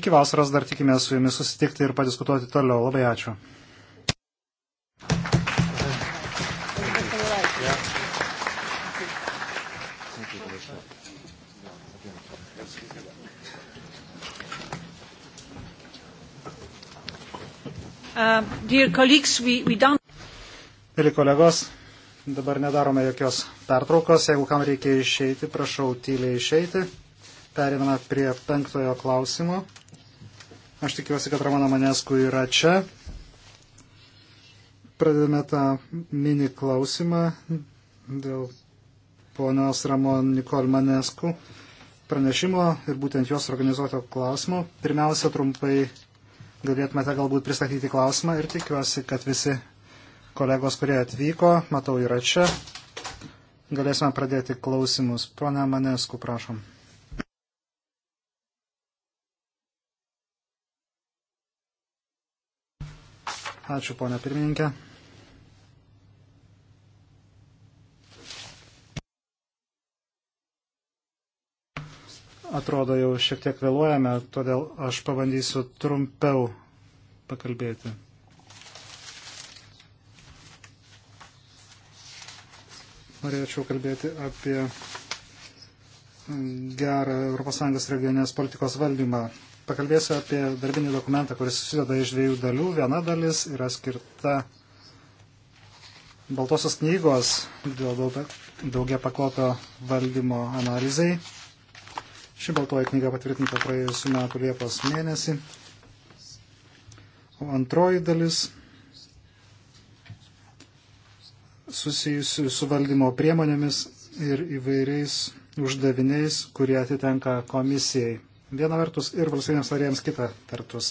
iki vasaros dar tikimės su jumis susitikti ir padiskutuoti toliau. Labai ačiū.
Uh, we, we don't...
Mėly kolegos, dabar nedarome jokios pertraukos. Jeigu kam reikia išeiti, prašau tyliai išeiti. Periname prie penktojo klausimo. Aš tikiuosi, kad Ramona Manesku yra čia. Pradedame tą mini klausimą dėl ponios Ramon Nikol Manesku pranešimo ir būtent jos organizuoto klausimo. Pirmiausia, trumpai galėtumėte galbūt pristatyti klausimą ir tikiuosi, kad visi kolegos, kurie atvyko, matau, yra čia. Galėsime pradėti klausimus. Pone Manesku, prašom. Ačiū, ponė pirmininkė. atrodo, jau šiek tiek vėluojame, todėl aš pabandysiu trumpiau pakalbėti. Norėčiau kalbėti apie gerą ES regioninės politikos valdymą. Pakalbėsiu apie darbinį dokumentą, kuris susideda iš dviejų dalių. Viena dalis yra skirta Baltosios knygos dėl daugia paklopio valdymo analizai Ši baltoji knyga patvirtinta praėjusiu metu Liepos mėnesį. O antroji dalis susijusi su valdymo priemonėmis ir įvairiais uždaviniais, kurie atitenka komisijai. Viena vertus ir valstybėms narėms kita vertus.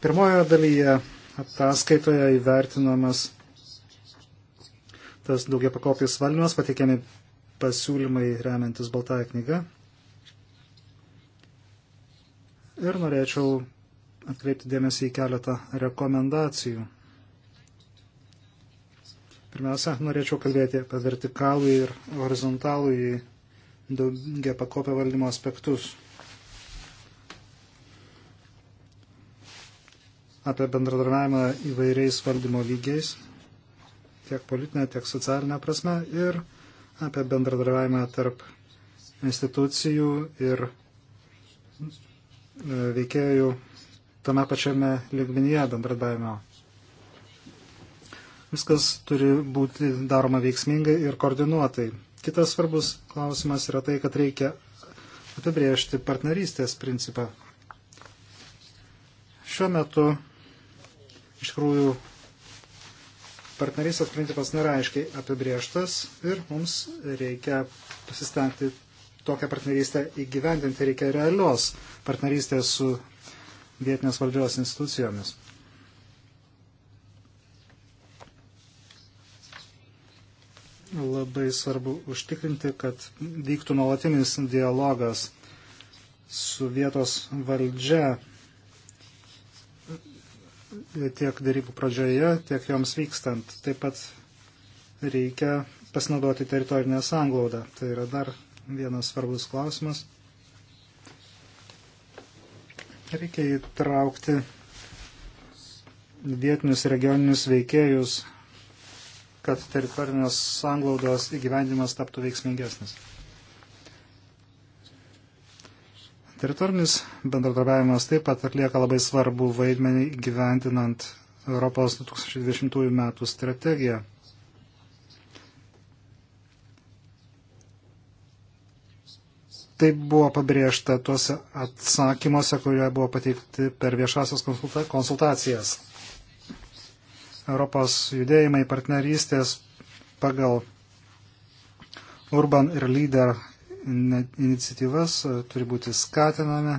Pirmojo dalyje ataskaitoje įvertinamas tas daugia pakopijos valdymas, pateikiami pasiūlymai remiantis Baltąją knygą. Ir norėčiau atkreipti dėmesį į keletą rekomendacijų. Pirmiausia, norėčiau kalbėti apie vertikalų ir horizontalų į daugia pakopę valdymo aspektus. Apie bendradarbiavimą įvairiais valdymo lygiais, tiek politinė, tiek socialinė prasme ir apie bendradarbiavimą tarp institucijų ir e, veikėjų tame pačiame ligmenyje bendradarbiavimo. Viskas turi būti daroma veiksmingai ir koordinuotai. Kitas svarbus klausimas yra tai, kad reikia apibriežti partnerystės principą. Šiuo metu iš tikrųjų partnerystės principas nėra aiškiai apibrieštas ir mums reikia pasistengti tokią partnerystę įgyvendinti, reikia realios partnerystės su vietinės valdžios institucijomis. Labai svarbu užtikrinti, kad vyktų nuolatinis dialogas su vietos valdžia tiek darybų pradžioje, tiek joms vykstant. Taip pat reikia pasinaudoti teritorinę sanglaudą. Tai yra dar vienas svarbus klausimas. Reikia įtraukti vietinius regioninius veikėjus, kad teritorinės sanglaudos įgyvendimas taptų veiksmingesnis. Teritorinis bendradarbiavimas taip pat atlieka labai svarbu vaidmenį gyventinant Europos 2020 metų strategiją. Tai buvo pabrėžta tuose atsakymuose, kurie buvo pateikti per viešasias konsulta konsultacijas. Europos judėjimai partnerystės pagal Urban ir Leader iniciatyvas e, turi būti skatinami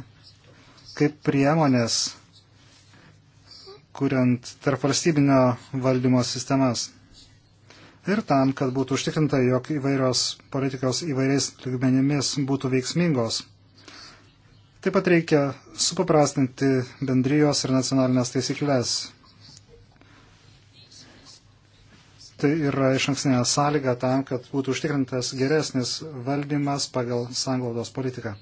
kaip priemonės, kuriant tarp valstybinio valdymo sistemas. Ir tam, kad būtų užtikrinta, jog įvairios politikos įvairiais lygmenimis būtų veiksmingos. Taip pat reikia supaprastinti bendrijos ir nacionalinės taisyklės Tai yra iš ankstinė sąlyga tam, kad būtų užtikrintas geresnis valdymas pagal sanglaudos politiką.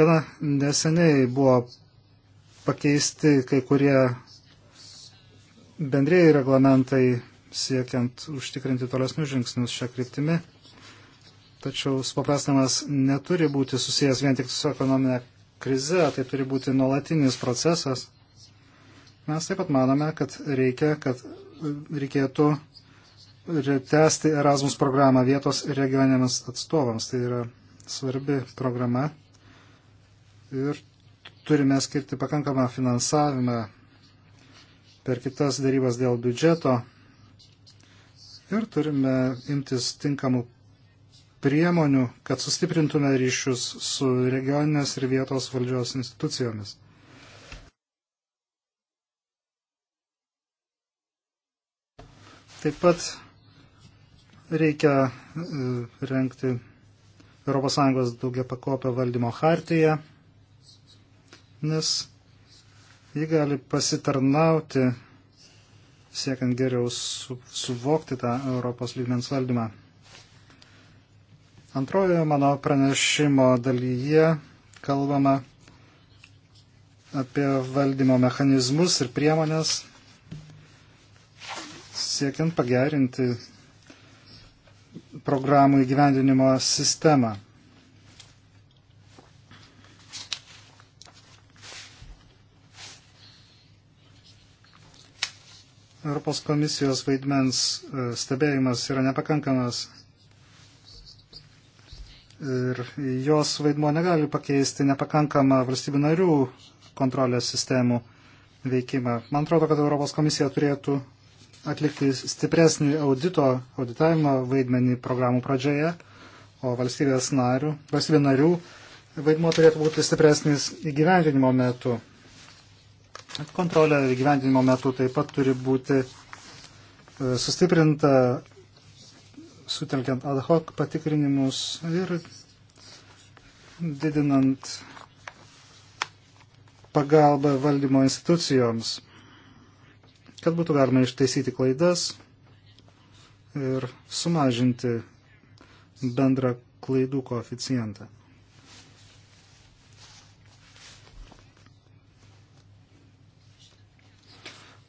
Gana neseniai buvo pakeisti kai kurie bendrėjai reglamentai siekiant užtikrinti tolesnius žingsnius šią kryptimį. Tačiau supaprastinimas neturi būti susijęs vien tik su ekonominė krize, tai turi būti nuolatinis procesas Mes taip pat manome, kad reikia, kad reikėtų tęsti Erasmus programą vietos ir regioniams atstovams. Tai yra svarbi programa ir turime skirti pakankamą finansavimą per kitas darybas dėl biudžeto ir turime imtis tinkamų priemonių, kad sustiprintume ryšius su regioninės ir vietos valdžios institucijomis. Taip pat reikia e, renkti ES daugia pakopio valdymo hartiją, nes ji gali pasitarnauti siekiant geriau su, suvokti tą Europos lygmens valdymą. Antrojoje mano pranešimo dalyje kalbama apie valdymo mechanizmus ir priemonės siekiant pagerinti programų įgyvendinimo sistemą. Europos komisijos vaidmens e, stebėjimas yra nepakankamas ir jos vaidmo negali pakeisti nepakankamą valstybių narių kontrolės sistemų veikimą. Man atrodo, kad Europos komisija turėtų atlikti stipresnį audito, auditavimo vaidmenį programų pradžioje, o valstybės narių, valstybė narių vaidmo turėtų būti stipresnis įgyvendinimo metu. Kontrolė įgyvendinimo metu taip pat turi būti e, sustiprinta, sutelkiant ad hoc patikrinimus ir didinant pagalbą valdymo institucijoms kad būtų galima ištaisyti klaidas ir sumažinti bendrą klaidų koeficientą.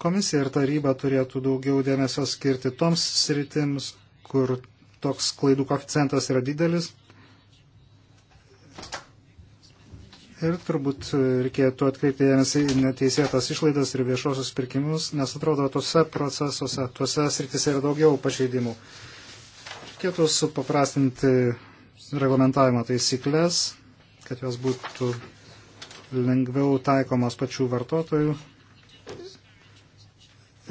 Komisija ir taryba turėtų daugiau dėmesio skirti toms sritims, kur toks klaidų koeficientas yra didelis Ir turbūt reikėtų atkreipti dėmesį į neteisėtas išlaidas ir viešosius pirkimus, nes atrodo, tuose procesuose, tuose srityse yra daugiau pažeidimų. Reikėtų supaprastinti reglamentavimo taisyklės, kad jos būtų lengviau taikomos pačių vartotojų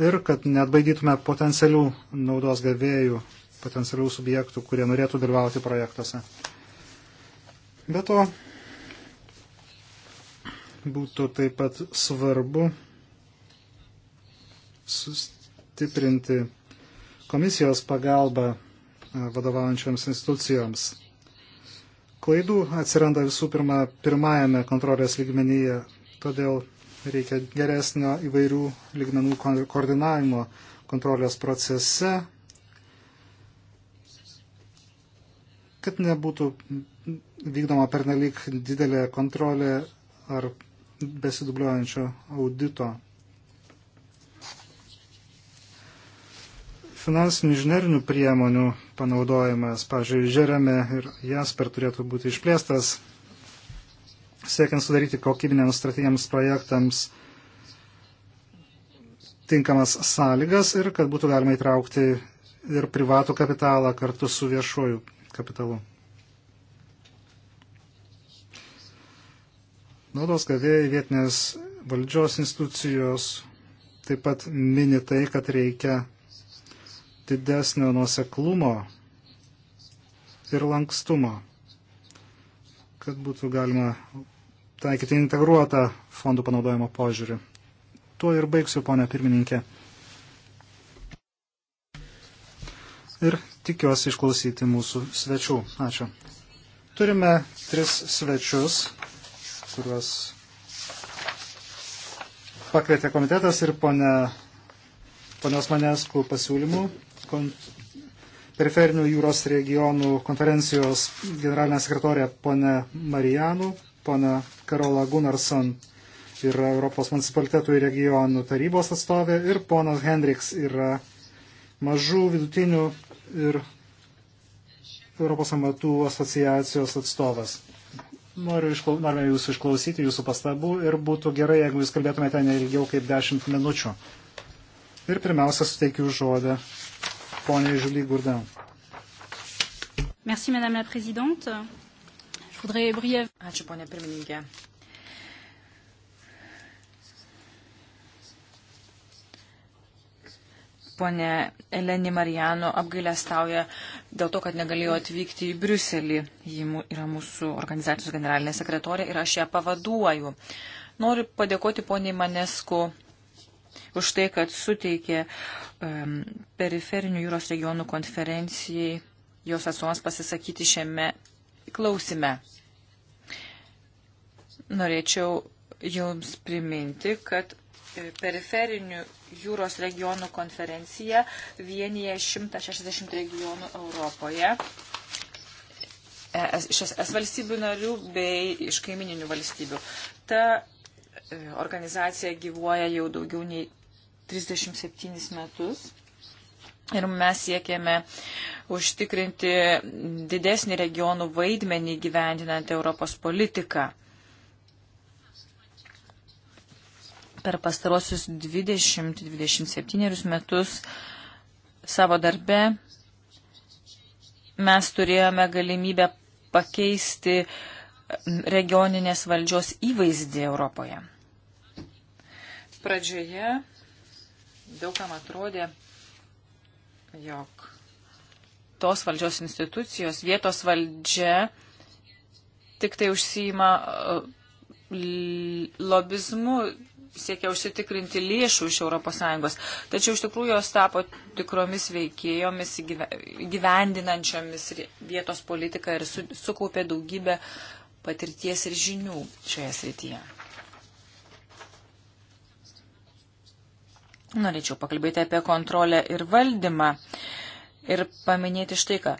ir kad netbaidytume potencialių naudos gavėjų, potencialių subjektų, kurie norėtų dalyvauti projektuose. Be to, būtų taip pat svarbu sustiprinti komisijos pagalbą e, vadovaujančioms institucijoms. Klaidų atsiranda visų pirma pirmajame kontrolės lygmenyje, todėl reikia geresnio įvairių lygmenų koordinavimo kontrolės procese, kad nebūtų vykdoma pernelyg didelė kontrolė ar besidubliuojančio audito. Finansinių inžinerinių priemonių panaudojimas, pavyzdžiui, Žereme ir Jasper turėtų būti išplėstas, siekiant sudaryti kokybinėms strateginiams projektams tinkamas sąlygas ir kad būtų galima įtraukti ir privatų kapitalą kartu su viešuoju kapitalu. Naudos gavėjai vietinės valdžios institucijos taip pat mini tai, kad reikia didesnio nuoseklumo ir lankstumo, kad būtų galima taikyti integruotą fondų panaudojimo požiūrį. Tuo ir baigsiu, ponia pirmininkė. Ir tikiuosi išklausyti mūsų svečių. Ačiū. Turime tris svečius kuriuos pakvietė komitetas ir ponia, ponios Maneskų pasiūlymų. Kon, periferinių jūros regionų konferencijos generalinė sekretorė ponia Marijanų, ponia Karola Gunnarsson yra Europos municipalitetų ir regionų tarybos atstovė ir ponas Hendriks yra mažų, vidutinių ir Europos amatų asociacijos atstovas. Noriu išklau, norime jūsų išklausyti, jūsų pastabų ir būtų gerai, jeigu jūs kalbėtumėte ne ilgiau kaip 10 minučių. Ir pirmiausia, suteikiu žodę poniai Žiuly Gurdin.
Merci, madame la présidente. Je voudrais brièvement. Ačiū, ponia pirmininkė. ponė Eleni Marijano apgailestauja dėl to, kad negalėjo atvykti į Briuselį. Ji yra mūsų organizacijos generalinė sekretorė ir aš ją pavaduoju. Noriu padėkoti poniai Manesku už tai, kad suteikė um, periferinių jūros regionų konferencijai jos atstovams pasisakyti šiame klausime. Norėčiau Jums priminti, kad e, periferinių jūros regionų konferencija vienyje 160 regionų Europoje. Iš es valstybių narių bei iš kaimininių valstybių. Ta e, organizacija gyvuoja jau daugiau nei 37 metus. Ir mes siekėme užtikrinti didesnį regionų vaidmenį gyvendinant Europos politiką. per pastarosius 20-27 metus savo darbe mes turėjome galimybę pakeisti regioninės valdžios įvaizdį Europoje. Pradžioje daugam atrodė, jog tos valdžios institucijos, vietos valdžia tik tai užsijima e, lobizmu, siekia užsitikrinti lėšų iš ES. Tačiau iš tikrųjų jos tapo tikromis veikėjomis gyvendinančiomis vietos politiką ir su, sukaupė daugybę patirties ir žinių šioje srityje. Norėčiau pakalbėti apie kontrolę ir valdymą ir paminėti štai ką.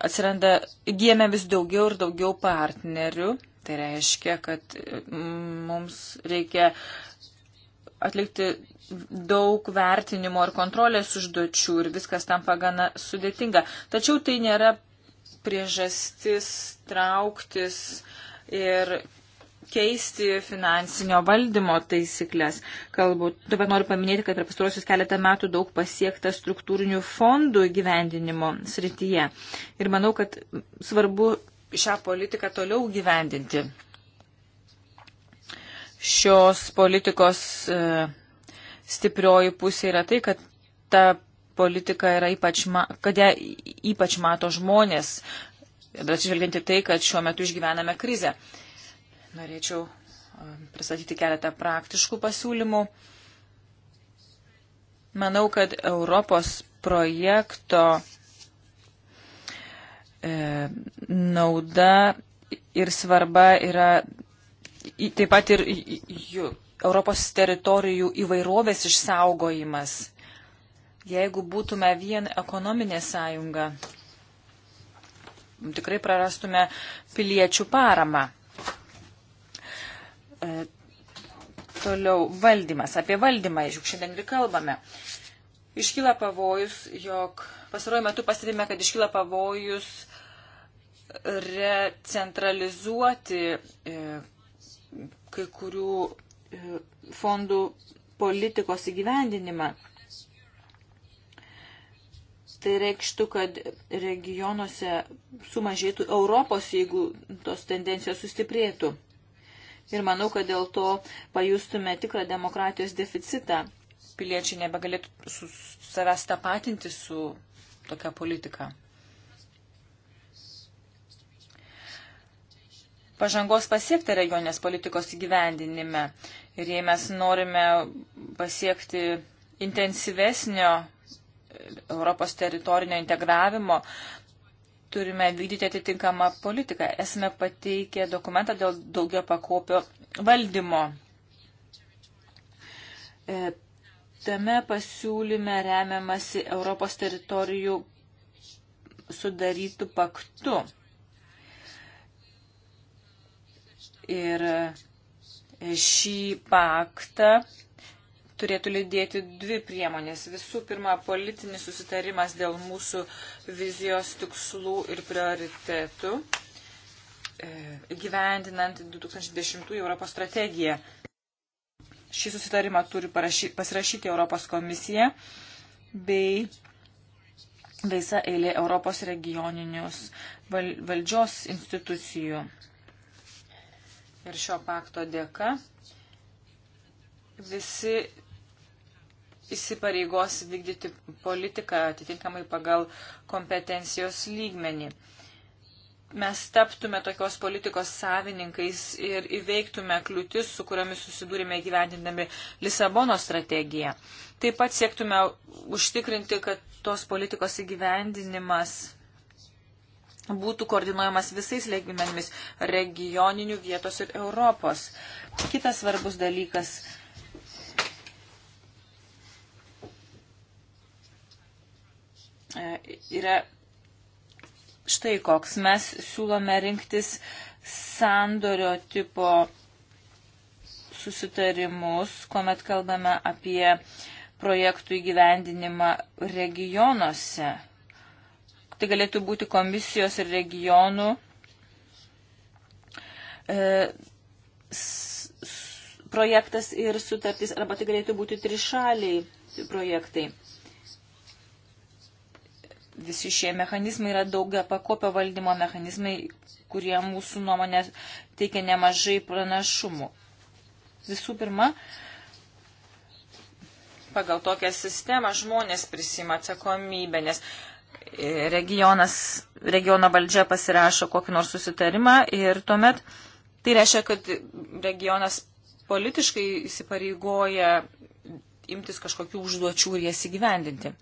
Atsiranda, gėmė vis daugiau ir daugiau partnerių Tai reiškia, kad mm, mums reikia atlikti daug vertinimo ir kontrolės užduočių ir viskas tampa gana sudėtinga. Tačiau tai nėra priežastis trauktis ir keisti finansinio valdymo taisyklės. Kalbu, dabar noriu paminėti, kad per pastarosius keletą metų daug pasiekta struktūrinių fondų gyvendinimo srityje. Ir manau, kad svarbu šią politiką toliau gyvendinti. Šios politikos e, stiprioji pusė yra tai, kad ta politika yra ypač, ma, kad ją ypač mato žmonės, atsižvelginti tai, kad šiuo metu išgyvename krizę. Norėčiau e, pristatyti keletą praktiškų pasiūlymų. Manau, kad Europos projekto E, nauda ir svarba yra taip pat ir Europos teritorijų įvairovės išsaugojimas. Jeigu būtume vien ekonominė sąjunga, tikrai prarastume piliečių paramą. E, toliau valdymas. Apie valdymą, juk šiandien ir kalbame iškyla pavojus, jog pastaruoju metu pastebime, kad iškyla pavojus recentralizuoti e, kai kurių e, fondų politikos įgyvendinimą. Tai reikštų, kad regionuose sumažėtų Europos, jeigu tos tendencijos sustiprėtų. Ir manau, kad dėl to pajustume tikrą demokratijos deficitą piliečiai nebegalėtų su savęs tapatinti su tokia politika. Pažangos pasiekti regionės politikos įgyvendinime ir jei mes norime pasiekti intensyvesnio Europos teritorinio integravimo, turime vykdyti atitinkamą politiką. Esame pateikę dokumentą dėl daugia pakopio valdymo. E, Tame pasiūlyme remiamasi Europos teritorijų sudarytų paktu. Ir šį paktą turėtų lydėti dvi priemonės. Visų pirma, politinis susitarimas dėl mūsų vizijos tikslų ir prioritetų e, gyvendinant 2010 Europos strategiją. Šį susitarimą turi parašy, pasirašyti Europos komisija bei visa eilė Europos regioninius val, valdžios institucijų. Ir šio pakto dėka visi įsipareigos vykdyti politiką atitinkamai pagal kompetencijos lygmenį mes taptume tokios politikos savininkais ir įveiktume kliūtis, su kuriomis susidūrėme gyvendindami Lisabono strategiją. Taip pat siektume užtikrinti, kad tos politikos įgyvendinimas būtų koordinuojamas visais lygmenimis - regioninių, vietos ir Europos. Kitas svarbus dalykas e, yra štai koks. Mes siūlome rinktis sandorio tipo susitarimus, kuomet kalbame apie projektų įgyvendinimą regionuose. Tai galėtų būti komisijos ir regionų e, s, s, projektas ir sutartys, arba tai galėtų būti trišaliai projektai visi šie mechanizmai yra daugia pakopio valdymo mechanizmai, kurie mūsų nuomonė teikia nemažai pranašumų. Visų pirma, pagal tokią sistemą žmonės prisima atsakomybę, nes e, regionas, regiono valdžia pasirašo kokį nors susitarimą ir tuomet tai reiškia, kad regionas politiškai įsipareigoja imtis kažkokių užduočių ir jas įgyvendinti.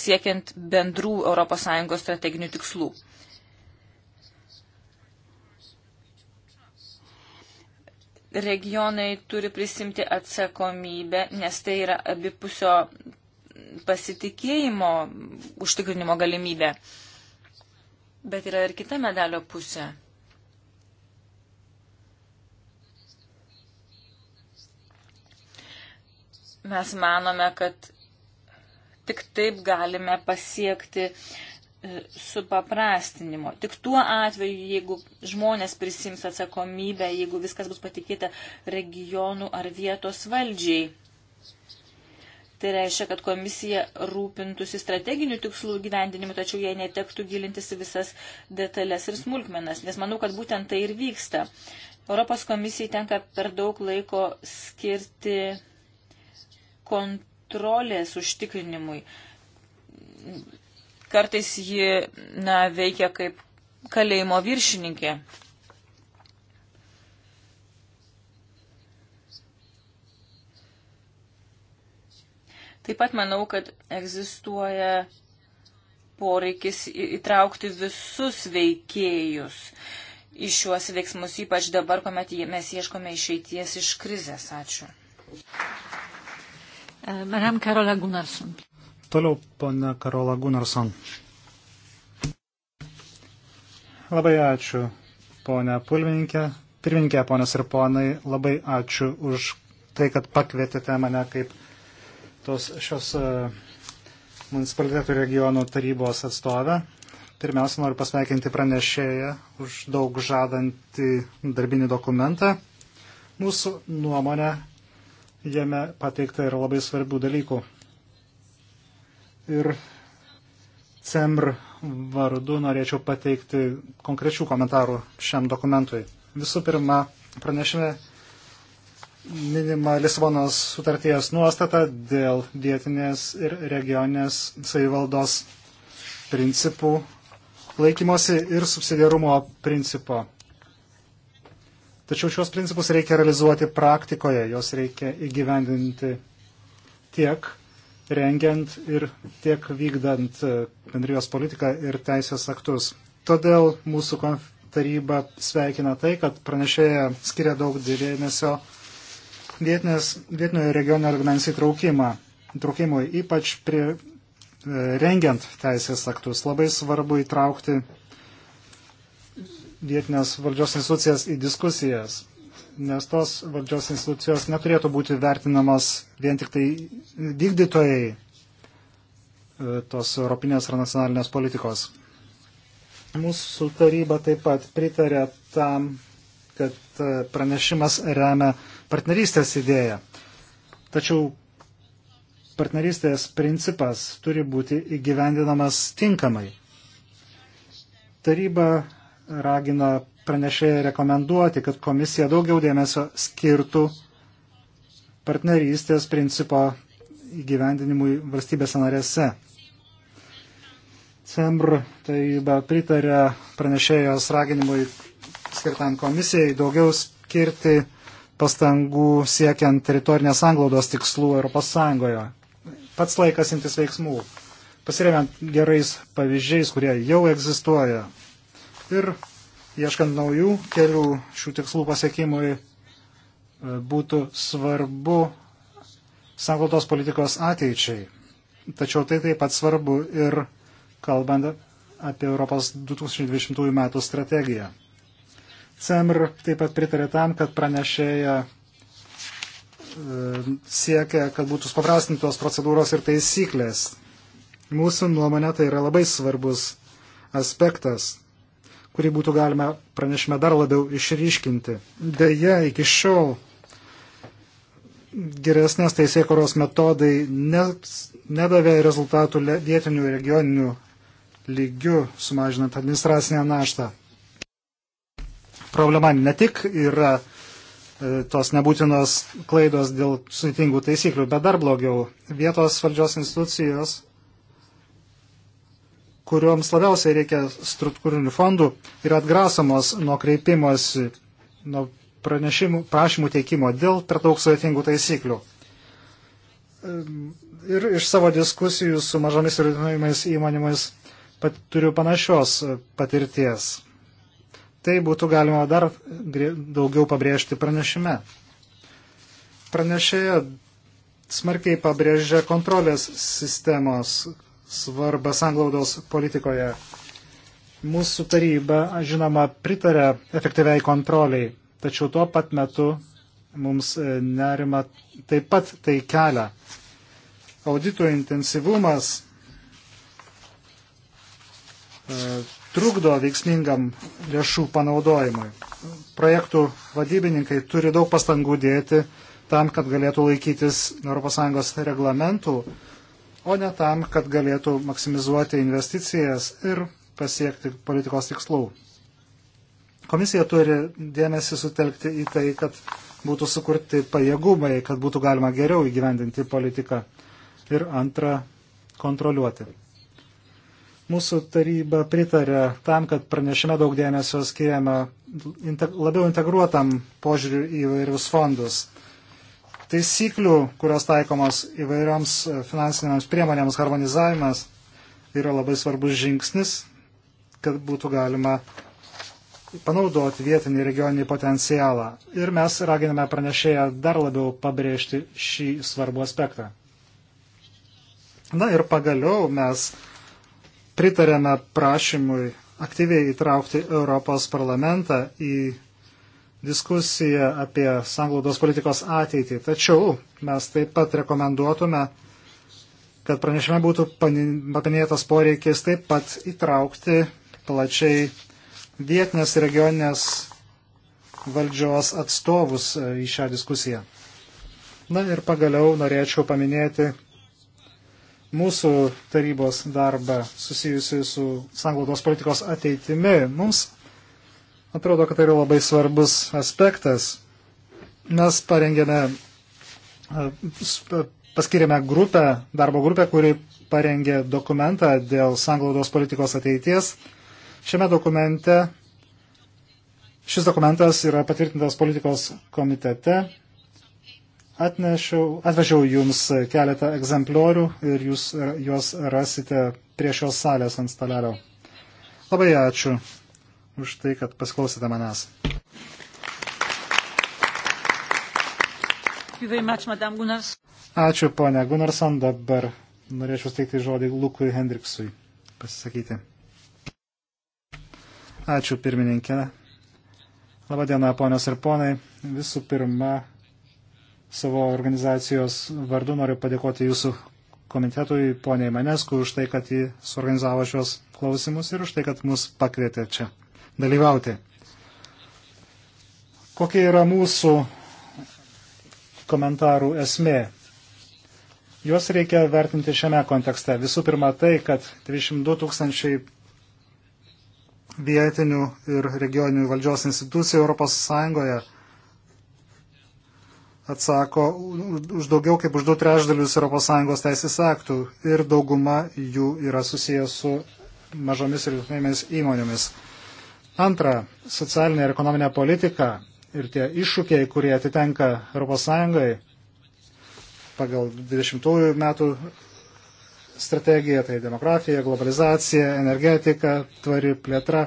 siekiant bendrų ES strateginių tikslų. Regionai turi prisimti atsakomybę, nes tai yra abipusio pasitikėjimo užtikrinimo galimybė. Bet yra ir kita medalio pusė. Mes manome, kad Tik taip galime pasiekti e, supaprastinimo. Tik tuo atveju, jeigu žmonės prisims atsakomybę, jeigu viskas bus patikėta regionų ar vietos valdžiai. Tai reiškia, kad komisija rūpintųsi strateginių tikslų gyvendinimu, tačiau jai netektų gilintis į visas detalės ir smulkmenas, nes manau, kad būtent tai ir vyksta. Europos komisijai tenka per daug laiko skirti kont kontrolės užtikrinimui. Kartais ji na, veikia kaip kalėjimo viršininkė. Taip pat manau, kad egzistuoja poreikis įtraukti visus veikėjus į šiuos veiksmus, ypač dabar, kuomet mes ieškome išeities iš krizės. Ačiū. Madame Karola Gunnarsson.
Toliau pana Karola Gunnarsson. Labai ačiū, ponia Pulvininkė. Pirmininkė, ponios ir ponai, labai ačiū už tai, kad pakvietėte mane kaip tos šios e, municipalitetų regionų tarybos atstovę. Pirmiausia, noriu pasveikinti pranešėją už daug žadantį darbinį dokumentą. Mūsų nuomonė jame pateikta yra labai svarbių dalykų. Ir CEMR vardu norėčiau pateikti konkrečių komentarų šiam dokumentui. Visų pirma, pranešime minima Lisabonos sutarties nuostata dėl vietinės ir regioninės savivaldos principų laikymosi ir subsidiarumo principo. Tačiau šios principus reikia realizuoti praktikoje, jos reikia įgyvendinti tiek rengiant ir tiek vykdant e, bendrijos politiką ir teisės aktus. Todėl mūsų taryba sveikina tai, kad pranešėja skiria daug dėmesio vietinio regiono organizacijų įtraukimą, įtraukimui, ypač prie, e, rengiant teisės aktus. Labai svarbu įtraukti vietinės valdžios institucijas į diskusijas, nes tos valdžios institucijos neturėtų būti vertinamos vien tik tai vykdytojai e, tos europinės ar nacionalinės politikos. Mūsų taryba taip pat pritarė tam, kad e, pranešimas remia partnerystės idėją. Tačiau partnerystės principas turi būti įgyvendinamas tinkamai. Taryba ragina pranešėjai rekomenduoti, kad komisija daugiau dėmesio skirtų partnerystės principo įgyvendinimui valstybėse narėse. CEMR taryba pritarė pranešėjos raginimui skirtam komisijai daugiau skirti pastangų siekiant teritorinės anglaudos tikslų ES. Pats laikas imtis veiksmų, pasiremiant gerais pavyzdžiais, kurie jau egzistuoja ir ieškant naujų kelių šių tikslų pasiekimui e, būtų svarbu sanglautos politikos ateičiai. Tačiau tai taip pat svarbu ir kalbant apie Europos 2020 metų strategiją. CEMR taip pat pritarė tam, kad pranešėja e, siekia, kad būtų supaprastintos procedūros ir taisyklės. Mūsų nuomonė tai yra labai svarbus aspektas, kurį būtų galima pranešime dar labiau išryškinti. Deja, iki šiol geresnės teisėkoros metodai ne, nedavė rezultatų vietinių ir regioninių lygių, sumažinant administracinę naštą. Problema ne tik yra e, tos nebūtinos klaidos dėl sudėtingų taisyklių, bet dar blogiau. Vietos valdžios institucijos kurioms labiausiai reikia struktūrinių fondų, yra atgrasomos nuo kreipimosi, nuo pranešimų, prašymų teikimo dėl per daug sudėtingų taisyklių. Ehm, ir iš savo diskusijų su mažomis ir vidutinėmis įmonėmis pat, turiu panašios patirties. Tai būtų galima dar daugiau pabrėžti pranešime. Pranešėja smarkiai pabrėžia kontrolės sistemos svarbą sanglaudos politikoje. Mūsų taryba, žinoma, pritarė efektyviai kontroliai, tačiau tuo pat metu mums e, nerima taip pat tai kelia. Audito intensyvumas e, trukdo veiksmingam lėšų panaudojimui. Projektų vadybininkai turi daug pastangų dėti tam, kad galėtų laikytis ES reglamentų, o ne tam, kad galėtų maksimizuoti investicijas ir pasiekti politikos tikslų. Komisija turi dėmesį sutelkti į tai, kad būtų sukurti pajėgumai, kad būtų galima geriau įgyvendinti politiką ir antra, kontroliuoti. Mūsų taryba pritarė tam, kad pranešime daug dėmesio skiriame labiau integruotam požiūriu į vairius fondus taisyklių, kurios taikomos įvairioms e, finansinėms priemonėms harmonizavimas yra labai svarbus žingsnis, kad būtų galima panaudoti vietinį regioninį potencialą. Ir mes raginame pranešėją dar labiau pabrėžti šį svarbų aspektą. Na ir pagaliau mes pritarėme prašymui aktyviai įtraukti Europos parlamentą į diskusiją apie sanglaudos politikos ateitį. Tačiau mes taip pat rekomenduotume, kad pranešime būtų paminėtas poreikis taip pat įtraukti plačiai vietinės regioninės valdžios atstovus e, į šią diskusiją. Na ir pagaliau norėčiau paminėti mūsų tarybos darbą susijusiu su sanglaudos politikos ateitimi. Mums Atrodo, kad tai yra labai svarbus aspektas. Mes parengėme, e, e, paskirėme grupę, darbo grupę, kuri parengė dokumentą dėl sanglaudos politikos ateities. Šiame dokumente, šis dokumentas yra patvirtintas politikos komitete. Atnešiau, atvežiau jums keletą egzempliorių ir jūs e, juos rasite prie šios salės ant stalelio. Labai ačiū už tai, kad pasiklausėte manęs. Ačiū, ponė Gunarson. Dabar norėčiau steigti žodį Lukui Hendriksui pasisakyti. Ačiū, pirmininkė. Labadiena, ponios ir ponai. Visų pirma, savo organizacijos vardu noriu padėkoti jūsų komitetui, poniai Manesku, už tai, kad jį suorganizavo šios klausimus ir už tai, kad mus pakvietė čia dalyvauti. Kokia yra mūsų komentarų esmė? Juos reikia vertinti šiame kontekste. Visų pirma, tai, kad 22 tūkstančiai vietinių ir regioninių valdžios institucijų ES atsako už daugiau kaip už du trešdalius ES teisės aktų ir dauguma jų yra susijęs su mažomis ir vidutinėmis įmonėmis. Antra, socialinė ir ekonominė politika ir tie iššūkiai, kurie atitenka ES pagal 20 metų strategiją, tai demografija, globalizacija, energetika, tvari plėtra,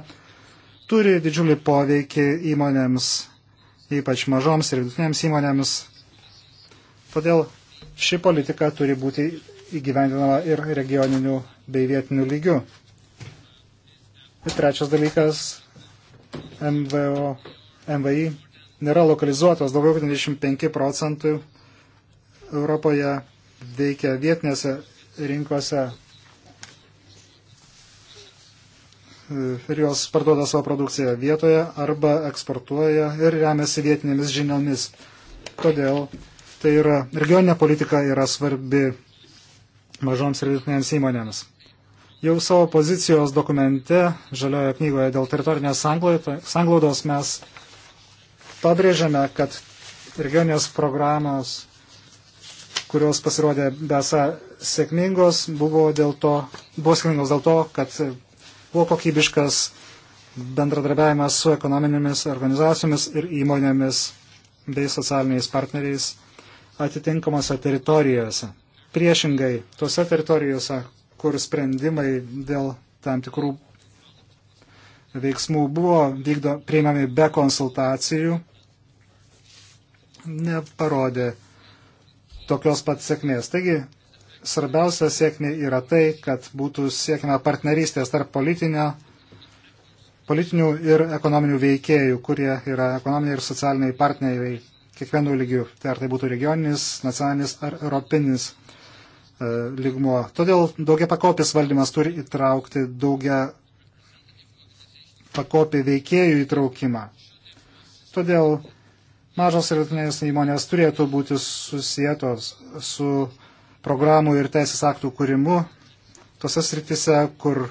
turi didžiulį poveikį įmonėms, ypač mažoms ir vidutinėms įmonėms. Todėl ši politika turi būti įgyvendinama ir regioniniu bei vietiniu lygiu. Ir trečias dalykas MVO, MVI nėra lokalizuotos. Daugiau kaip 25 procentų Europoje veikia vietinėse rinkose ir jos parduoda savo produkciją vietoje arba eksportuoja ir remiasi vietinėmis žiniomis. Todėl tai yra, regioninė politika yra svarbi mažoms ir vidutinėms įmonėms. Jau savo pozicijos dokumente, žaliojo knygoje dėl teritorinės sanglaudos mes pabrėžiame, kad regionės programos, kurios pasirodė besą sėkmingos, buvo, dėl to, buvo sėkmingos dėl to, kad buvo kokybiškas bendradarbiavimas su ekonominėmis organizacijomis ir įmonėmis bei socialiniais partneriais atitinkamose teritorijose. Priešingai, tose teritorijose, kur sprendimai dėl tam tikrų veiksmų buvo vykdo, priimami be konsultacijų, neparodė tokios pat sėkmės. Taigi, svarbiausia sėkmė yra tai, kad būtų siekime partnerystės tarp politinio, politinių ir ekonominių veikėjų, kurie yra ekonominiai ir socialiniai partneriai kiekvienų lygių. Tai ar tai būtų regioninis, nacionalinis ar europinis E, lygmuo. Todėl daugia pakopis valdymas turi įtraukti daugia pakopį veikėjų įtraukimą. Todėl mažos ir vidutinės įmonės turėtų būti susijėtos su programų ir teisės aktų kūrimu tose sritise, kur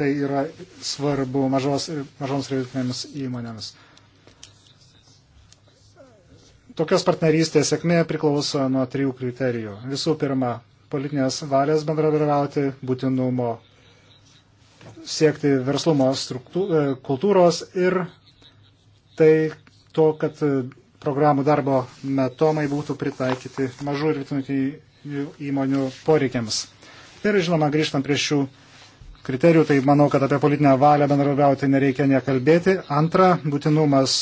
tai yra svarbu mažos, mažoms ir vidutinėms įmonėms. Tokios partnerystės sėkmė priklauso nuo trijų kriterijų. Visų pirma, politinės valės bendradarbiauti, būtinumo siekti verslumo e, kultūros ir tai to, kad e, programų darbo metomai būtų pritaikyti mažų ir vidutinių įmonių poreikiams. Ir žinoma, grįžtant prie šių kriterijų, tai manau, kad apie politinę valią bendradarbiauti nereikia nekalbėti. Antra, būtinumas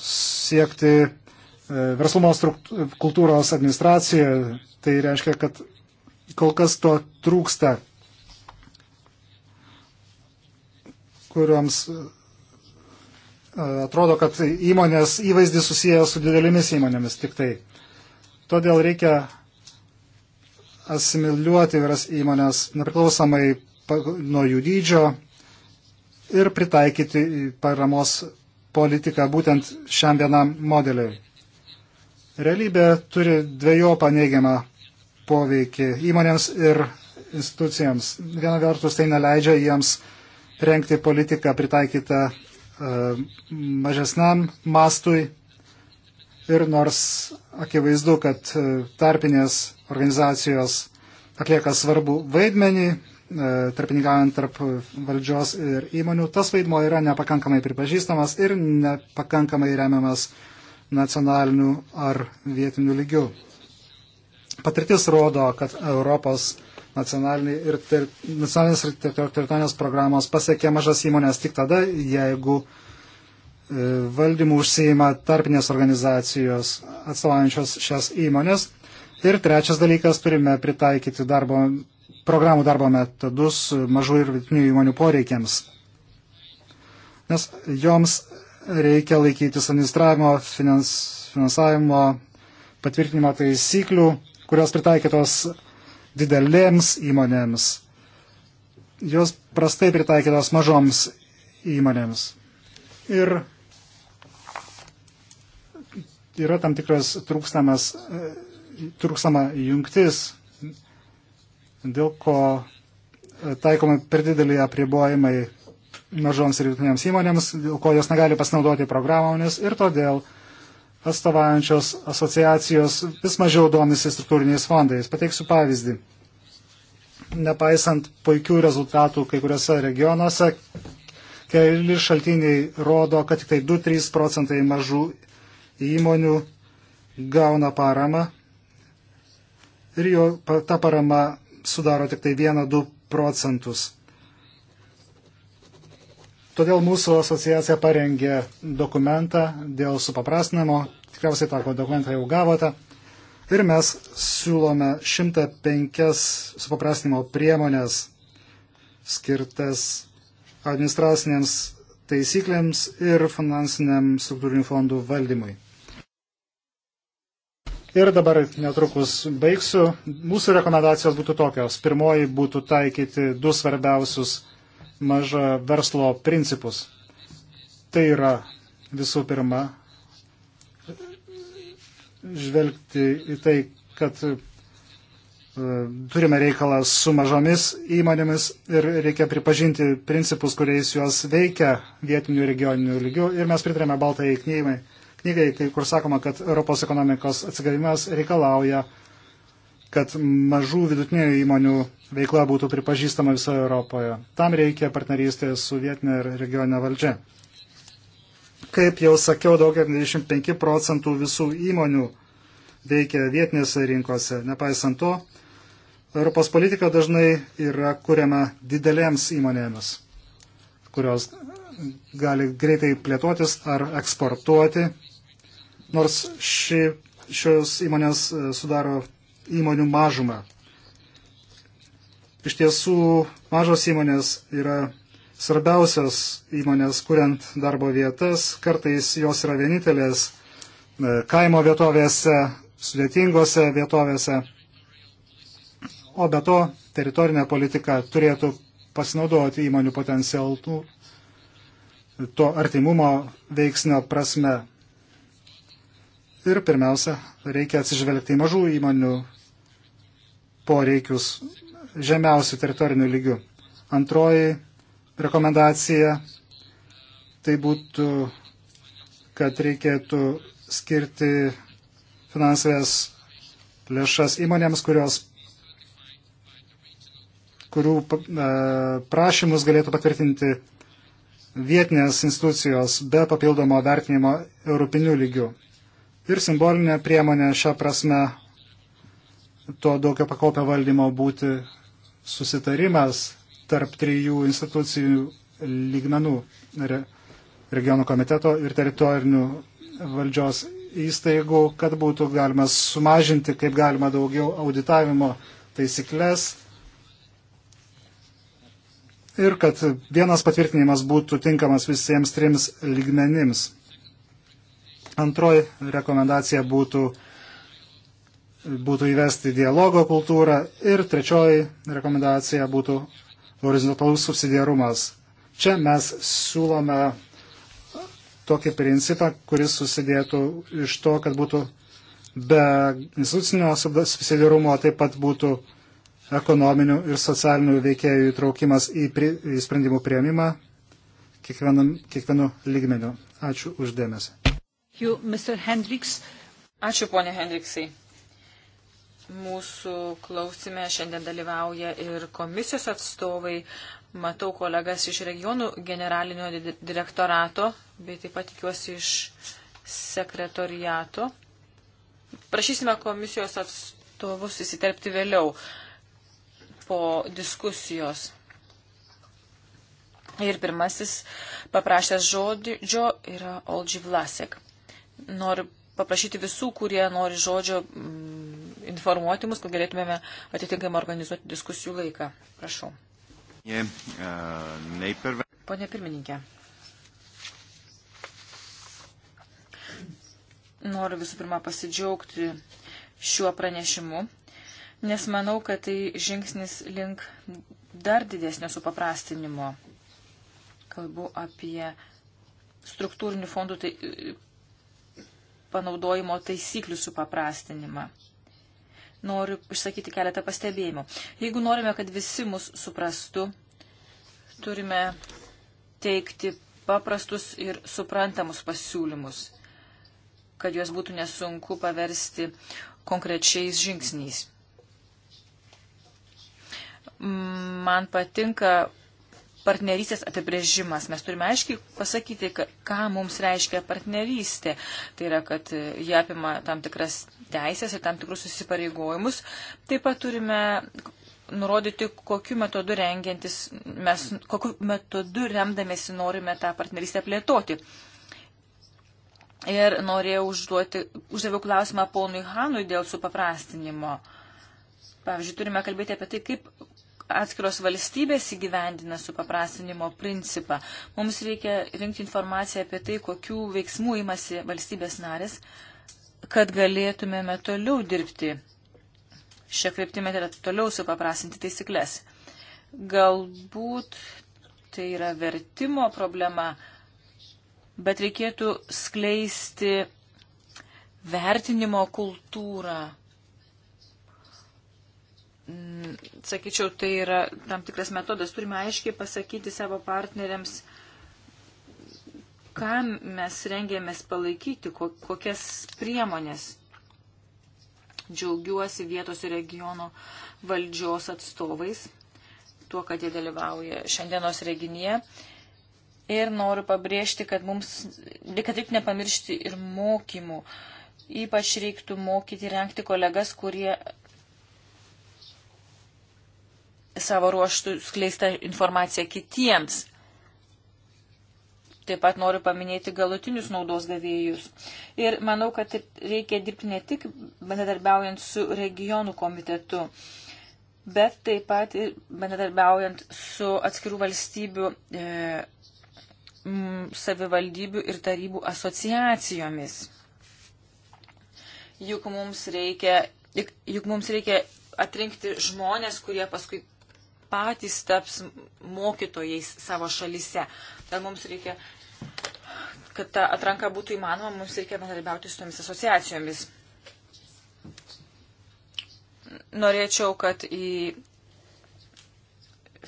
siekti E, verslumo kultūros administracijoje, tai reiškia, kad kol kas to trūksta, kuriuoms e, atrodo, kad įmonės įvaizdis susijęs su didelėmis įmonėmis tik tai. Todėl reikia asimiliuoti vyras įmonės nepriklausomai nuo jų dydžio ir pritaikyti paramos politiką būtent šiam vienam modeliui. Realybė turi dviejopą neigiamą poveikį įmonėms ir institucijams. Viena vertus tai neleidžia jiems renkti politiką pritaikytą e, mažesniam mastui ir nors akivaizdu, kad e, tarpinės organizacijos atlieka svarbu vaidmenį, e, tarpininkavant tarp valdžios ir įmonių, tas vaidmo yra nepakankamai pripažįstamas ir nepakankamai remiamas nacionaliniu ar vietiniu lygiu. Patirtis rodo, kad Europos nacionalinės ir teritorinės programos pasiekia mažas įmonės tik tada, jeigu e, valdymų užsieima tarpinės organizacijos atstovaujančios šias įmonės. Ir trečias dalykas, turime pritaikyti darbo, programų darbo metodus mažų ir vidutinių įmonių poreikiams. Nes joms reikia laikytis administravimo, finans, finansavimo, patvirtinimo taisyklių, kurios pritaikytos didelėms įmonėms. Jos prastai pritaikytos mažoms įmonėms. Ir yra tam tikras trūkstamas, trūkstama jungtis, dėl ko taikomi per didelį apribojimai mažoms ir vidutinėms įmonėms, dėl ko jos negali pasinaudoti programomis ir todėl atstovaujančios asociacijos vis mažiau domisi struktūriniais fondais. Pateiksiu pavyzdį. Nepaisant puikių rezultatų kai kuriuose regionuose, keli šaltiniai rodo, kad tik tai 2-3 procentai mažų įmonių gauna paramą ir jo, ta parama sudaro tik tai 1-2 procentus. Todėl mūsų asociacija parengė dokumentą dėl supaprastinimo. Tikriausiai tą dokumentą jau gavote. Ir mes siūlome 105 supaprastinimo priemonės skirtas administracinėms taisyklėms ir finansiniam struktūrinių fondų valdymui. Ir dabar netrukus baigsiu. Mūsų rekomendacijos būtų tokios. Pirmoji būtų taikyti du svarbiausius maža verslo principus. Tai yra visų pirma žvelgti į tai, kad e, turime reikalą su mažomis įmonėmis ir reikia pripažinti principus, kuriais juos veikia vietinių regioninių lygių. Ir mes pritarėme baltai knygai, knygai, kur sakoma, kad Europos ekonomikos atsigavimas reikalauja uh, kad mažų vidutinių įmonių veikla būtų pripažįstama visoje Europoje. Tam reikia partnerystės su vietinė ir regioninė valdžia. Kaip jau sakiau, daugiau 25 procentų visų įmonių veikia vietinėse rinkose. Nepaisant to, Europos politika dažnai yra kuriama didelėms įmonėmis, kurios gali greitai plėtotis ar eksportuoti, nors ši, šios įmonės e, sudaro įmonių mažumą. Iš tiesų, mažos įmonės yra svarbiausios įmonės, kuriant darbo vietas, kartais jos yra vienintelės e, kaimo vietovėse, sudėtingose vietovėse. O be to, teritorinė politika turėtų pasinaudoti įmonių potencialų to artimumo veiksnio prasme. Ir pirmiausia, reikia atsižvelgti į mažų įmonių poreikius žemiausių teritorinių lygių. Antroji rekomendacija tai būtų, kad reikėtų skirti finansinės lėšas įmonėms, kurios kurių e, prašymus galėtų patvirtinti vietinės institucijos be papildomo vertinimo europinių lygių. Ir simbolinė priemonė šią prasme to daugio pakopio valdymo būti susitarimas tarp trijų institucijų lygmenų re, regionų komiteto ir teritorinių valdžios įstaigų, kad būtų galima sumažinti kaip galima daugiau auditavimo taisyklės ir kad vienas patvirtinimas būtų tinkamas visiems trims lygmenims. Antroji rekomendacija būtų būtų įvesti dialogo kultūrą. Ir trečioji rekomendacija būtų horizontalus subsidiarumas. Čia mes siūlome tokį principą, kuris susidėtų iš to, kad būtų be institucinio subsidiarumo, taip pat būtų ekonominių ir socialinių veikėjų įtraukimas į, pri, į sprendimų prieimimą kiekvienu lygmeniu. Ačiū uždėmesi.
Ačiū, ponė Hendriksai. Mūsų klausime šiandien dalyvauja ir komisijos atstovai. Matau kolegas iš regionų generalinio direktorato, bei taip pat tikiuosi iš sekretoriato. Prašysime komisijos atstovus įsiterpti vėliau po diskusijos. Ir pirmasis paprašęs žodžio yra Olgi Vlasek. Noriu paprašyti visų, kurie nori žodžio, informuoti mus, kad galėtumėme atitinkamai organizuoti diskusijų laiką. Prašau. Pone e, pirmininkė. Noriu visų pirma pasidžiaugti šiuo pranešimu, nes manau, kad tai žingsnis link dar didesnio supaprastinimo. Kalbu apie struktūrinių fondų tai, e, panaudojimo taisyklių supaprastinimą noriu išsakyti keletą pastebėjimų. Jeigu norime, kad visi mus suprastų, turime teikti paprastus ir suprantamus pasiūlymus, kad juos būtų nesunku paversti konkrečiais žingsniais. Man patinka partnerystės apibrėžimas. Mes turime aiškiai pasakyti, ką mums reiškia partnerystė. Tai yra, kad e, jie apima tam tikras teisės ir tam tikrus susipareigojimus. Taip pat turime nurodyti, kokiu metodu rengiantis, mes, kokiu metodu remdamėsi norime tą partnerystę plėtoti. Ir norėjau užduoti, uždaviau klausimą ponui Hanui dėl supaprastinimo. Pavyzdžiui, turime kalbėti apie tai, kaip atskiros valstybės įgyvendina supaprastinimo principą. Mums reikia rinkti informaciją apie tai, kokių veiksmų imasi valstybės narės, kad galėtumėme toliau dirbti šią kryptimę ir tai toliau supaprastinti taisyklės. Galbūt tai yra vertimo problema, bet reikėtų skleisti vertinimo kultūrą Mm, sakyčiau, tai yra tam tikras metodas. Turime aiškiai pasakyti savo partneriams, ką mes rengėmės palaikyti, kokias priemonės. Džiaugiuosi vietos ir regiono valdžios atstovais, tuo, kad jie dalyvauja šiandienos reginėje. Ir noriu pabrėžti, kad mums, kad reikia nepamiršti ir mokymų. Ypač reiktų mokyti renkti kolegas, kurie savo ruoštų skleista informacija kitiems. Taip pat noriu paminėti galutinius naudos gavėjus. Ir manau, kad reikia dirbti ne tik bendradarbiaujant su regionų komitetu, bet taip pat ir bendradarbiaujant su atskirų valstybių e, m, savivaldybių ir tarybų asociacijomis. Juk mums reikia, juk, juk mums reikia atrinkti žmonės, kurie paskui patys taps mokytojais savo šalise. Tad mums reikia, kad ta atranka būtų įmanoma, mums reikia bendradarbiauti su tomis asociacijomis. Norėčiau, kad į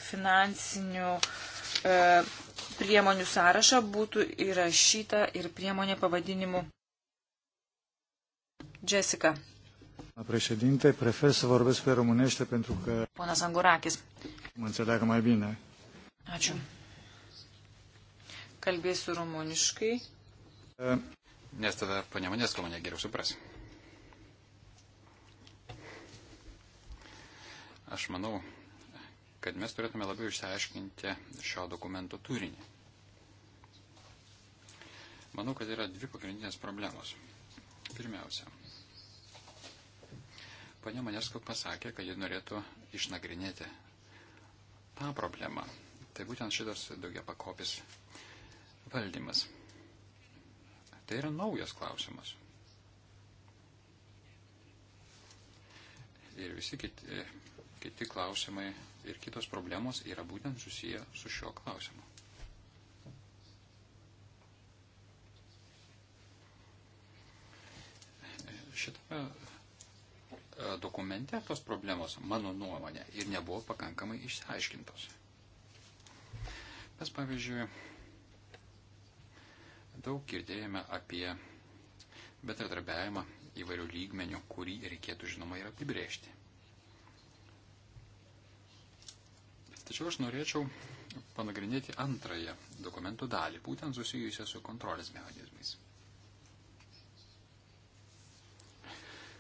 finansinių e, priemonių sąrašą būtų įrašyta ir priemonė pavadinimu Jessica.
Președinte, prefer să vorbesc pe românește pentru că...
Ponas Angurakis.
Mă înțeleagă mai bine.
Ačiū. Kalbėsiu rumuniškai.
Nes tada ponia Manesko mane geriau supras. Aš manau, kad mes turėtume labiau išsiaiškinti šio dokumento turinį. Manau, kad yra dvi pagrindinės problemos. Pirmiausia, ponia Manesko pasakė, kad ji norėtų išnagrinėti tą problemą. Tai būtent šitas daugia pakopis valdymas. Tai yra naujas klausimas. Ir visi kiti, kiti klausimai ir kitos problemos yra būtent susiję su šiuo klausimu. Šitame dokumente tos problemos, mano nuomonė, ir nebuvo pakankamai išsiaiškintos. Mes, pavyzdžiui, daug girdėjome apie bendradarbiavimą įvairių lygmenių, kurį reikėtų, žinoma, ir apibrėžti. Tačiau aš norėčiau panagrinėti antrąją dokumentų dalį, būtent susijusią su kontrolės mechanizmais.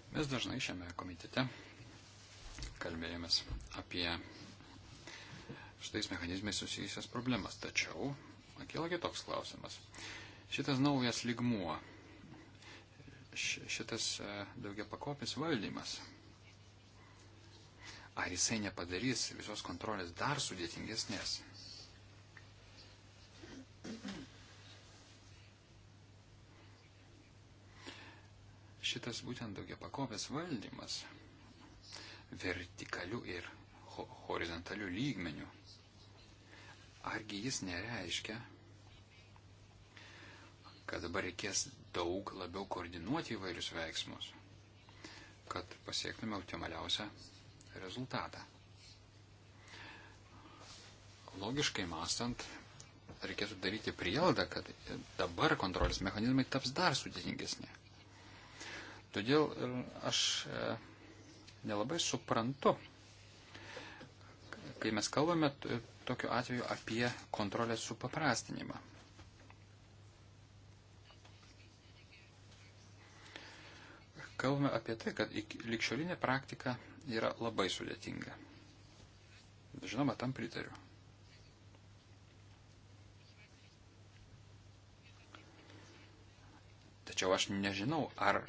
Mes dažnai šiame komitete kalbėjomės apie šitais mechanizmais susijusias problemas. Tačiau kila kitoks klausimas. Šitas naujas ligmuo, šitas e, daugia pakopis valdymas, ar jisai nepadarys visos kontrolės dar sudėtingesnės? šitas būtent daugia pakopės valdymas vertikalių ir ho horizontalių lygmenių, argi jis nereiškia, kad dabar reikės daug labiau koordinuoti įvairius veiksmus, kad pasiektume optimaliausią rezultatą. Logiškai mąstant, reikėtų daryti prielaidą, kad dabar kontrolės mechanizmai taps dar sudėtingesni. Todėl e, aš e, nelabai suprantu, kai mes kalbame tokiu atveju apie kontrolės supaprastinimą. Kalbame apie tai, kad likščiolinė praktika yra labai sudėtinga. Žinoma, tam pritariu. Tačiau aš nežinau, ar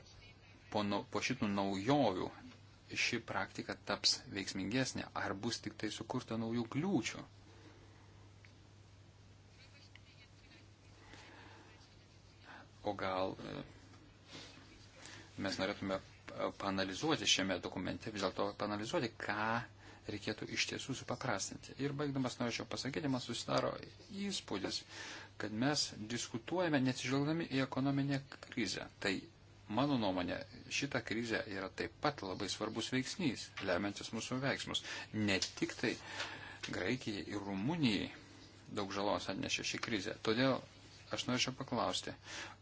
po, po šitų naujovių ši praktika taps veiksmingesnė, ar bus tik tai sukurta naujų kliūčių. O gal e, mes norėtume panalizuoti šiame dokumente, vis dėlto panalizuoti, ką reikėtų iš tiesų supaprastinti. Ir baigdamas norėčiau pasakyti, man susidaro įspūdis, kad mes diskutuojame neatsižvelgdami į ekonominę krizę. Tai Mano nuomonė, šita krizė yra taip pat labai svarbus veiksnys, lemiantis mūsų veiksmus. Ne tik tai Graikijai ir Rumunijai daug žalos atnešė ši krizė. Todėl aš norėčiau paklausti,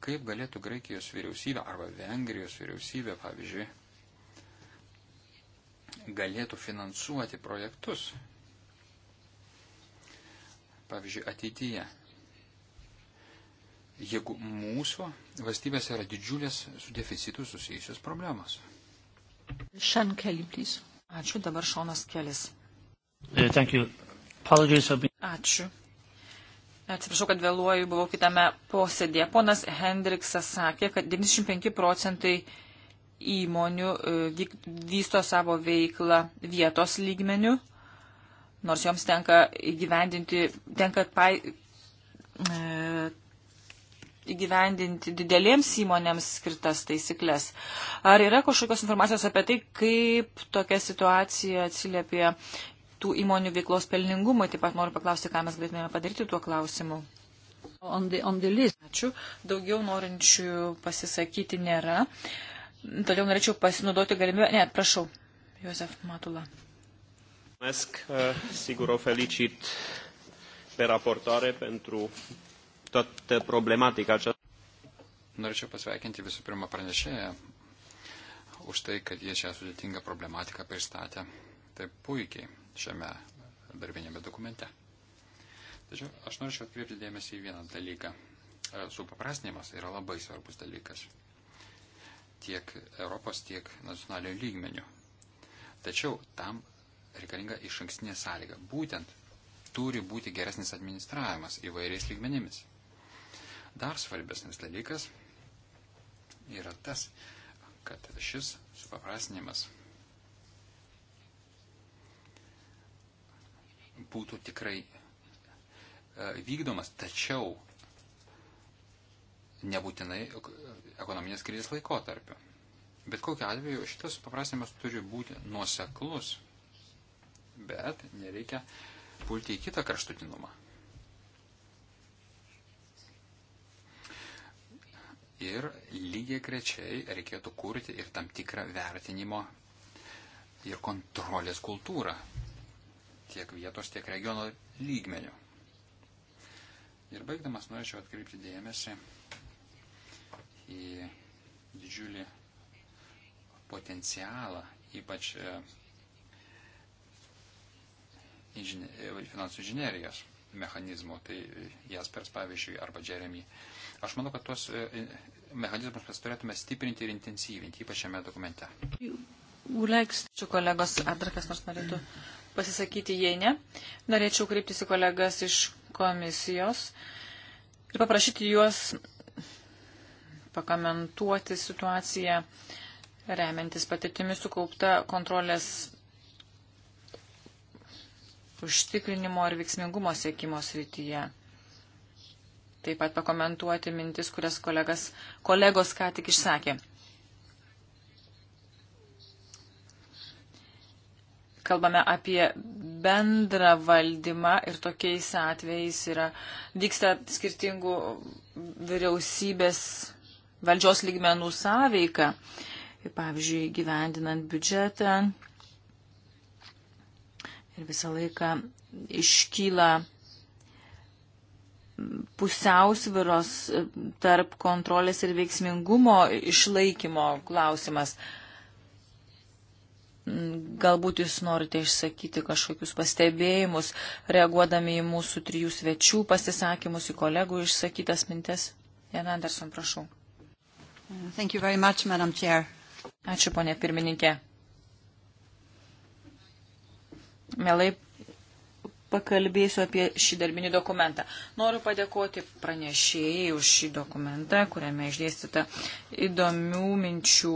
kaip galėtų Graikijos vyriausybė arba Vengrijos vyriausybė, pavyzdžiui, galėtų finansuoti projektus, pavyzdžiui, ateityje jeigu mūsų valstybės yra didžiulės su deficitu susijusios problemos.
Šan Kelly, please. Ačiū, dabar Šonas Kelis. Uh, Ačiū. Atsiprašau, kad vėluoju, buvau kitame posėdėje. Ponas Hendriksas sakė, kad 95 procentai įmonių uh, vysto savo veiklą vietos lygmenių, nors joms tenka įgyvendinti, tenka pai, e, įgyvendinti didelėms įmonėms skirtas taisyklės. Ar yra kažkokios informacijos apie tai, kaip tokia situacija atsiliepia tų įmonių veiklos pelningumui? Taip pat noriu paklausti, ką mes galėtume padaryti tuo klausimu. On the, on the list. Ačiū. Daugiau norinčių pasisakyti nėra. Todėl norėčiau pasinaudoti galimybę. Ne, prašau, Josef Matula.
Mulțumesc, uh, sigur o felicit pe raportoare pentru toată
problematica aceasta. Norėčiau pasveikinti visų pirma pranešėją už tai, kad jie šią sudėtingą problematiką pristatė taip puikiai šiame darbinėme dokumente. Tačiau aš norėčiau atkreipti dėmesį į vieną dalyką. E, supaprastinimas yra labai svarbus dalykas. Tiek Europos, tiek nacionalio lygmenių. Tačiau tam reikalinga iš ankstinė sąlyga. Būtent turi būti geresnis administravimas įvairiais lygmenimis. Dar svarbesnis dalykas yra tas, kad šis supaprasnimas būtų tikrai e, vykdomas, tačiau nebūtinai ekonominės krizės laikotarpiu. Bet kokiu atveju šitas supaprastinimas turi būti nuoseklus, bet nereikia pulti į kitą kraštutinumą. ir lygiai grečiai reikėtų kurti ir tam tikrą vertinimo ir kontrolės kultūrą tiek vietos, tiek regiono lygmenių. Ir baigdamas norėčiau atkreipti dėmesį į didžiulį potencialą, ypač e, e, finansų inžinerijos mechanizmų, tai Jaspers pavyzdžiui arba Jeremy Aš manau, kad tuos e, e, mechanizmus mes turėtume stiprinti ir intensyvinti, ypač šiame dokumente.
Ačiū kolegos, ar dar kas nors norėtų pasisakyti, jei ne. Norėčiau kreiptis į kolegas iš komisijos ir paprašyti juos pakomentuoti situaciją, remiantis patirtimi sukaupta kontrolės užtikrinimo ir veiksmingumo siekimo srityje taip pat pakomentuoti mintis, kurias kolegas, kolegos ką tik išsakė. Kalbame apie bendrą valdymą ir tokiais atvejais yra, vyksta skirtingų vyriausybės valdžios lygmenų sąveika, pavyzdžiui, gyvendinant biudžetą ir visą laiką iškyla pusiausviros e, tarp kontrolės ir veiksmingumo išlaikymo klausimas. Mm, galbūt jūs norite išsakyti kažkokius pastebėjimus, reaguodami į mūsų trijų svečių pasisakymus, į kolegų išsakytas mintes. Jan Anderson, prašau. Much, Ačiū, ponė pirmininkė. Mielai pakalbėsiu apie šį darbinį dokumentą. Noriu padėkoti pranešėjai už šį dokumentą, kuriame išdėstyta įdomių minčių,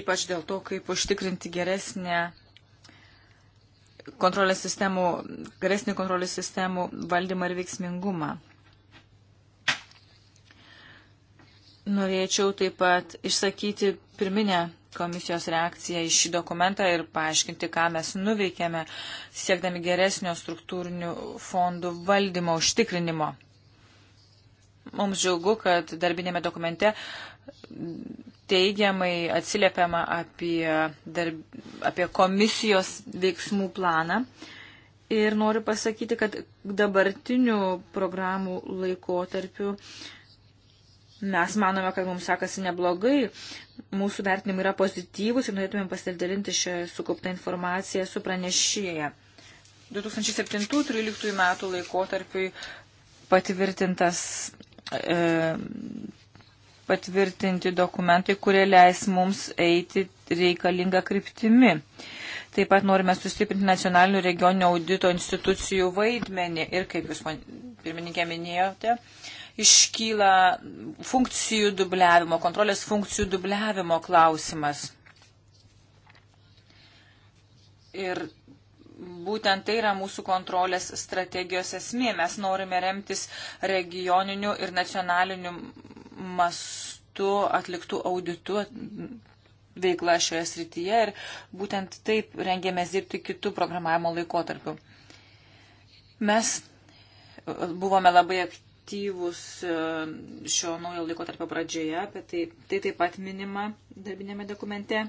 ypač dėl to, kaip užtikrinti geresnę kontrolės sistemų, geresnį kontrolės sistemų valdymą ir veiksmingumą. Norėčiau taip pat išsakyti pirminę komisijos reakciją į šį dokumentą ir paaiškinti, ką mes nuveikėme, siekdami geresnio struktūrinių fondų valdymo užtikrinimo. Mums džiaugu, kad darbinėme dokumente teigiamai atsiliepiama apie, darb, apie komisijos veiksmų planą. Ir noriu pasakyti, kad dabartinių programų laikotarpių uh, Mes manome, kad mums sekasi neblogai, mūsų vertinimai yra pozityvus ir norėtumėm pasidalinti šią sukauptą informaciją su pranešėje. 2007-2013 metų laikotarpiui patvirtintas, e, patvirtinti dokumentai, kurie leis mums eiti reikalingą kryptimi. Taip pat norime sustiprinti nacionalinių regioninio audito institucijų vaidmenį ir, kaip jūs, pirmininkė, minėjote, e, iškyla funkcijų dubliavimo, kontrolės funkcijų dubliavimo klausimas. Ir būtent tai yra mūsų kontrolės strategijos esmė. Mes norime remtis regioniniu ir nacionaliniu mastu atliktų auditų veikla šioje srityje ir būtent taip rengėmės dirbti kitų programavimo laikotarpių. Mes buvome labai aktyvus e, šio naujo laiko tarp pradžioje, apie tai, tai taip pat minima darbinėme dokumente.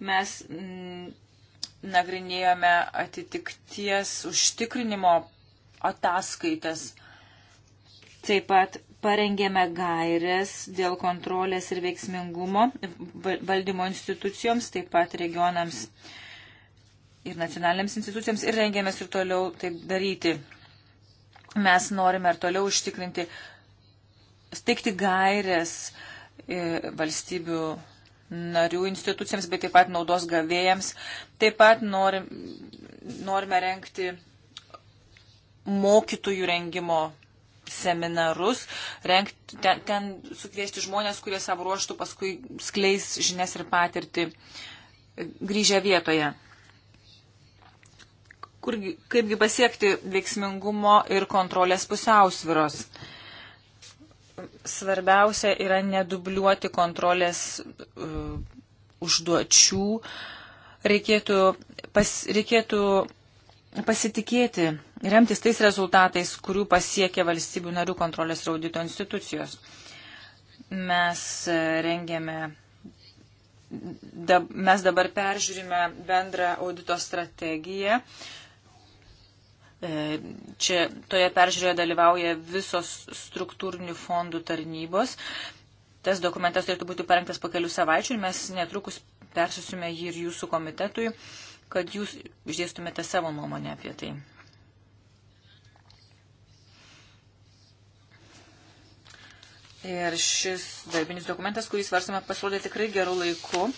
Mes mm, nagrinėjome atitikties užtikrinimo ataskaitas. Taip pat parengėme gairės dėl kontrolės ir veiksmingumo valdymo institucijoms, taip pat regionams ir nacionaliniams institucijoms ir rengėmės ir toliau taip daryti. Mes norime ir toliau užtikrinti, steigti gairės e, valstybių narių institucijams, bet taip pat naudos gavėjams. Taip pat norim, norime renkti mokytojų rengimo seminarus, renkti, ten, ten sukviesti žmonės, kurie savo ruoštų paskui skleis žinias ir patirtį grįžę vietoje kur, kaipgi pasiekti veiksmingumo ir kontrolės pusiausviros. Svarbiausia yra nedubliuoti kontrolės uh, užduočių. Reikėtų, pas, reikėtų pasitikėti, remtis tais rezultatais, kurių pasiekia valstybių narių kontrolės ir audito institucijos. Mes e, rengėme mes dabar peržiūrime bendrą audito strategiją, E, čia toje peržiūrėje dalyvauja visos struktūrinių fondų tarnybos. Tas dokumentas turėtų būti parengtas po kelių savaičių ir mes netrukus persusime jį ir jūsų komitetui, kad jūs išdėstumėte savo nuomonę apie tai. Ir šis darbinis dokumentas, kurį svarstame, pasirodė tikrai gerų laikų.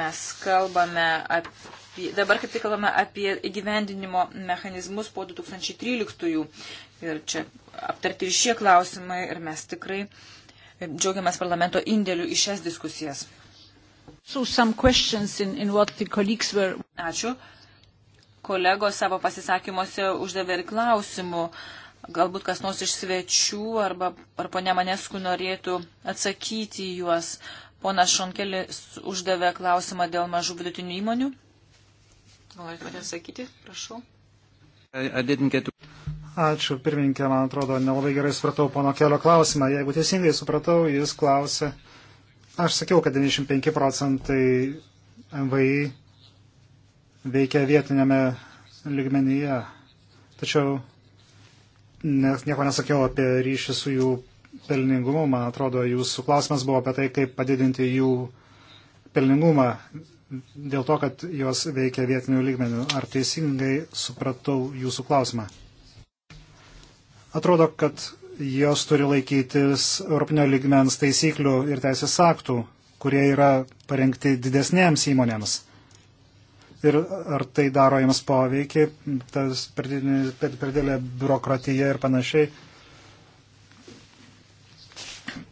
Mes kalbame apie apie, dabar kaip tik kalbame apie įgyvendinimo mechanizmus po 2013-ųjų. Ir čia aptarti ir šie klausimai ir mes tikrai džiaugiamės parlamento indėliu į šias diskusijas. So in, in were... Ačiū. Kolegos savo pasisakymuose uždavė ir klausimų. Galbūt kas nors iš svečių arba ar ponia Manesku norėtų atsakyti juos. Pona Šonkelis uždavė klausimą dėl mažų vidutinių įmonių norėtumėte sakyti?
Prašau. Ačiū, pirmininkė, man atrodo, nelabai gerai supratau pono kelio klausimą. Jeigu teisingai supratau, jis klausė, aš sakiau, kad 95 procentai MVI veikia vietinėme ligmenyje. Tačiau nes, nieko nesakiau apie ryšį su jų pelningumu. Man atrodo, jūsų klausimas buvo apie tai, kaip padidinti jų pelningumą dėl to, kad jos veikia vietinių lygmenių. Ar teisingai supratau jūsų klausimą? Atrodo, kad jos turi laikytis Europinio lygmens taisyklių ir teisės aktų, kurie yra parengti didesnėms įmonėms. Ir ar tai daro jiems poveikį, tas per didelė biurokratija ir panašiai.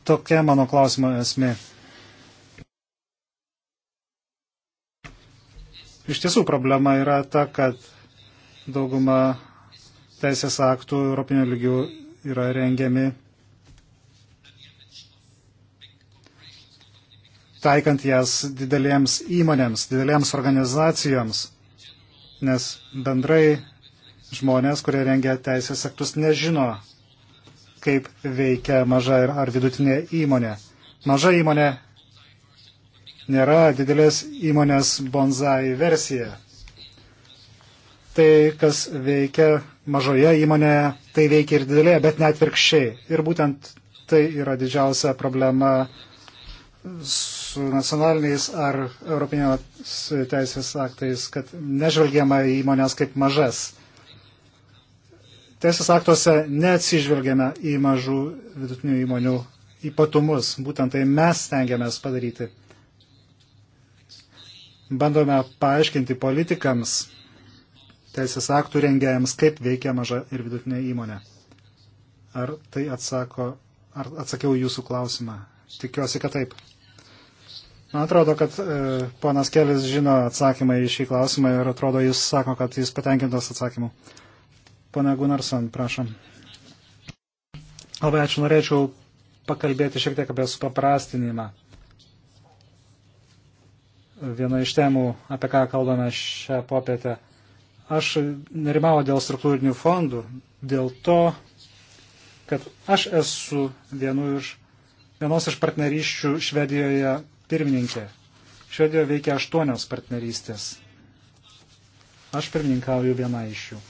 Tokia mano klausimo esmė. Iš tiesų problema yra ta, kad dauguma teisės aktų Europinio lygių yra rengiami taikant jas didelėms įmonėms, didelėms organizacijoms, nes bendrai žmonės, kurie rengia teisės aktus, nežino, kaip veikia maža ar vidutinė įmonė. Maža įmonė nėra didelės įmonės bonzai versija. Tai, kas veikia mažoje įmonėje, tai veikia ir didelėje, bet net virkščiai. Ir būtent tai yra didžiausia problema su nacionaliniais ar europinės teisės aktais, kad nežvelgiama į įmonės kaip mažas. Teisės aktuose neatsižvelgiame į mažų vidutinių įmonių ypatumus. Būtent tai mes stengiamės padaryti bandome paaiškinti politikams, teisės aktų rengėjams, kaip veikia maža ir vidutinė įmonė. Ar tai atsako, ar atsakiau jūsų klausimą? Tikiuosi, kad taip. Man atrodo, kad e, ponas Kelis žino atsakymą į šį klausimą ir atrodo, jis sako, kad jis patenkintas atsakymu. Pone Gunarson, prašom. Labai ačiū, norėčiau pakalbėti šiek tiek apie supaprastinimą viena iš temų, apie ką kalbame šią popietę. Aš nerimau dėl struktūrinių fondų, dėl to, kad aš esu vienu iš, vienos iš partnerysčių Švedijoje pirmininkė. Švedijoje veikia aštuonios partnerystės. Aš pirmininkauju vieną iš jų.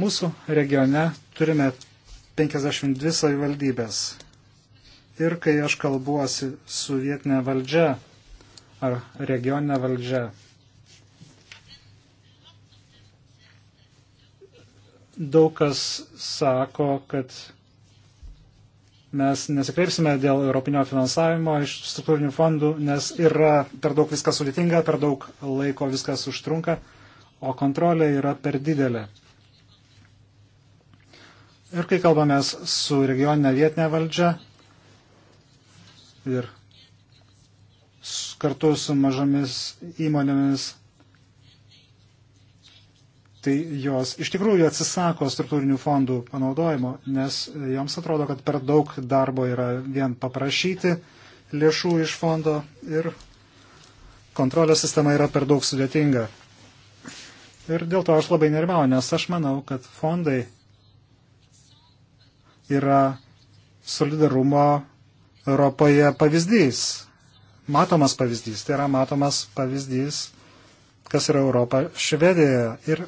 Mūsų regione turime 52 savivaldybės. Ir kai aš kalbuosi su vietinė valdžia, ar regioninė valdžia. Daug kas sako, kad mes nesikreipsime dėl europinio finansavimo iš struktūrinių fondų, nes yra per daug viskas sudėtinga, per daug laiko viskas užtrunka, o kontrolė yra per didelė. Ir kai kalbame su regioninė vietinė valdžia ir kartu su mažomis įmonėmis, tai jos iš tikrųjų atsisako struktūrinių fondų panaudojimo, nes joms atrodo, kad per daug darbo yra vien paprašyti lėšų iš fondo ir kontrolės sistema yra per daug sudėtinga. Ir dėl to aš labai nerimau, nes aš manau, kad fondai yra solidarumo Europoje pavyzdys matomas pavyzdys. Tai yra matomas pavyzdys, kas yra Europa Švedijoje. Ir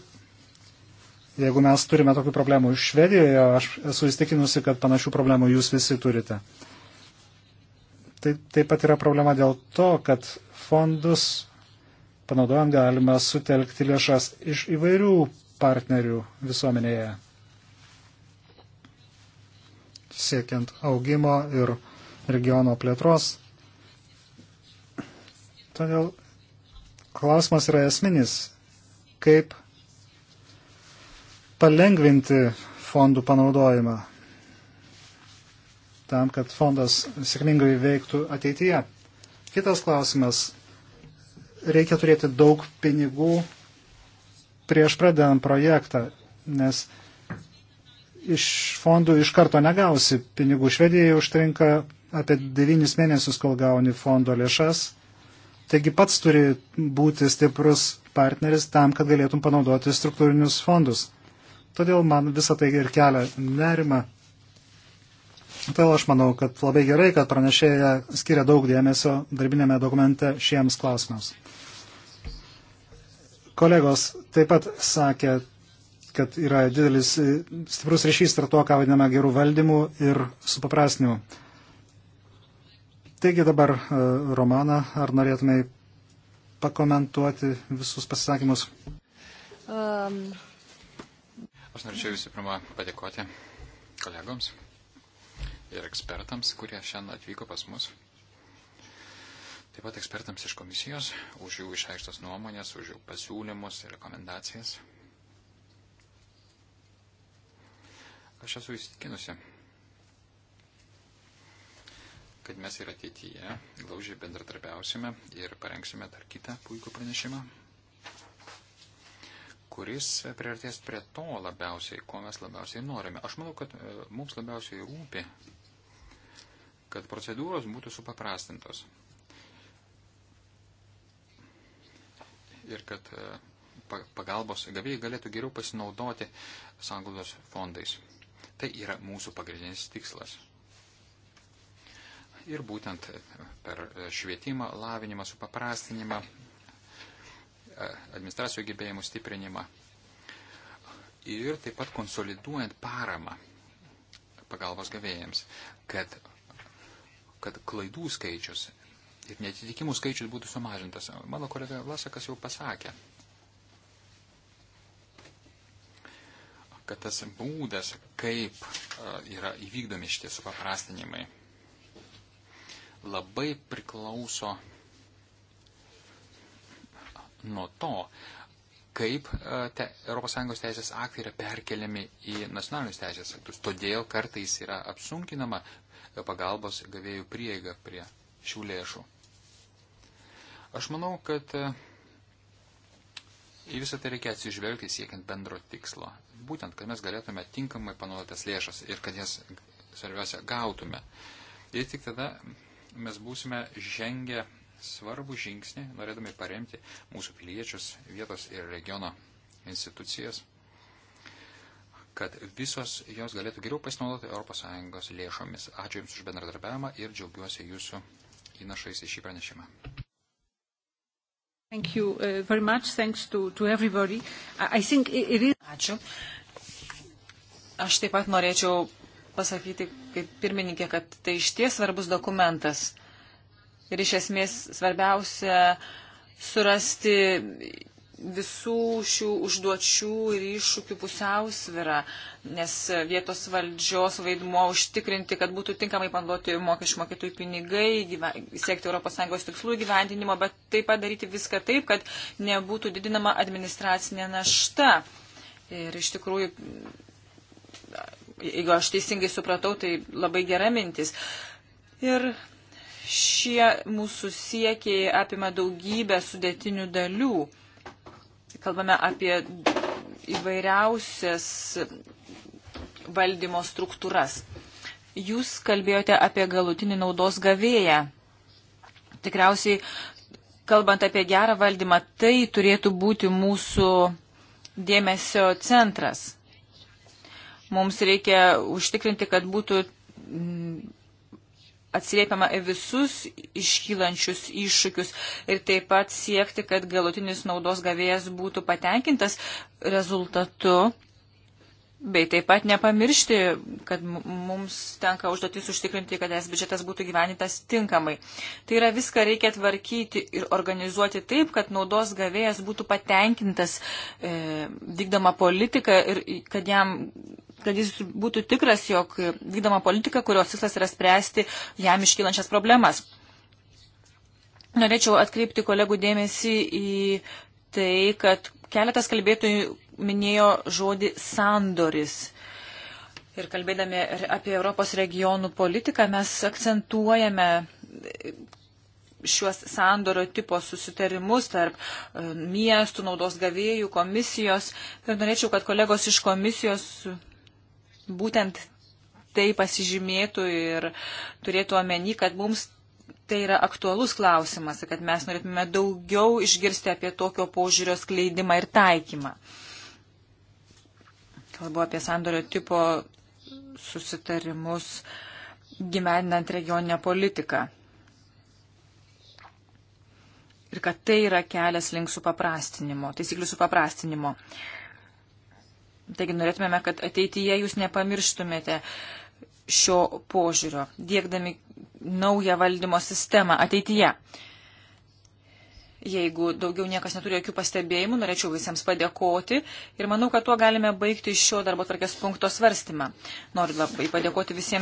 jeigu mes turime tokių problemų Švedijoje, aš esu įstikinusi, kad panašių problemų jūs visi turite. Tai taip pat yra problema dėl to, kad fondus panaudojant galima sutelkti lėšas iš įvairių partnerių visuomenėje, siekiant augimo ir regiono plėtros. Todėl klausimas yra esminis, kaip palengvinti fondų panaudojimą tam, kad fondas sėkmingai veiktų ateityje. Kitas klausimas. Reikia turėti daug pinigų prieš pradedant projektą, nes iš fondų iš karto negausi pinigų. Švedijai užtrinka apie 9 mėnesius, kol gauni fondo lėšas. Taigi pats turi būti stiprus partneris tam, kad galėtum panaudoti struktūrinius fondus. Todėl man visą tai ir kelia nerima. Todėl aš manau, kad labai gerai, kad pranešėja skiria daug dėmesio darbinėme dokumente šiems klausimams. Kolegos taip pat sakė, kad yra didelis stiprus ryšys tarp to, ką vadiname gerų valdymų ir supaprastinimu. Taigi dabar, e, Romana, ar norėtumai pakomentuoti visus pasisakymus?
Um. Aš norėčiau visų pirma padėkoti kolegoms ir ekspertams, kurie šiandien atvyko pas mus. Taip pat ekspertams iš komisijos už jų išreikštas nuomonės, už jų pasiūlymus ir rekomendacijas. Aš esu įsitikinusi, kad mes ir ateityje glaužiai bendratarbiausime ir parengsime dar kitą puikų pranešimą, kuris priartės prie to labiausiai, ko mes labiausiai norime. Aš manau, kad e, mums labiausiai rūpi, kad procedūros būtų supaprastintos. Ir kad e, pagalbos gavėjai galėtų geriau pasinaudoti sanglaudos fondais. Tai yra mūsų pagrindinis tikslas ir būtent per švietimą, lavinimą, supaprastinimą, e, administracijų gebėjimų stiprinimą ir taip pat konsoliduojant paramą pagalbos gavėjams, kad, kad klaidų skaičius ir netitikimų skaičius būtų sumažintas. Mano kolega Lasakas jau pasakė, kad tas būdas, kaip e, yra įvykdomi šitie supaprastinimai, labai priklauso nuo to, kaip e, te, ES teisės aktai yra perkeliami į nacionalinius teisės aktus. Todėl kartais yra apsunkinama pagalbos gavėjų prieiga prie šių lėšų. Aš manau, kad e, į visą tai reikia atsižvelgti siekiant bendro tikslo. Būtent, kad mes galėtume tinkamai panaudotas lėšas ir kad jas svarbiausia gautume. Ir tik tada mes būsime žengę svarbų žingsnį, norėdami paremti mūsų piliečius, vietos ir regiono institucijas, kad visos jos galėtų geriau pasinaudoti ES lėšomis. Ačiū Jums už bendradarbiavimą ir džiaugiuosi Jūsų įnašais į šį pranešimą.
Thank you uh, very much. Thanks to, to everybody. I think it is... Ačiū. Aš taip pat norėčiau pasakyti, kaip pirmininkė, kad tai išties svarbus dokumentas. Ir iš esmės svarbiausia surasti visų šių užduočių ir iššūkių pusiausvirą, nes vietos valdžios vaidmuo užtikrinti, kad būtų tinkamai panaudoti mokesčių mokėtojų pinigai, gyven, siekti ES tikslų gyvendinimo, bet taip pat daryti viską taip, kad nebūtų didinama administracinė našta. Ir iš tikrųjų jeigu aš teisingai supratau, tai labai gera mintis. Ir šie mūsų siekiai apima daugybę sudėtinių dalių. Kalbame apie įvairiausias valdymo struktūras. Jūs kalbėjote apie galutinį naudos gavėją. Tikriausiai, kalbant apie gerą valdymą, tai turėtų būti mūsų dėmesio centras. Mums reikia užtikrinti, kad būtų mm, atsiliepiama į visus iškylančius iššūkius ir taip pat siekti, kad galutinis naudos gavėjas būtų patenkintas rezultatu. Bei taip pat nepamiršti, kad mums tenka užduotis užtikrinti, kad es biudžetas būtų gyvenintas tinkamai. Tai yra viską reikia tvarkyti ir organizuoti taip, kad naudos gavėjas būtų patenkintas e, vykdoma politika ir kad jam kad jis būtų tikras, jog vykdoma politika, kurios tikslas yra spręsti jam iškylančias problemas. Norėčiau atkreipti kolegų dėmesį į tai, kad keletas kalbėtojų minėjo žodį sandoris. Ir kalbėdami apie Europos regionų politiką, mes akcentuojame šiuos sandoro tipo susitarimus tarp e, miestų, naudos gavėjų, komisijos. Ir norėčiau, kad kolegos iš komisijos būtent tai pasižymėtų ir turėtų omeny, kad mums tai yra aktualus klausimas, kad mes norėtume daugiau išgirsti apie tokio požiūrio skleidimą ir taikymą. Kalbu apie sandorio tipo susitarimus gyvendinant regioninę politiką. Ir kad tai yra kelias link supaprastinimo, taisyklių supaprastinimo. paprastinimo Taigi norėtumėme, kad ateityje jūs nepamirštumėte šio požiūrio, dėkdami naują valdymo sistemą ateityje. Jeigu daugiau niekas neturi jokių pastebėjimų, norėčiau visiems padėkoti ir manau, kad tuo galime baigti šio darbo tvarkės punkto svarstymą. Noriu labai padėkoti visiems